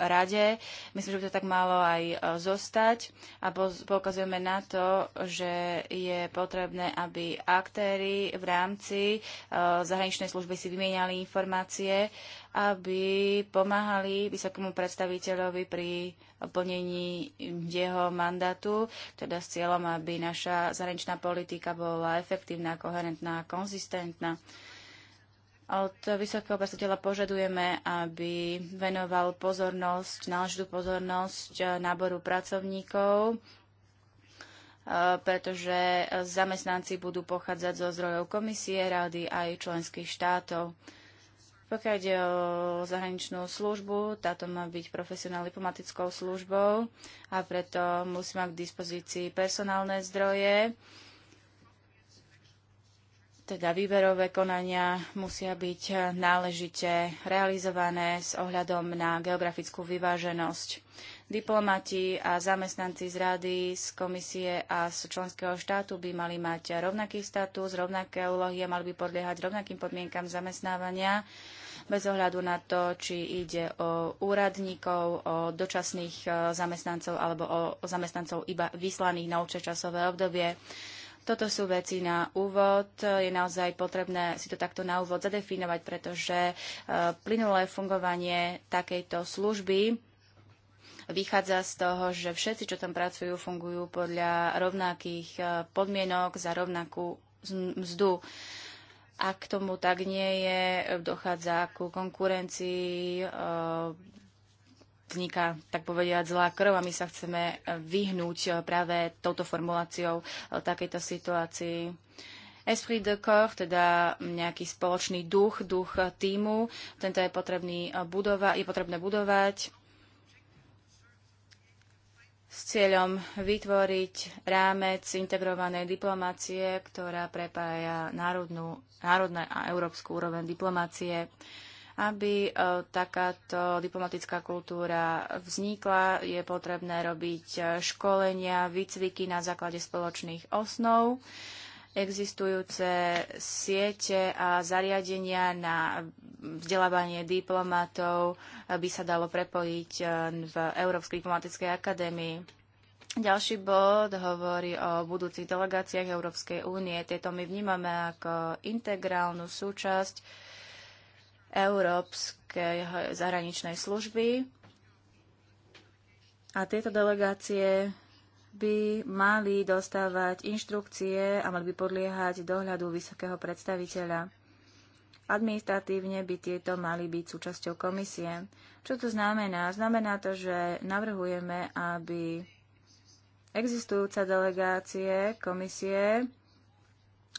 rade. Myslím, že by to tak malo aj e, zostať a poukazujeme na to, že je potrebné, aby aktéry v rámci e, zahraničnej služby si vymieniali informácie, aby pomáhali vysokému predstaviteľovi pri plnení jeho mandátu, teda s cieľom, aby naša zahraničná politika bola efektívna, koherentná a konzistentná. Od vysokého predstaviteľa požadujeme, aby venoval pozornosť, náležitú pozornosť eh, náboru pracovníkov, eh, pretože zamestnanci budú pochádzať zo zdrojov komisie, rady aj členských štátov. Pokiaľ ide o zahraničnú službu, táto má byť profesionálne diplomatickou službou a preto musí mať k dispozícii personálne zdroje, teda výberové konania musia byť náležite realizované s ohľadom na geografickú vyváženosť. Diplomati a zamestnanci z rady, z komisie a z členského štátu by mali mať rovnaký status, rovnaké úlohy a mali by podliehať rovnakým podmienkam zamestnávania bez ohľadu na to, či ide o úradníkov, o dočasných eh, zamestnancov alebo o zamestnancov iba vyslaných na určité časové obdobie. Toto sú veci na úvod. Je naozaj potrebné si to takto na úvod zadefinovať, pretože e, plynulé fungovanie takejto služby vychádza z toho, že všetci, čo tam pracujú, fungujú podľa rovnakých e, podmienok za rovnakú mzdu. Ak tomu tak nie je, dochádza ku konkurencii, e, vzniká tak povediať, zlá krv a my sa chceme vyhnúť eh, práve touto formuláciou eh, takejto situácii. Esprit de corps, teda nejaký spoločný duch, duch týmu, tento je, potrebný eh, budova, je potrebné budovať s cieľom vytvoriť rámec integrovanej diplomácie, ktorá prepája národnú, národné a európsku úroveň diplomácie. Uh, aby e, takáto diplomatická kultúra vznikla, je potrebné robiť e, školenia, výcviky na základe spoločných osnov existujúce siete a zariadenia na vzdelávanie diplomatov by sa dalo prepojiť e, v Európskej diplomatickej akadémii. Ďalší bod hovorí o budúcich delegáciách Európskej únie. Tieto my vnímame ako integrálnu súčasť Európskej zahraničnej služby. A tieto delegácie by mali dostávať inštrukcie a mali by podliehať dohľadu vysokého predstaviteľa. Administratívne by tieto mali byť súčasťou komisie. Čo to znamená? Znamená to, že navrhujeme, aby existujúce delegácie komisie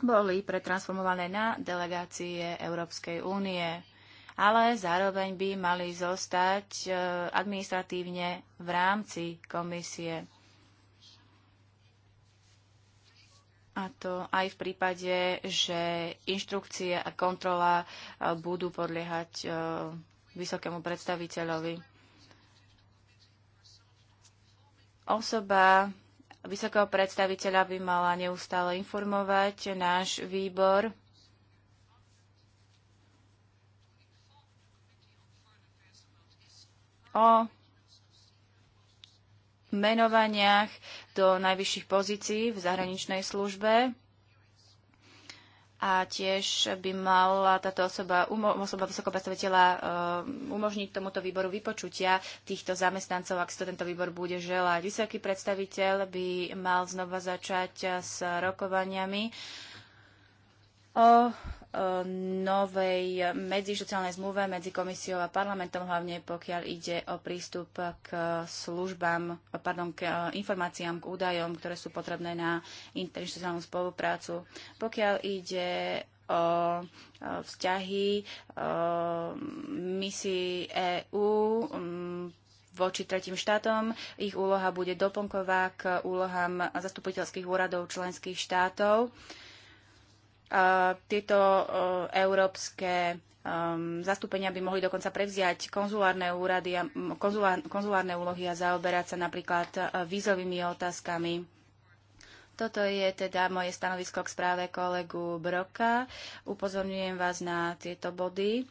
boli pretransformované na delegácie Európskej únie ale zároveň by mali zostať e, administratívne v rámci komisie. A to aj v prípade, že inštrukcie a kontrola e, budú podliehať e, vysokému predstaviteľovi. Osoba vysokého predstaviteľa by mala neustále informovať náš výbor o menovaniach do najvyšších pozícií v zahraničnej službe a tiež by mala táto osoba, umo- osoba vysokopredstaviteľa eh, umožniť tomuto výboru vypočutia týchto zamestnancov, ak si to tento výbor bude želať. Vysoký predstaviteľ by mal znova začať s rokovaniami o novej medzištociálnej zmluve medzi komisiou a parlamentom, hlavne pokiaľ ide o prístup k službám, pardon, k eh, informáciám, k údajom, ktoré sú potrebné na interinstitucionálnu spoluprácu. Pokiaľ ide o eh, vzťahy eh, misií EÚ mm, voči tretím štátom. Ich úloha bude doplnková k úlohám zastupiteľských úradov členských štátov. Uh, tieto e, európske zastúpenia by mohli dokonca prevziať konzulárne, úrady a, konzulár, konzulárne úlohy a zaoberať sa napríklad e, vízovými otázkami. Toto je teda moje stanovisko k správe kolegu Broka. Upozorňujem vás na tieto body. E,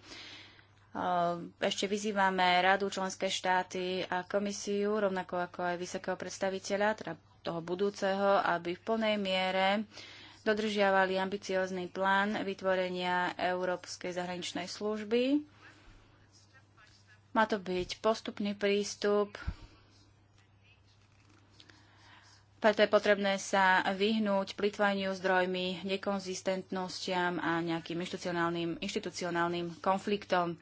ešte vyzývame Radu, členské štáty a komisiu, rovnako ako aj vysokého predstaviteľa, teda toho budúceho, aby v plnej miere uh, dodržiavali ambiciózny plán vytvorenia Európskej zahraničnej služby. Má to byť postupný prístup, preto je potrebné sa vyhnúť plitvaniu zdrojmi, nekonzistentnostiam a nejakým inštitucionálnym, inštitucionálnym konfliktom.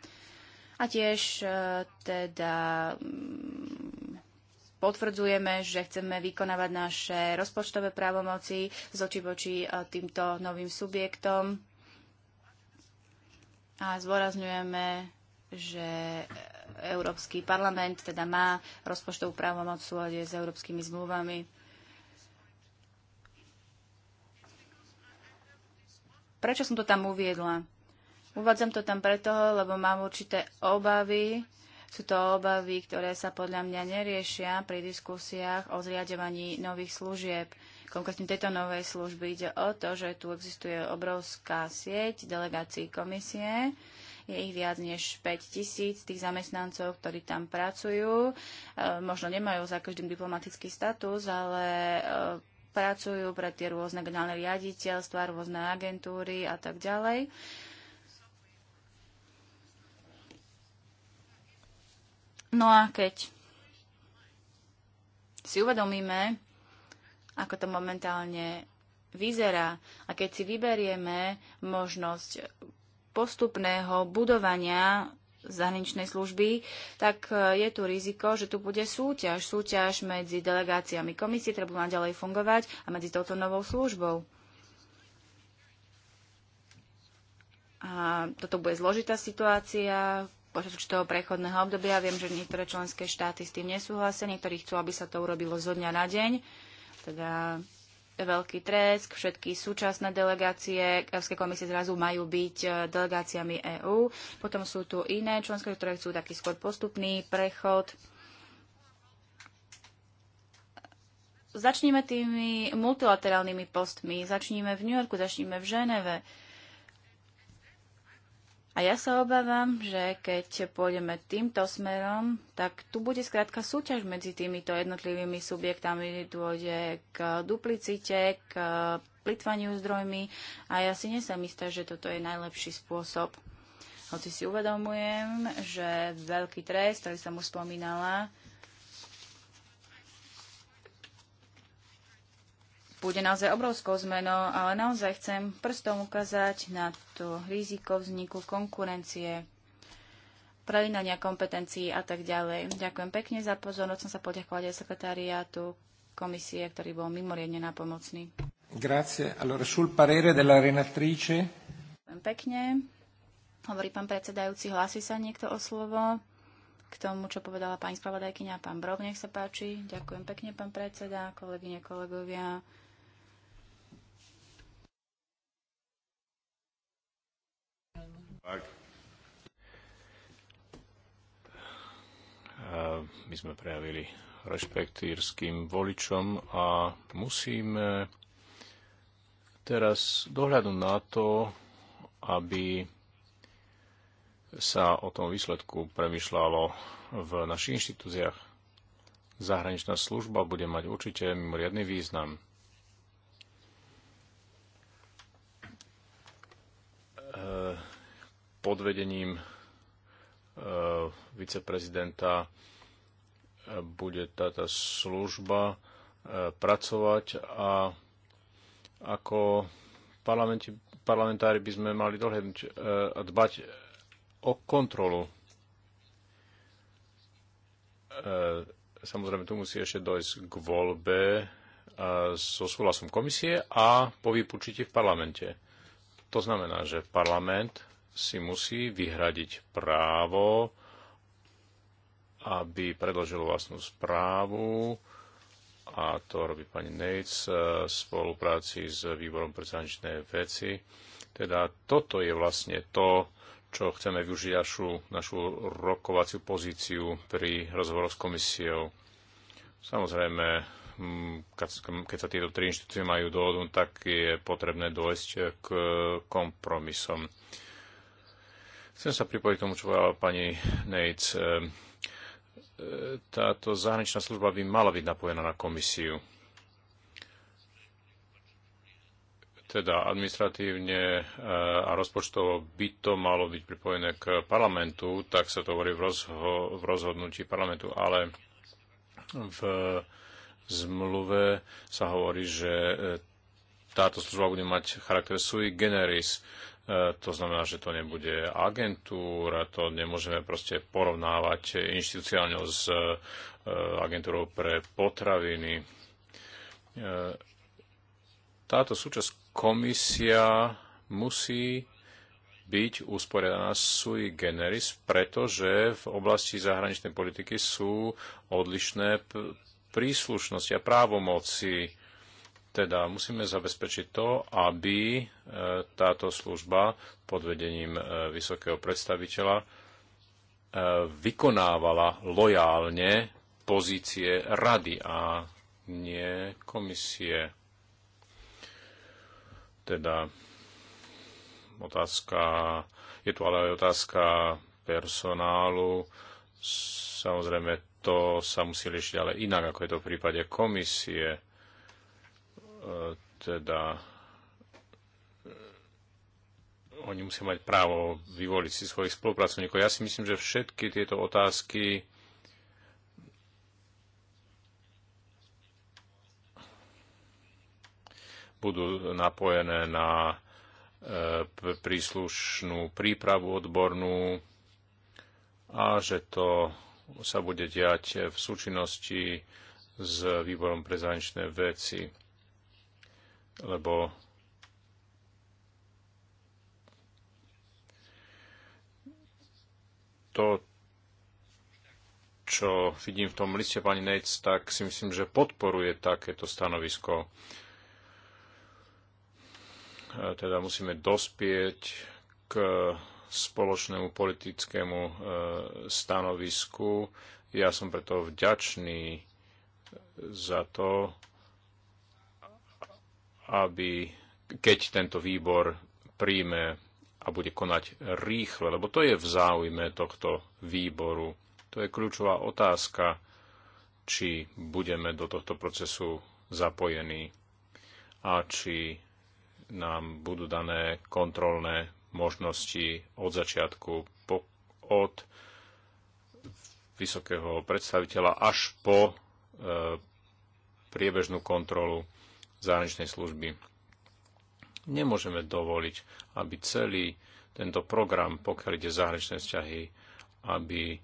A tiež e, teda potvrdzujeme, že chceme vykonávať naše rozpočtové právomoci z oči voči e, týmto novým subjektom a zvorazňujeme, že Európsky parlament teda má rozpočtovú právomoc v s európskymi zmluvami. Prečo som to tam uviedla? Uvádzam to tam preto, lebo mám určité obavy, sú to obavy, ktoré sa podľa mňa neriešia pri diskusiách o zriadovaní nových služieb. Konkrétne tejto novej služby ide o to, že tu existuje obrovská sieť delegácií komisie, je ich viac než 5 tisíc tých zamestnancov, ktorí tam pracujú. E, možno nemajú za každým diplomatický status, ale e, pracujú pre tie rôzne generálne riaditeľstva, rôzne agentúry a tak ďalej. No a keď si uvedomíme, ako to momentálne vyzerá a keď si vyberieme možnosť postupného budovania zahraničnej služby, tak e, je tu riziko, že tu bude súťaž. Súťaž medzi delegáciami komisie, ktoré budú naďalej fungovať, a medzi touto novou službou. A toto bude zložitá situácia, počas určitého prechodného obdobia. Viem, že niektoré členské štáty s tým nesúhlasia, niektorí chcú, aby sa to urobilo zo dňa na deň. Teda veľký tresk, všetky súčasné delegácie Európskej komisie zrazu majú byť e, delegáciami EÚ. Potom sú tu iné členské, ktoré chcú taký skôr postupný prechod. Začníme tými multilaterálnymi postmi. Začníme v New Yorku, začníme v Ženeve. Uh, a ja sa obávam, že keď pôjdeme týmto smerom, tak tu bude skrátka súťaž medzi týmito jednotlivými subjektami, dôjde k duplicite, k plitvaniu zdrojmi a ja si nesam istá, že toto je najlepší spôsob. Hoci si uvedomujem, že veľký trest, ktorý som už spomínala, bude naozaj obrovskou zmenou, ale naozaj chcem prstom ukázať na to riziko vzniku konkurencie, prelinania kompetencií a tak ďalej. Ďakujem pekne za pozornosť. Som sa poďakovať aj sekretariátu komisie, ktorý bol mimoriadne napomocný. Grazie. Allora, sul parere della renatrice. Pekne. Hovorí pán predsedajúci, hlási sa niekto o slovo k tomu, čo povedala pani spravodajkyňa a pán Brov, nech sa páči. Ďakujem pekne, pán predseda, kolegyne, kolegovia. My sme prejavili rešpekt írským voličom a musíme teraz dohľadu na to, aby sa o tom výsledku premyšľalo v našich inštitúciách. Zahraničná služba bude mať určite mimoriadný význam. pod vedením e, viceprezidenta e, bude táto služba e, pracovať a ako parlamentári by sme mali dohľadnúť a dbať o kontrolu. Samozrejme, tu musí ešte dojsť k voľbe so súhlasom komisie a po vypočutí v parlamente. To znamená, že parlament si musí vyhradiť právo, aby predložil vlastnú správu a to robí pani Nates eh, v spolupráci s výborom pre zahraničné veci. Teda toto je vlastne to, čo chceme využiť našu, našu rokovaciu pozíciu pri rozhovoroch s komisiou. Samozrejme, mm, keď sa tieto tri inštitúcie majú dohodu, tak je potrebné dojsť k kompromisom. Chcem sa pripojiť k tomu, čo povedala pani Nates. Ehm, e, táto zahraničná služba by mala byť napojená na komisiu. Teda administratívne e, a rozpočtovo by to malo byť pripojené k parlamentu, tak sa to hovorí v, rozho- v rozhodnutí parlamentu, ale v zmluve sa hovorí, že e, táto služba bude mať charakter sui generis. E, to znamená, že to nebude agentúra, to nemôžeme proste porovnávať inštitúciálne s e, agentúrou pre potraviny. E, táto súčasť komisia musí byť usporiadaná sui generis, pretože v oblasti zahraničnej politiky sú odlišné príslušnosti a právomoci teda musíme zabezpečiť to, aby e, táto služba pod vedením e, vysokého predstaviteľa e, vykonávala lojálne pozície rady a nie komisie. Teda otázka, je tu ale aj otázka personálu. Samozrejme, to sa musí riešiť ale inak, ako je to v prípade komisie teda e, oni musia mať právo vyvoliť si svojich spolupracovníkov. Ja si myslím, že všetky tieto otázky budú napojené na e, príslušnú prípravu odbornú a že to sa bude diať v súčinnosti s výborom pre zahraničné veci lebo to, čo vidím v tom liste pani Nec, tak si myslím, že podporuje takéto stanovisko. E, teda musíme dospieť k spoločnému politickému e, stanovisku. Ja som preto vďačný za to, aby keď tento výbor príjme a bude konať rýchle, lebo to je v záujme tohto výboru. To je kľúčová otázka, či budeme do tohto procesu zapojení a či nám budú dané kontrolné možnosti od začiatku, po, od vysokého predstaviteľa až po e, priebežnú kontrolu zahraničnej služby. Nemôžeme dovoliť, aby celý tento program, pokiaľ ide zahraničné vzťahy, aby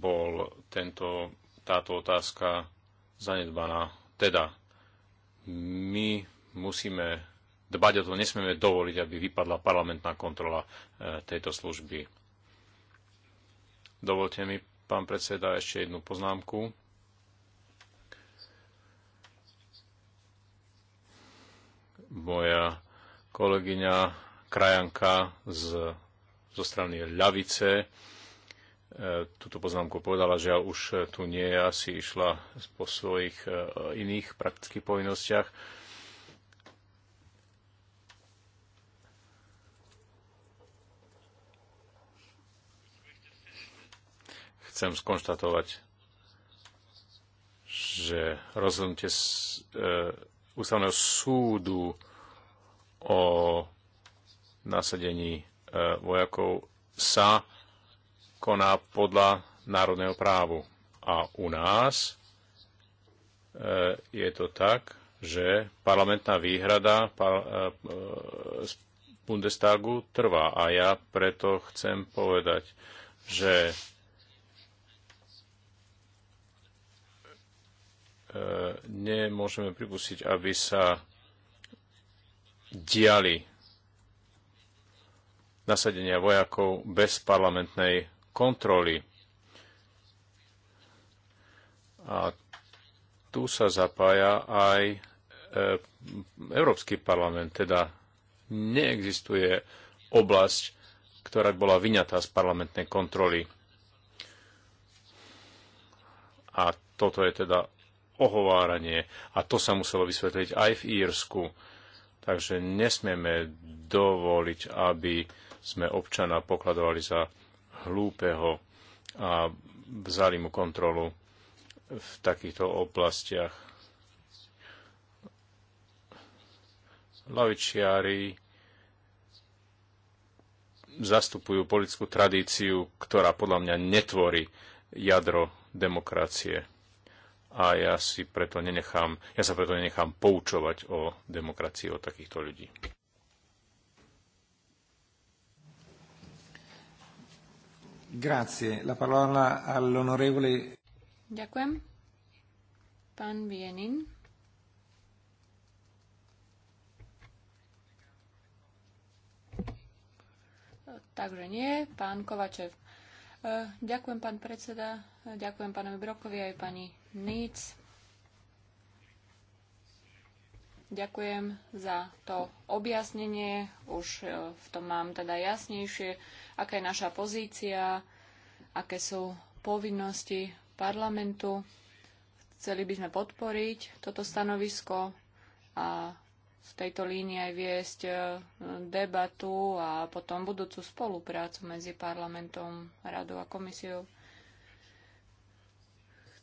bol tento, táto otázka zanedbaná. Teda my musíme dbať o to, nesmieme dovoliť, aby vypadla parlamentná kontrola e, tejto služby. Dovolte mi, pán predseda, ešte jednu poznámku. moja kolegyňa Krajanka z, zo strany ľavice e, túto poznámku povedala, že ja už tu nie je, asi išla po svojich e, iných praktických povinnostiach. Chcem skonštatovať, že rozhodnutie e, ústavného súdu o nasadení e, vojakov sa koná podľa národného právu. A u nás e, je to tak, že parlamentná výhrada e, z Bundestagu trvá. A ja preto chcem povedať, že nemôžeme pripustiť, aby sa diali nasadenia vojakov bez parlamentnej kontroly. A tu sa zapája aj e, Európsky parlament, teda neexistuje oblasť, ktorá bola vyňatá z parlamentnej kontroly. A toto je teda ohováranie. A to sa muselo vysvetliť aj v Írsku. Takže nesmieme dovoliť, aby sme občana pokladovali za hlúpeho a vzali mu kontrolu v takýchto oblastiach. Lavičiári zastupujú politickú tradíciu, ktorá podľa mňa netvorí jadro demokracie a ja, si preto nenechám, ja sa preto nenechám poučovať o demokracii od takýchto ľudí. Grazie. La parola all'onorevole... Ďakujem. Pán Vienin. Takže nie, pán Kovačev. E, ďakujem, pán predseda. Ďakujem pánovi Brokovi aj pani Nic. Ďakujem za to objasnenie. Už e, v tom mám teda jasnejšie, aká je naša pozícia, aké sú povinnosti parlamentu. Chceli by sme podporiť toto stanovisko a v tejto línii aj viesť e, debatu a potom budúcu spoluprácu medzi parlamentom, radou a komisiou.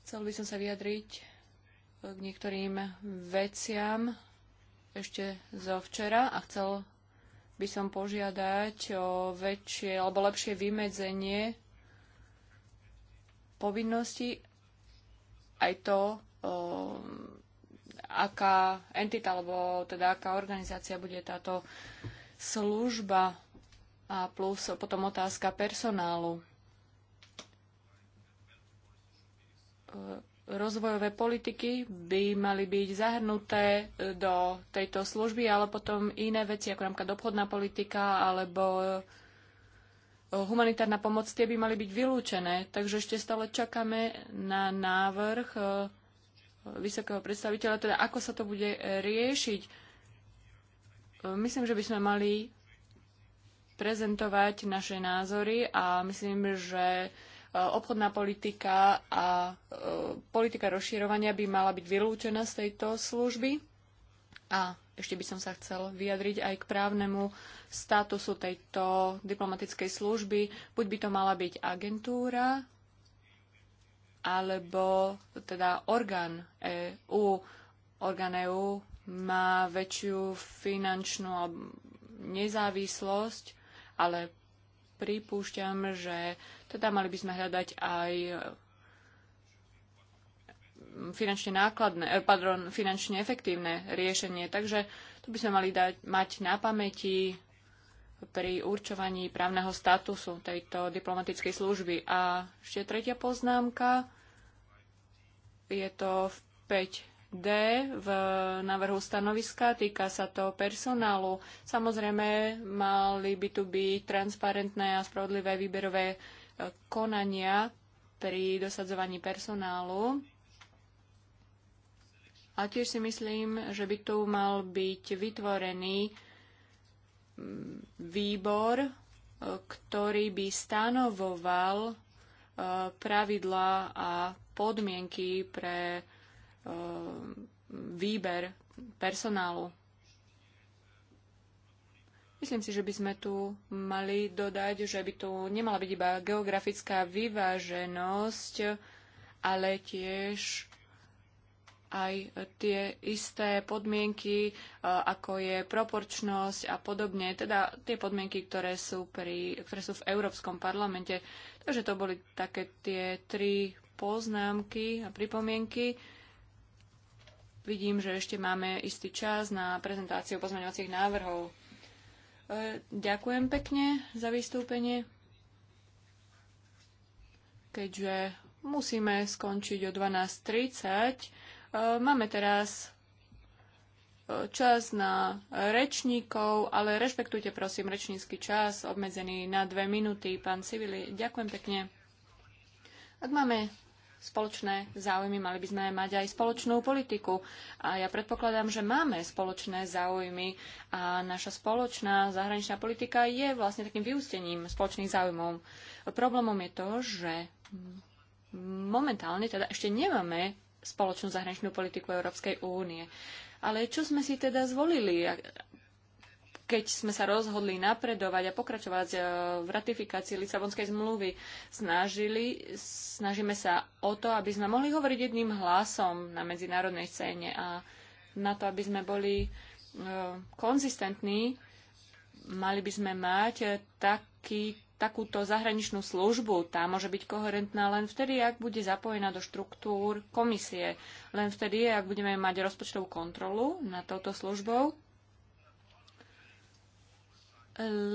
Chcel by som sa vyjadriť k niektorým veciam ešte zo včera a chcel by som požiadať o väčšie alebo lepšie vymedzenie povinnosti aj to, o, um, aká entita alebo teda aká organizácia bude táto služba a plus potom otázka personálu. rozvojové politiky by mali byť zahrnuté e, do tejto služby, ale potom iné veci, ako napríklad obchodná politika alebo e, humanitárna pomoc, tie by mali byť vylúčené. Takže ešte stále čakáme na návrh e, vysokého predstaviteľa, teda ako sa to bude riešiť. Myslím, že by sme mali prezentovať naše názory a myslím, že obchodná politika a e, politika rozširovania by mala byť vylúčená z tejto služby. A ešte by som sa chcel vyjadriť aj k právnemu statusu tejto diplomatickej služby. Buď by to mala byť agentúra, alebo teda orgán EU. Orgán EU má väčšiu finančnú nezávislosť, ale pripúšťam, že teda mali by sme hľadať aj mm, finančne nákladné, eh, pardon, finančne efektívne riešenie. Takže to by sme mali dať, mať na pamäti pri určovaní právneho statusu tejto diplomatickej služby. A ešte tretia poznámka. Je to v 5 D v návrhu stanoviska, týka sa to personálu. Samozrejme, mali by tu byť transparentné a spravodlivé výberové e, konania pri dosadzovaní personálu. A tiež si myslím, že by tu mal byť vytvorený výbor, e, ktorý by stanovoval e, pravidlá a podmienky pre Eh, výber personálu. Myslím si, že by sme tu mali dodať, že by tu nemala byť iba geografická vyváženosť, ale tiež aj tie isté podmienky, eh, ako je proporčnosť a podobne, teda tie podmienky, ktoré sú, pri, ktoré sú v Európskom parlamente. Takže to boli také tie tri poznámky a pripomienky. Vidím, že ešte máme istý čas na prezentáciu pozmeňovacích návrhov. E, ďakujem pekne za vystúpenie, keďže musíme skončiť o 12.30. E, máme teraz e, čas na rečníkov, ale rešpektujte prosím rečnícky čas, obmedzený na dve minúty. Pán Civili, ďakujem pekne. Ak máme spoločné záujmy, mali by sme mať aj spoločnú politiku. A ja predpokladám, že máme spoločné záujmy a naša spoločná zahraničná politika je vlastne takým vyústením spoločných záujmov. Problémom je to, že momentálne teda ešte nemáme spoločnú zahraničnú politiku Európskej únie. Ale čo sme si teda zvolili? keď sme sa rozhodli napredovať a pokračovať e, v ratifikácii Lisabonskej zmluvy, snažili, snažíme sa o to, aby sme mohli hovoriť jedným hlasom na medzinárodnej scéne a na to, aby sme boli e, konzistentní, mali by sme mať e, taký, takúto zahraničnú službu. Tá môže byť koherentná len vtedy, ak bude zapojená do štruktúr komisie. Len vtedy, ak budeme mať rozpočtovú kontrolu nad touto službou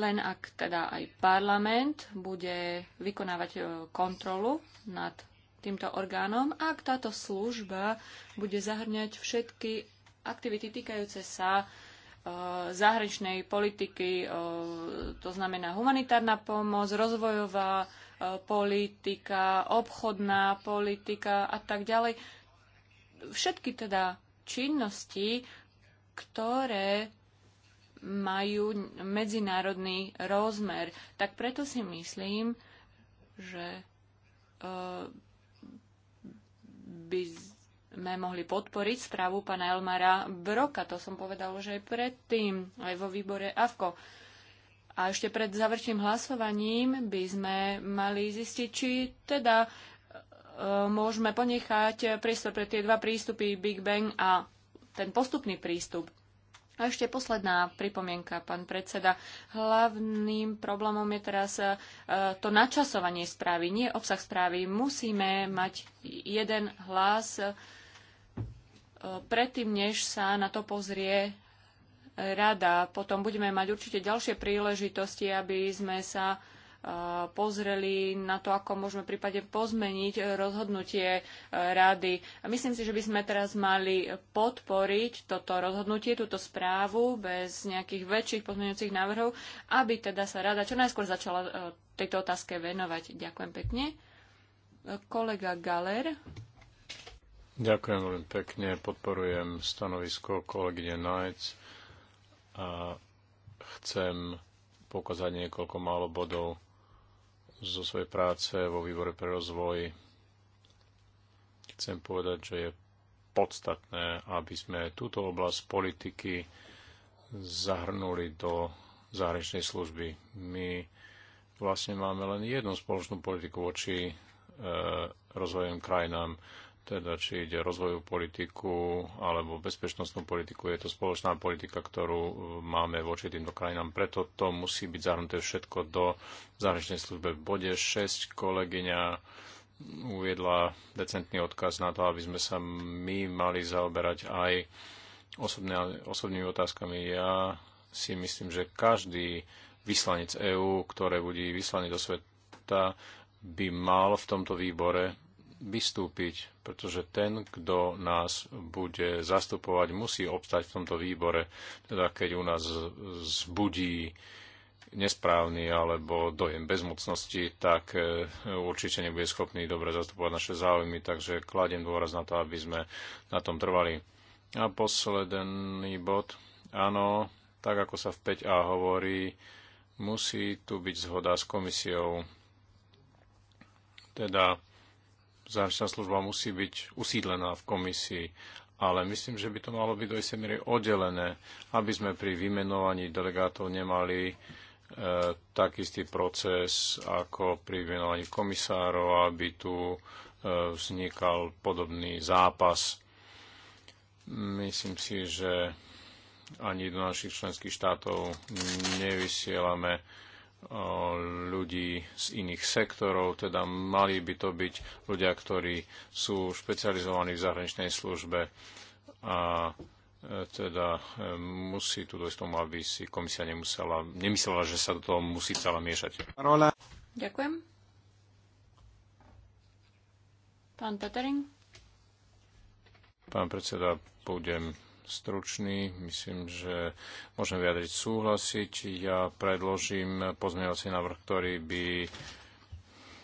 len ak teda aj parlament bude vykonávať e, kontrolu nad týmto orgánom, ak táto služba bude zahrňať všetky aktivity týkajúce sa e, zahraničnej politiky, e, to znamená humanitárna pomoc, rozvojová politika, obchodná politika a tak ďalej. Všetky teda činnosti, ktoré majú medzinárodný rozmer. Tak preto si myslím, že e, by sme mohli podporiť správu pana Elmara Broka. To som povedal už aj predtým, aj vo výbore AVKO. A ešte pred završným hlasovaním by sme mali zistiť, či teda e, môžeme ponechať priestor pre tie dva prístupy Big Bang a ten postupný prístup. A ešte posledná pripomienka, pán predseda. Hlavným problémom je teraz e, to načasovanie správy, nie obsah správy. Musíme mať jeden hlas e, predtým, než sa na to pozrie rada. Potom budeme mať určite ďalšie príležitosti, aby sme sa pozreli na to, ako môžeme prípade pozmeniť e, rozhodnutie e, rady. A myslím si, že by sme teraz mali podporiť toto rozhodnutie, túto správu bez nejakých väčších pozmeňujúcich návrhov, aby teda sa rada čo najskôr začala e, tejto otázke venovať. Ďakujem pekne. Kolega Galer. Ďakujem veľmi pekne. Podporujem stanovisko kolegyne Nájc a chcem pokazať niekoľko málo bodov zo svojej práce vo výbore pre rozvoj chcem povedať, že je podstatné, aby sme túto oblasť politiky zahrnuli do zahraničnej služby. My vlastne máme len jednu spoločnú politiku voči e, rozvojovým krajinám teda či ide rozvojovú politiku alebo bezpečnostnú politiku, je to spoločná politika, ktorú e, máme voči týmto krajinám. Preto to musí byť zahrnuté všetko do zahraničnej službe. V bode 6 kolegyňa uviedla decentný odkaz na to, aby sme sa my mali zaoberať aj osobné, osobnými otázkami. Ja si myslím, že každý vyslanec EÚ, ktoré bude vyslaný do sveta, by mal v tomto výbore vystúpiť, pretože ten, kto nás bude zastupovať, musí obstať v tomto výbore, teda keď u nás zbudí nesprávny alebo dojem bezmocnosti, tak e, určite nebude schopný dobre zastupovať naše záujmy, takže kladiem dôraz na to, aby sme na tom trvali. A posledný bod. Áno, tak ako sa v 5a hovorí, musí tu byť zhoda s komisiou. Teda zahraničná služba musí byť usídlená v komisii, ale myslím, že by to malo byť do istej miery oddelené, aby sme pri vymenovaní delegátov nemali e, tak istý proces ako pri vymenovaní komisárov, aby tu e, vznikal podobný zápas. Myslím si, že ani do našich členských štátov nevysielame ľudí z iných sektorov, teda mali by to byť ľudia, ktorí sú špecializovaní v zahraničnej službe a e, teda e, musí tu dojsť tomu, aby si komisia nemusela, nemyslela, že sa do toho musí celá miešať. Ďakujem. Pán Petering. Pán predseda, budem stručný. Myslím, že môžem vyjadriť súhlasiť. Ja predložím pozmeňovací návrh, ktorý by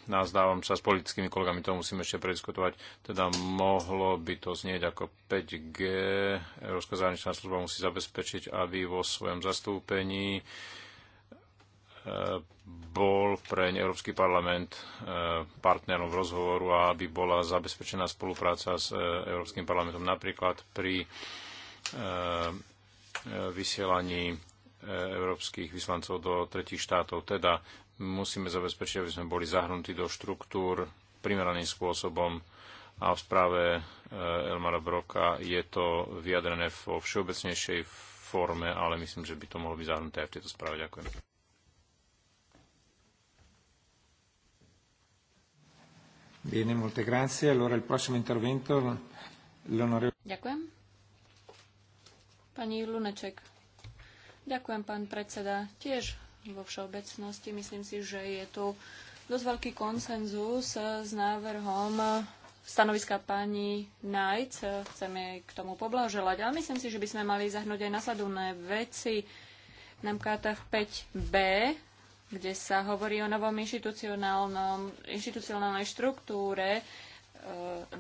názdávam sa s politickými kolegami, to musíme ešte prediskutovať, teda mohlo by to znieť ako 5G. Európska zahraničná služba musí zabezpečiť, aby vo svojom zastúpení e, bol pre Európsky parlament e, partnerom v rozhovoru a aby bola zabezpečená spolupráca s e, Európskym parlamentom napríklad pri Eh, vysielaní eh, európskych vyslancov do tretich štátov. Teda musíme zabezpečiť, aby sme boli zahrnutí do štruktúr primeraným spôsobom a v správe eh, Elmara Broka je to vyjadrené vo všeobecnejšej forme, ale myslím, že by to mohlo byť zahrnuté aj v tejto správe. Ďakujem. Bene, molte grazie. Allora il prossimo intervento l'onorevole... Ďakujem. Pani Luneček. Ďakujem, pán predseda. Tiež vo všeobecnosti myslím si, že je tu dosť veľký konsenzus s návrhom stanoviska pani Knight. jej k tomu poblaželať, ale myslím si, že by sme mali zahnúť aj nasledovné veci na kátach 5b, kde sa hovorí o novom inštitucionálnom, inštitucionálnej štruktúre, eh,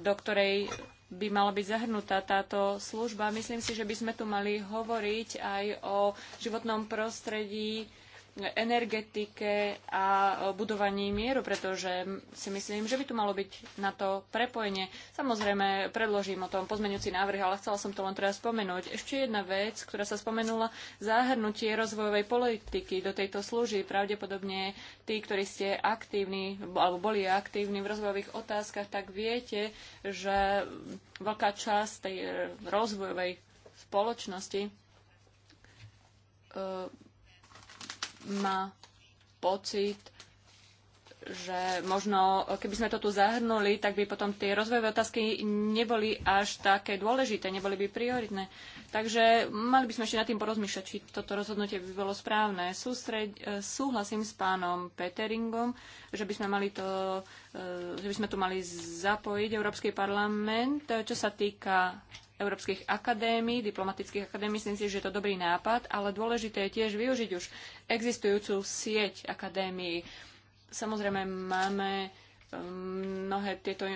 do ktorej by mala byť zahrnutá táto služba. Myslím si, že by sme tu mali hovoriť aj o životnom prostredí energetike a budovaní mieru, pretože si myslím, že by tu malo byť na to prepojenie. Samozrejme, predložím o tom pozmeňujúci návrh, ale chcela som to len teraz spomenúť. Ešte jedna vec, ktorá sa spomenula, zahrnutie rozvojovej politiky do tejto služby. Pravdepodobne tí, ktorí ste aktívni, alebo boli aktívni v rozvojových otázkach, tak viete, že veľká časť tej rozvojovej spoločnosti e, má pocit, že možno keby sme to tu zahrnuli, tak by potom tie rozvojové otázky neboli až také dôležité, neboli by prioritné. Takže mali by sme ešte nad tým porozmýšľať, či toto rozhodnutie by bolo správne. Sústreď, e, súhlasím s pánom Peteringom, že by, sme mali to, e, že by sme tu mali zapojiť Európsky parlament, čo sa týka európskych akadémií, diplomatických akadémií. Myslím si, že je to dobrý nápad, ale dôležité je tiež využiť už existujúcu sieť akadémií. Samozrejme, máme um, mnohé tieto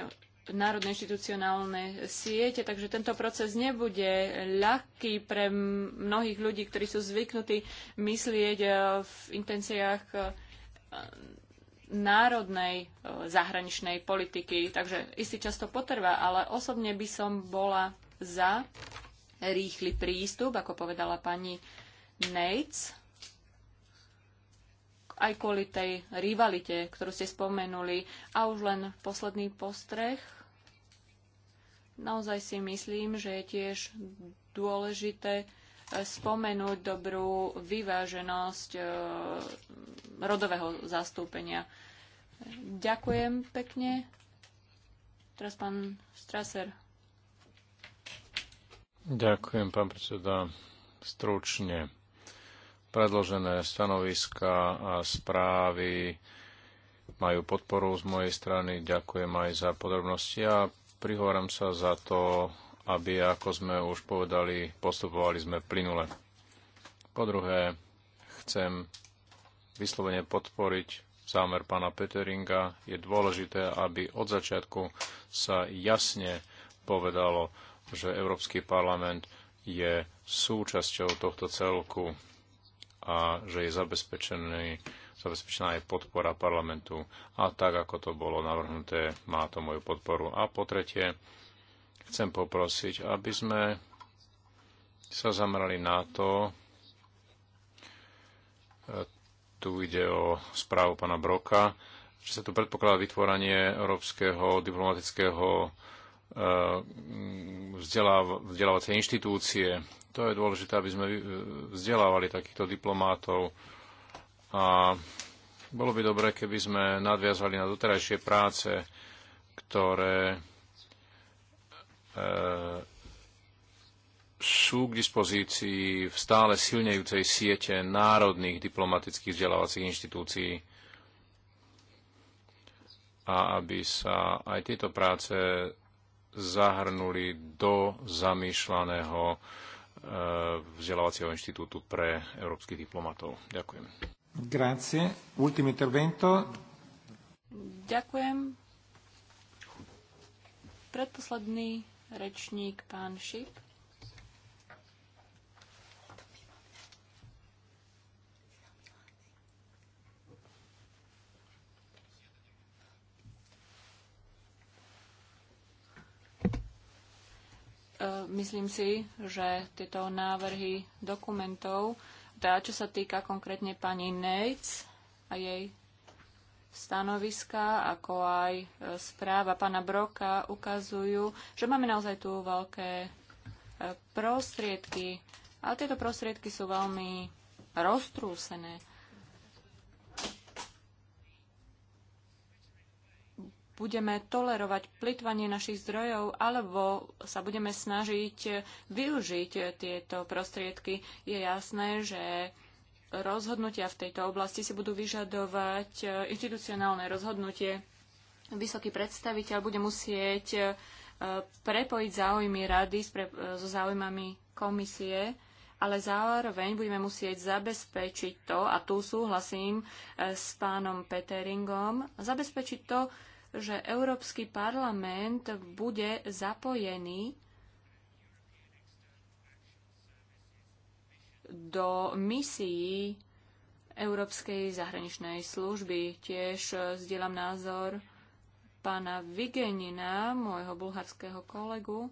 národné inštitucionálne siete, takže tento proces nebude ľahký pre mnohých ľudí, ktorí sú zvyknutí myslieť uh, v intenciách uh, národnej uh, zahraničnej politiky. Takže istý čas to potrvá, ale osobne by som bola za rýchly prístup, ako povedala pani Nates, aj kvôli tej rivalite, ktorú ste spomenuli. A už len posledný postreh. Naozaj si myslím, že je tiež dôležité eh, spomenúť dobrú vyváženosť eh, rodového zastúpenia. Ďakujem pekne. Teraz pán Strasser. Ďakujem, pán predseda. Stručne. Predložené stanoviska a správy majú podporu z mojej strany. Ďakujem aj za podrobnosti a prihovorám sa za to, aby, ako sme už povedali, postupovali sme plynule. Po druhé, chcem vyslovene podporiť zámer pána Peteringa. Je dôležité, aby od začiatku sa jasne povedalo, že Európsky parlament je súčasťou tohto celku a že je zabezpečená aj podpora parlamentu. A tak, ako to bolo navrhnuté, má to moju podporu. A po tretie, chcem poprosiť, aby sme sa zamerali na to, tu ide o správu pana Broka, že sa tu predpokladá vytvoranie Európskeho diplomatického Eh, vzdelávacie inštitúcie. To je dôležité, aby sme eh, vzdelávali takýchto diplomátov. A bolo by dobre, keby sme nadviazali na doterajšie práce, ktoré eh, sú k dispozícii v stále silnejúcej siete národných diplomatických vzdelávacích inštitúcií a aby sa aj tieto práce zahrnuli do zamýšľaného e, vzdelávacieho inštitútu pre európskych diplomatov. Ďakujem. Grazie. Ultimo intervento. Ďakujem. Predposledný rečník, pán Šip. E, myslím si, že tieto návrhy dokumentov, teda čo sa týka konkrétne pani Nates a jej stanoviska, ako aj e, správa pána Broka ukazujú, že máme naozaj tu veľké e, prostriedky, ale tieto prostriedky sú veľmi roztrúsené. budeme tolerovať plitvanie našich zdrojov, alebo sa budeme snažiť využiť tieto prostriedky. Je jasné, že rozhodnutia v tejto oblasti si budú vyžadovať e, inštitucionálne rozhodnutie. Vysoký predstaviteľ bude musieť e, prepojiť záujmy rady e, so záujmami komisie ale zároveň budeme musieť zabezpečiť to, a tu súhlasím s pánom Peteringom, zabezpečiť to, že Európsky parlament bude zapojený do misií Európskej zahraničnej služby. Tiež zdieľam eh, názor pána Vigenina, môjho bulharského kolegu,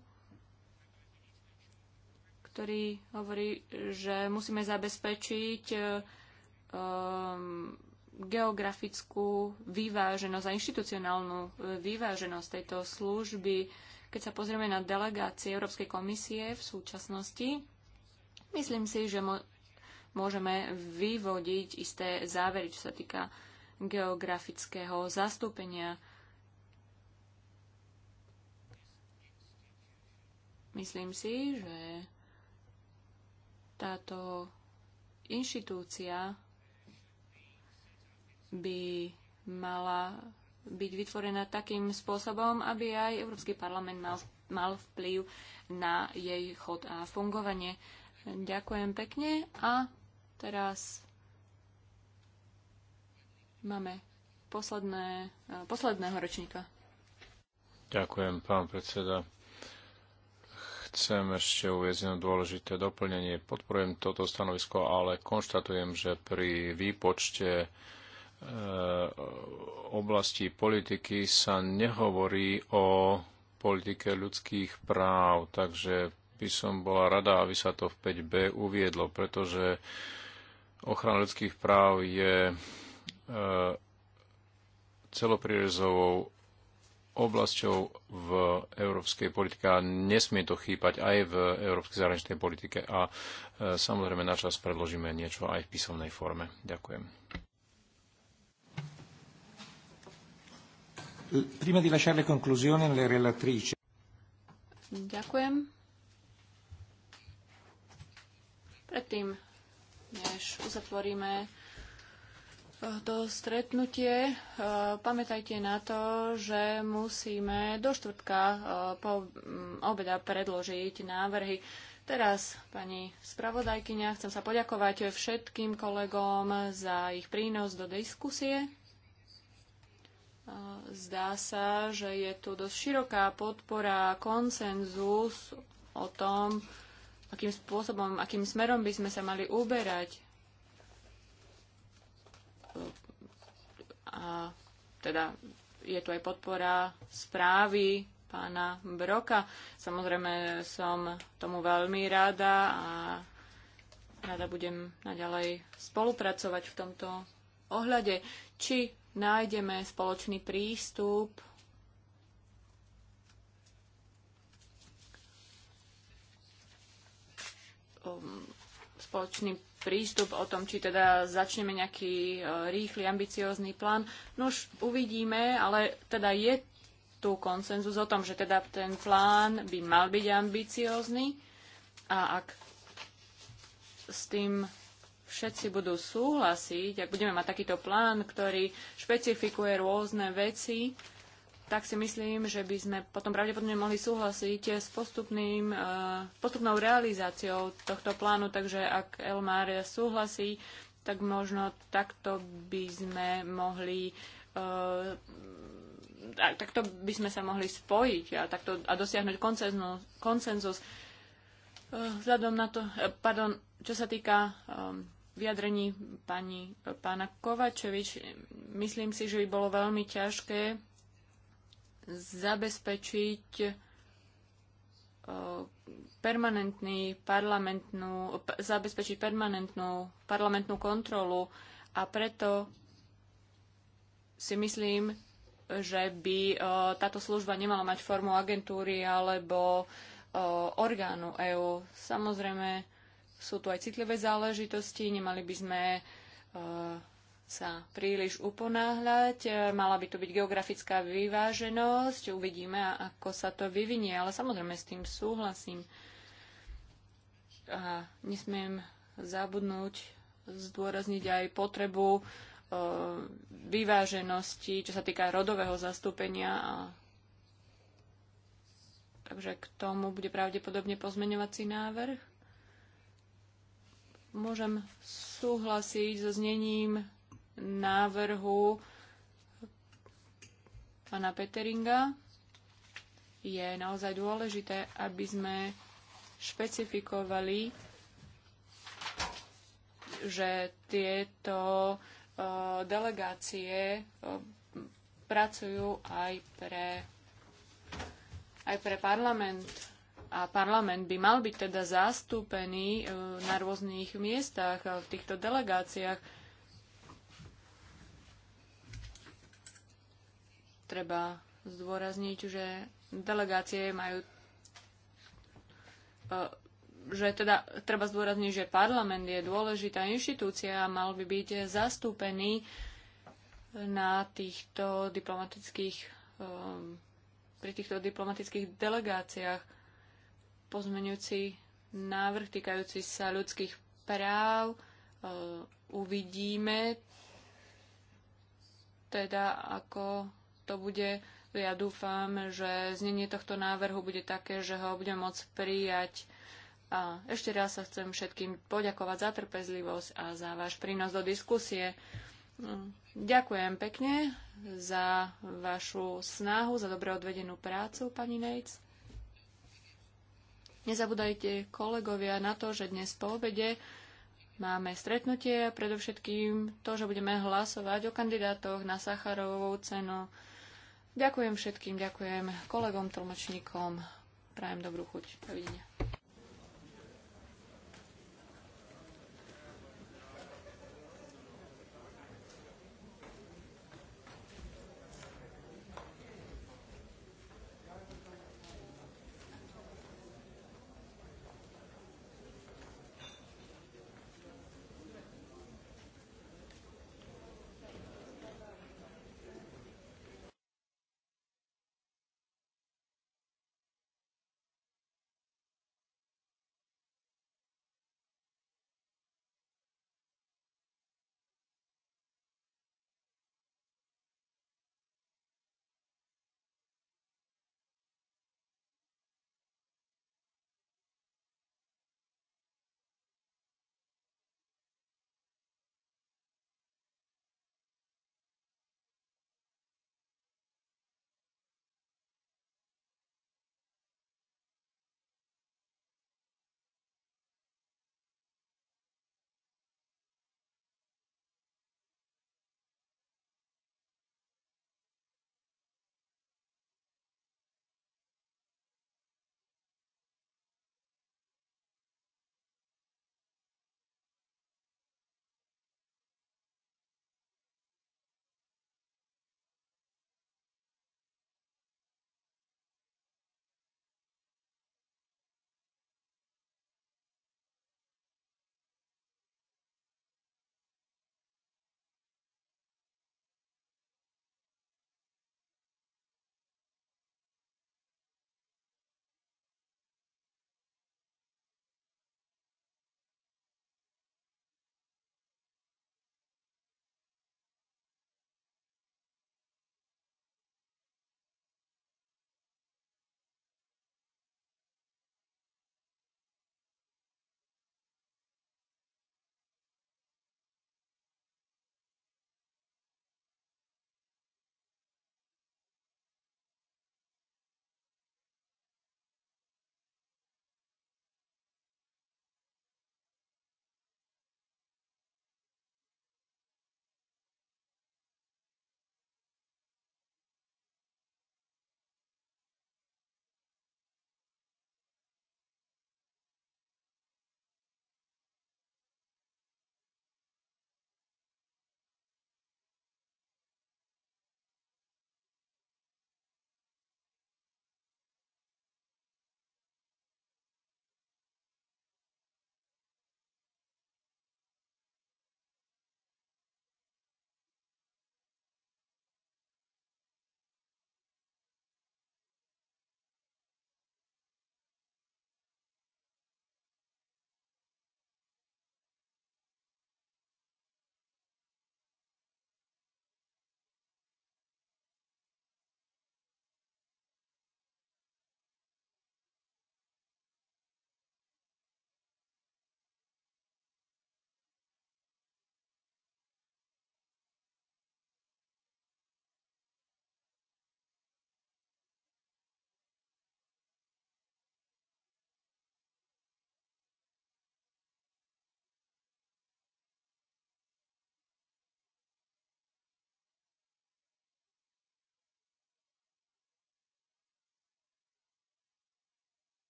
ktorý hovorí, že musíme zabezpečiť um, geografickú vyváženosť a inštitucionálnu e, vyváženosť tejto služby. Keď sa pozrieme na delegácie Európskej komisie v súčasnosti, myslím si, že môžeme vyvodiť isté závery, čo sa týka geografického zastúpenia. Myslím si, že táto inštitúcia by mala byť vytvorená takým spôsobom, aby aj Európsky parlament mal, mal vplyv na jej chod a fungovanie. Ďakujem pekne a teraz máme posledné, posledného ročníka. Ďakujem, pán predseda. Chcem ešte uvieť jedno dôležité doplnenie. Podporujem toto stanovisko, ale konštatujem, že pri výpočte Eh, oblasti politiky sa nehovorí o politike ľudských práv, takže by som bola rada, aby sa to v 5b uviedlo, pretože ochrana ľudských práv je eh, celoprirezovou oblasťou v európskej politike a nesmie to chýpať aj v európskej zahraničnej politike a eh, samozrejme načas predložíme niečo aj v písomnej forme. Ďakujem. Prima di lasciare le conclusioni alle relatrici. Ďakujem. Predtým, než uzatvoríme e, to stretnutie, e, pamätajte na to, že musíme do štvrtka e, po obeda predložiť návrhy. Teraz, pani spravodajkyňa, chcem sa poďakovať všetkým kolegom za ich prínos do diskusie. Zdá sa, že je tu dosť široká podpora, konsenzus o tom, akým spôsobom, akým smerom by sme sa mali uberať. A teda je tu aj podpora správy pána Broka. Samozrejme som tomu veľmi rada a rada budem naďalej spolupracovať v tomto ohľade, či nájdeme spoločný prístup um, spoločný prístup o tom, či teda začneme nejaký e, rýchly, ambiciózny plán. No už uvidíme, ale teda je tu konsenzus o tom, že teda ten plán by mal byť ambiciózny a ak s tým všetci budú súhlasiť, ak budeme mať takýto plán, ktorý špecifikuje rôzne veci, tak si myslím, že by sme potom pravdepodobne mohli súhlasiť s postupným, eh, postupnou realizáciou tohto plánu. Takže ak Elmar súhlasí, tak možno takto by sme mohli eh, takto by sme sa mohli spojiť a, takto, a dosiahnuť konsenzus, konsenzus eh, vzhľadom na to, pardon, čo sa týka um, vyjadrení pani, pána Kovačevič, myslím si, že by bolo veľmi ťažké zabezpečiť e, permanentný parlamentnú, zabezpečiť permanentnú parlamentnú kontrolu a preto si myslím, že by e, táto služba nemala mať formu agentúry alebo e, orgánu EÚ. Samozrejme, sú tu aj citlivé záležitosti, nemali by sme e, sa príliš uponáhľať. E, mala by tu byť geografická vyváženosť. Uvidíme, ako sa to vyvinie, ale samozrejme s tým súhlasím. A nesmiem zabudnúť zdôrazniť aj potrebu e, vyváženosti, čo sa týka rodového zastúpenia. A... Takže k tomu bude pravdepodobne pozmeňovací návrh. Môžem súhlasiť so znením návrhu pána Peteringa. Je naozaj dôležité, aby sme špecifikovali, že tieto e, delegácie e, pracujú aj pre, aj pre parlament a parlament by mal byť teda zastúpený e, na rôznych miestach e, v týchto delegáciách. Treba zdôrazniť, že delegácie majú e, že teda treba zdôrazniť, že parlament je dôležitá inštitúcia a mal by byť zastúpený na týchto diplomatických pri týchto diplomatických delegáciách Pozmeňujúci návrh týkajúci sa ľudských práv e, uvidíme teda, ako to bude. Ja dúfam, že znenie tohto návrhu bude také, že ho budem môcť prijať. A ešte raz sa chcem všetkým poďakovať za trpezlivosť a za váš prínos do diskusie. Mm, ďakujem pekne za vašu snahu, za dobre odvedenú prácu, pani Nejc. Nezabúdajte, kolegovia, na to, že dnes po obede máme stretnutie a predovšetkým to, že budeme hlasovať o kandidátoch na Sacharovú cenu. Ďakujem všetkým, ďakujem kolegom, tlmočníkom. Prajem dobrú chuť. Dovidenia.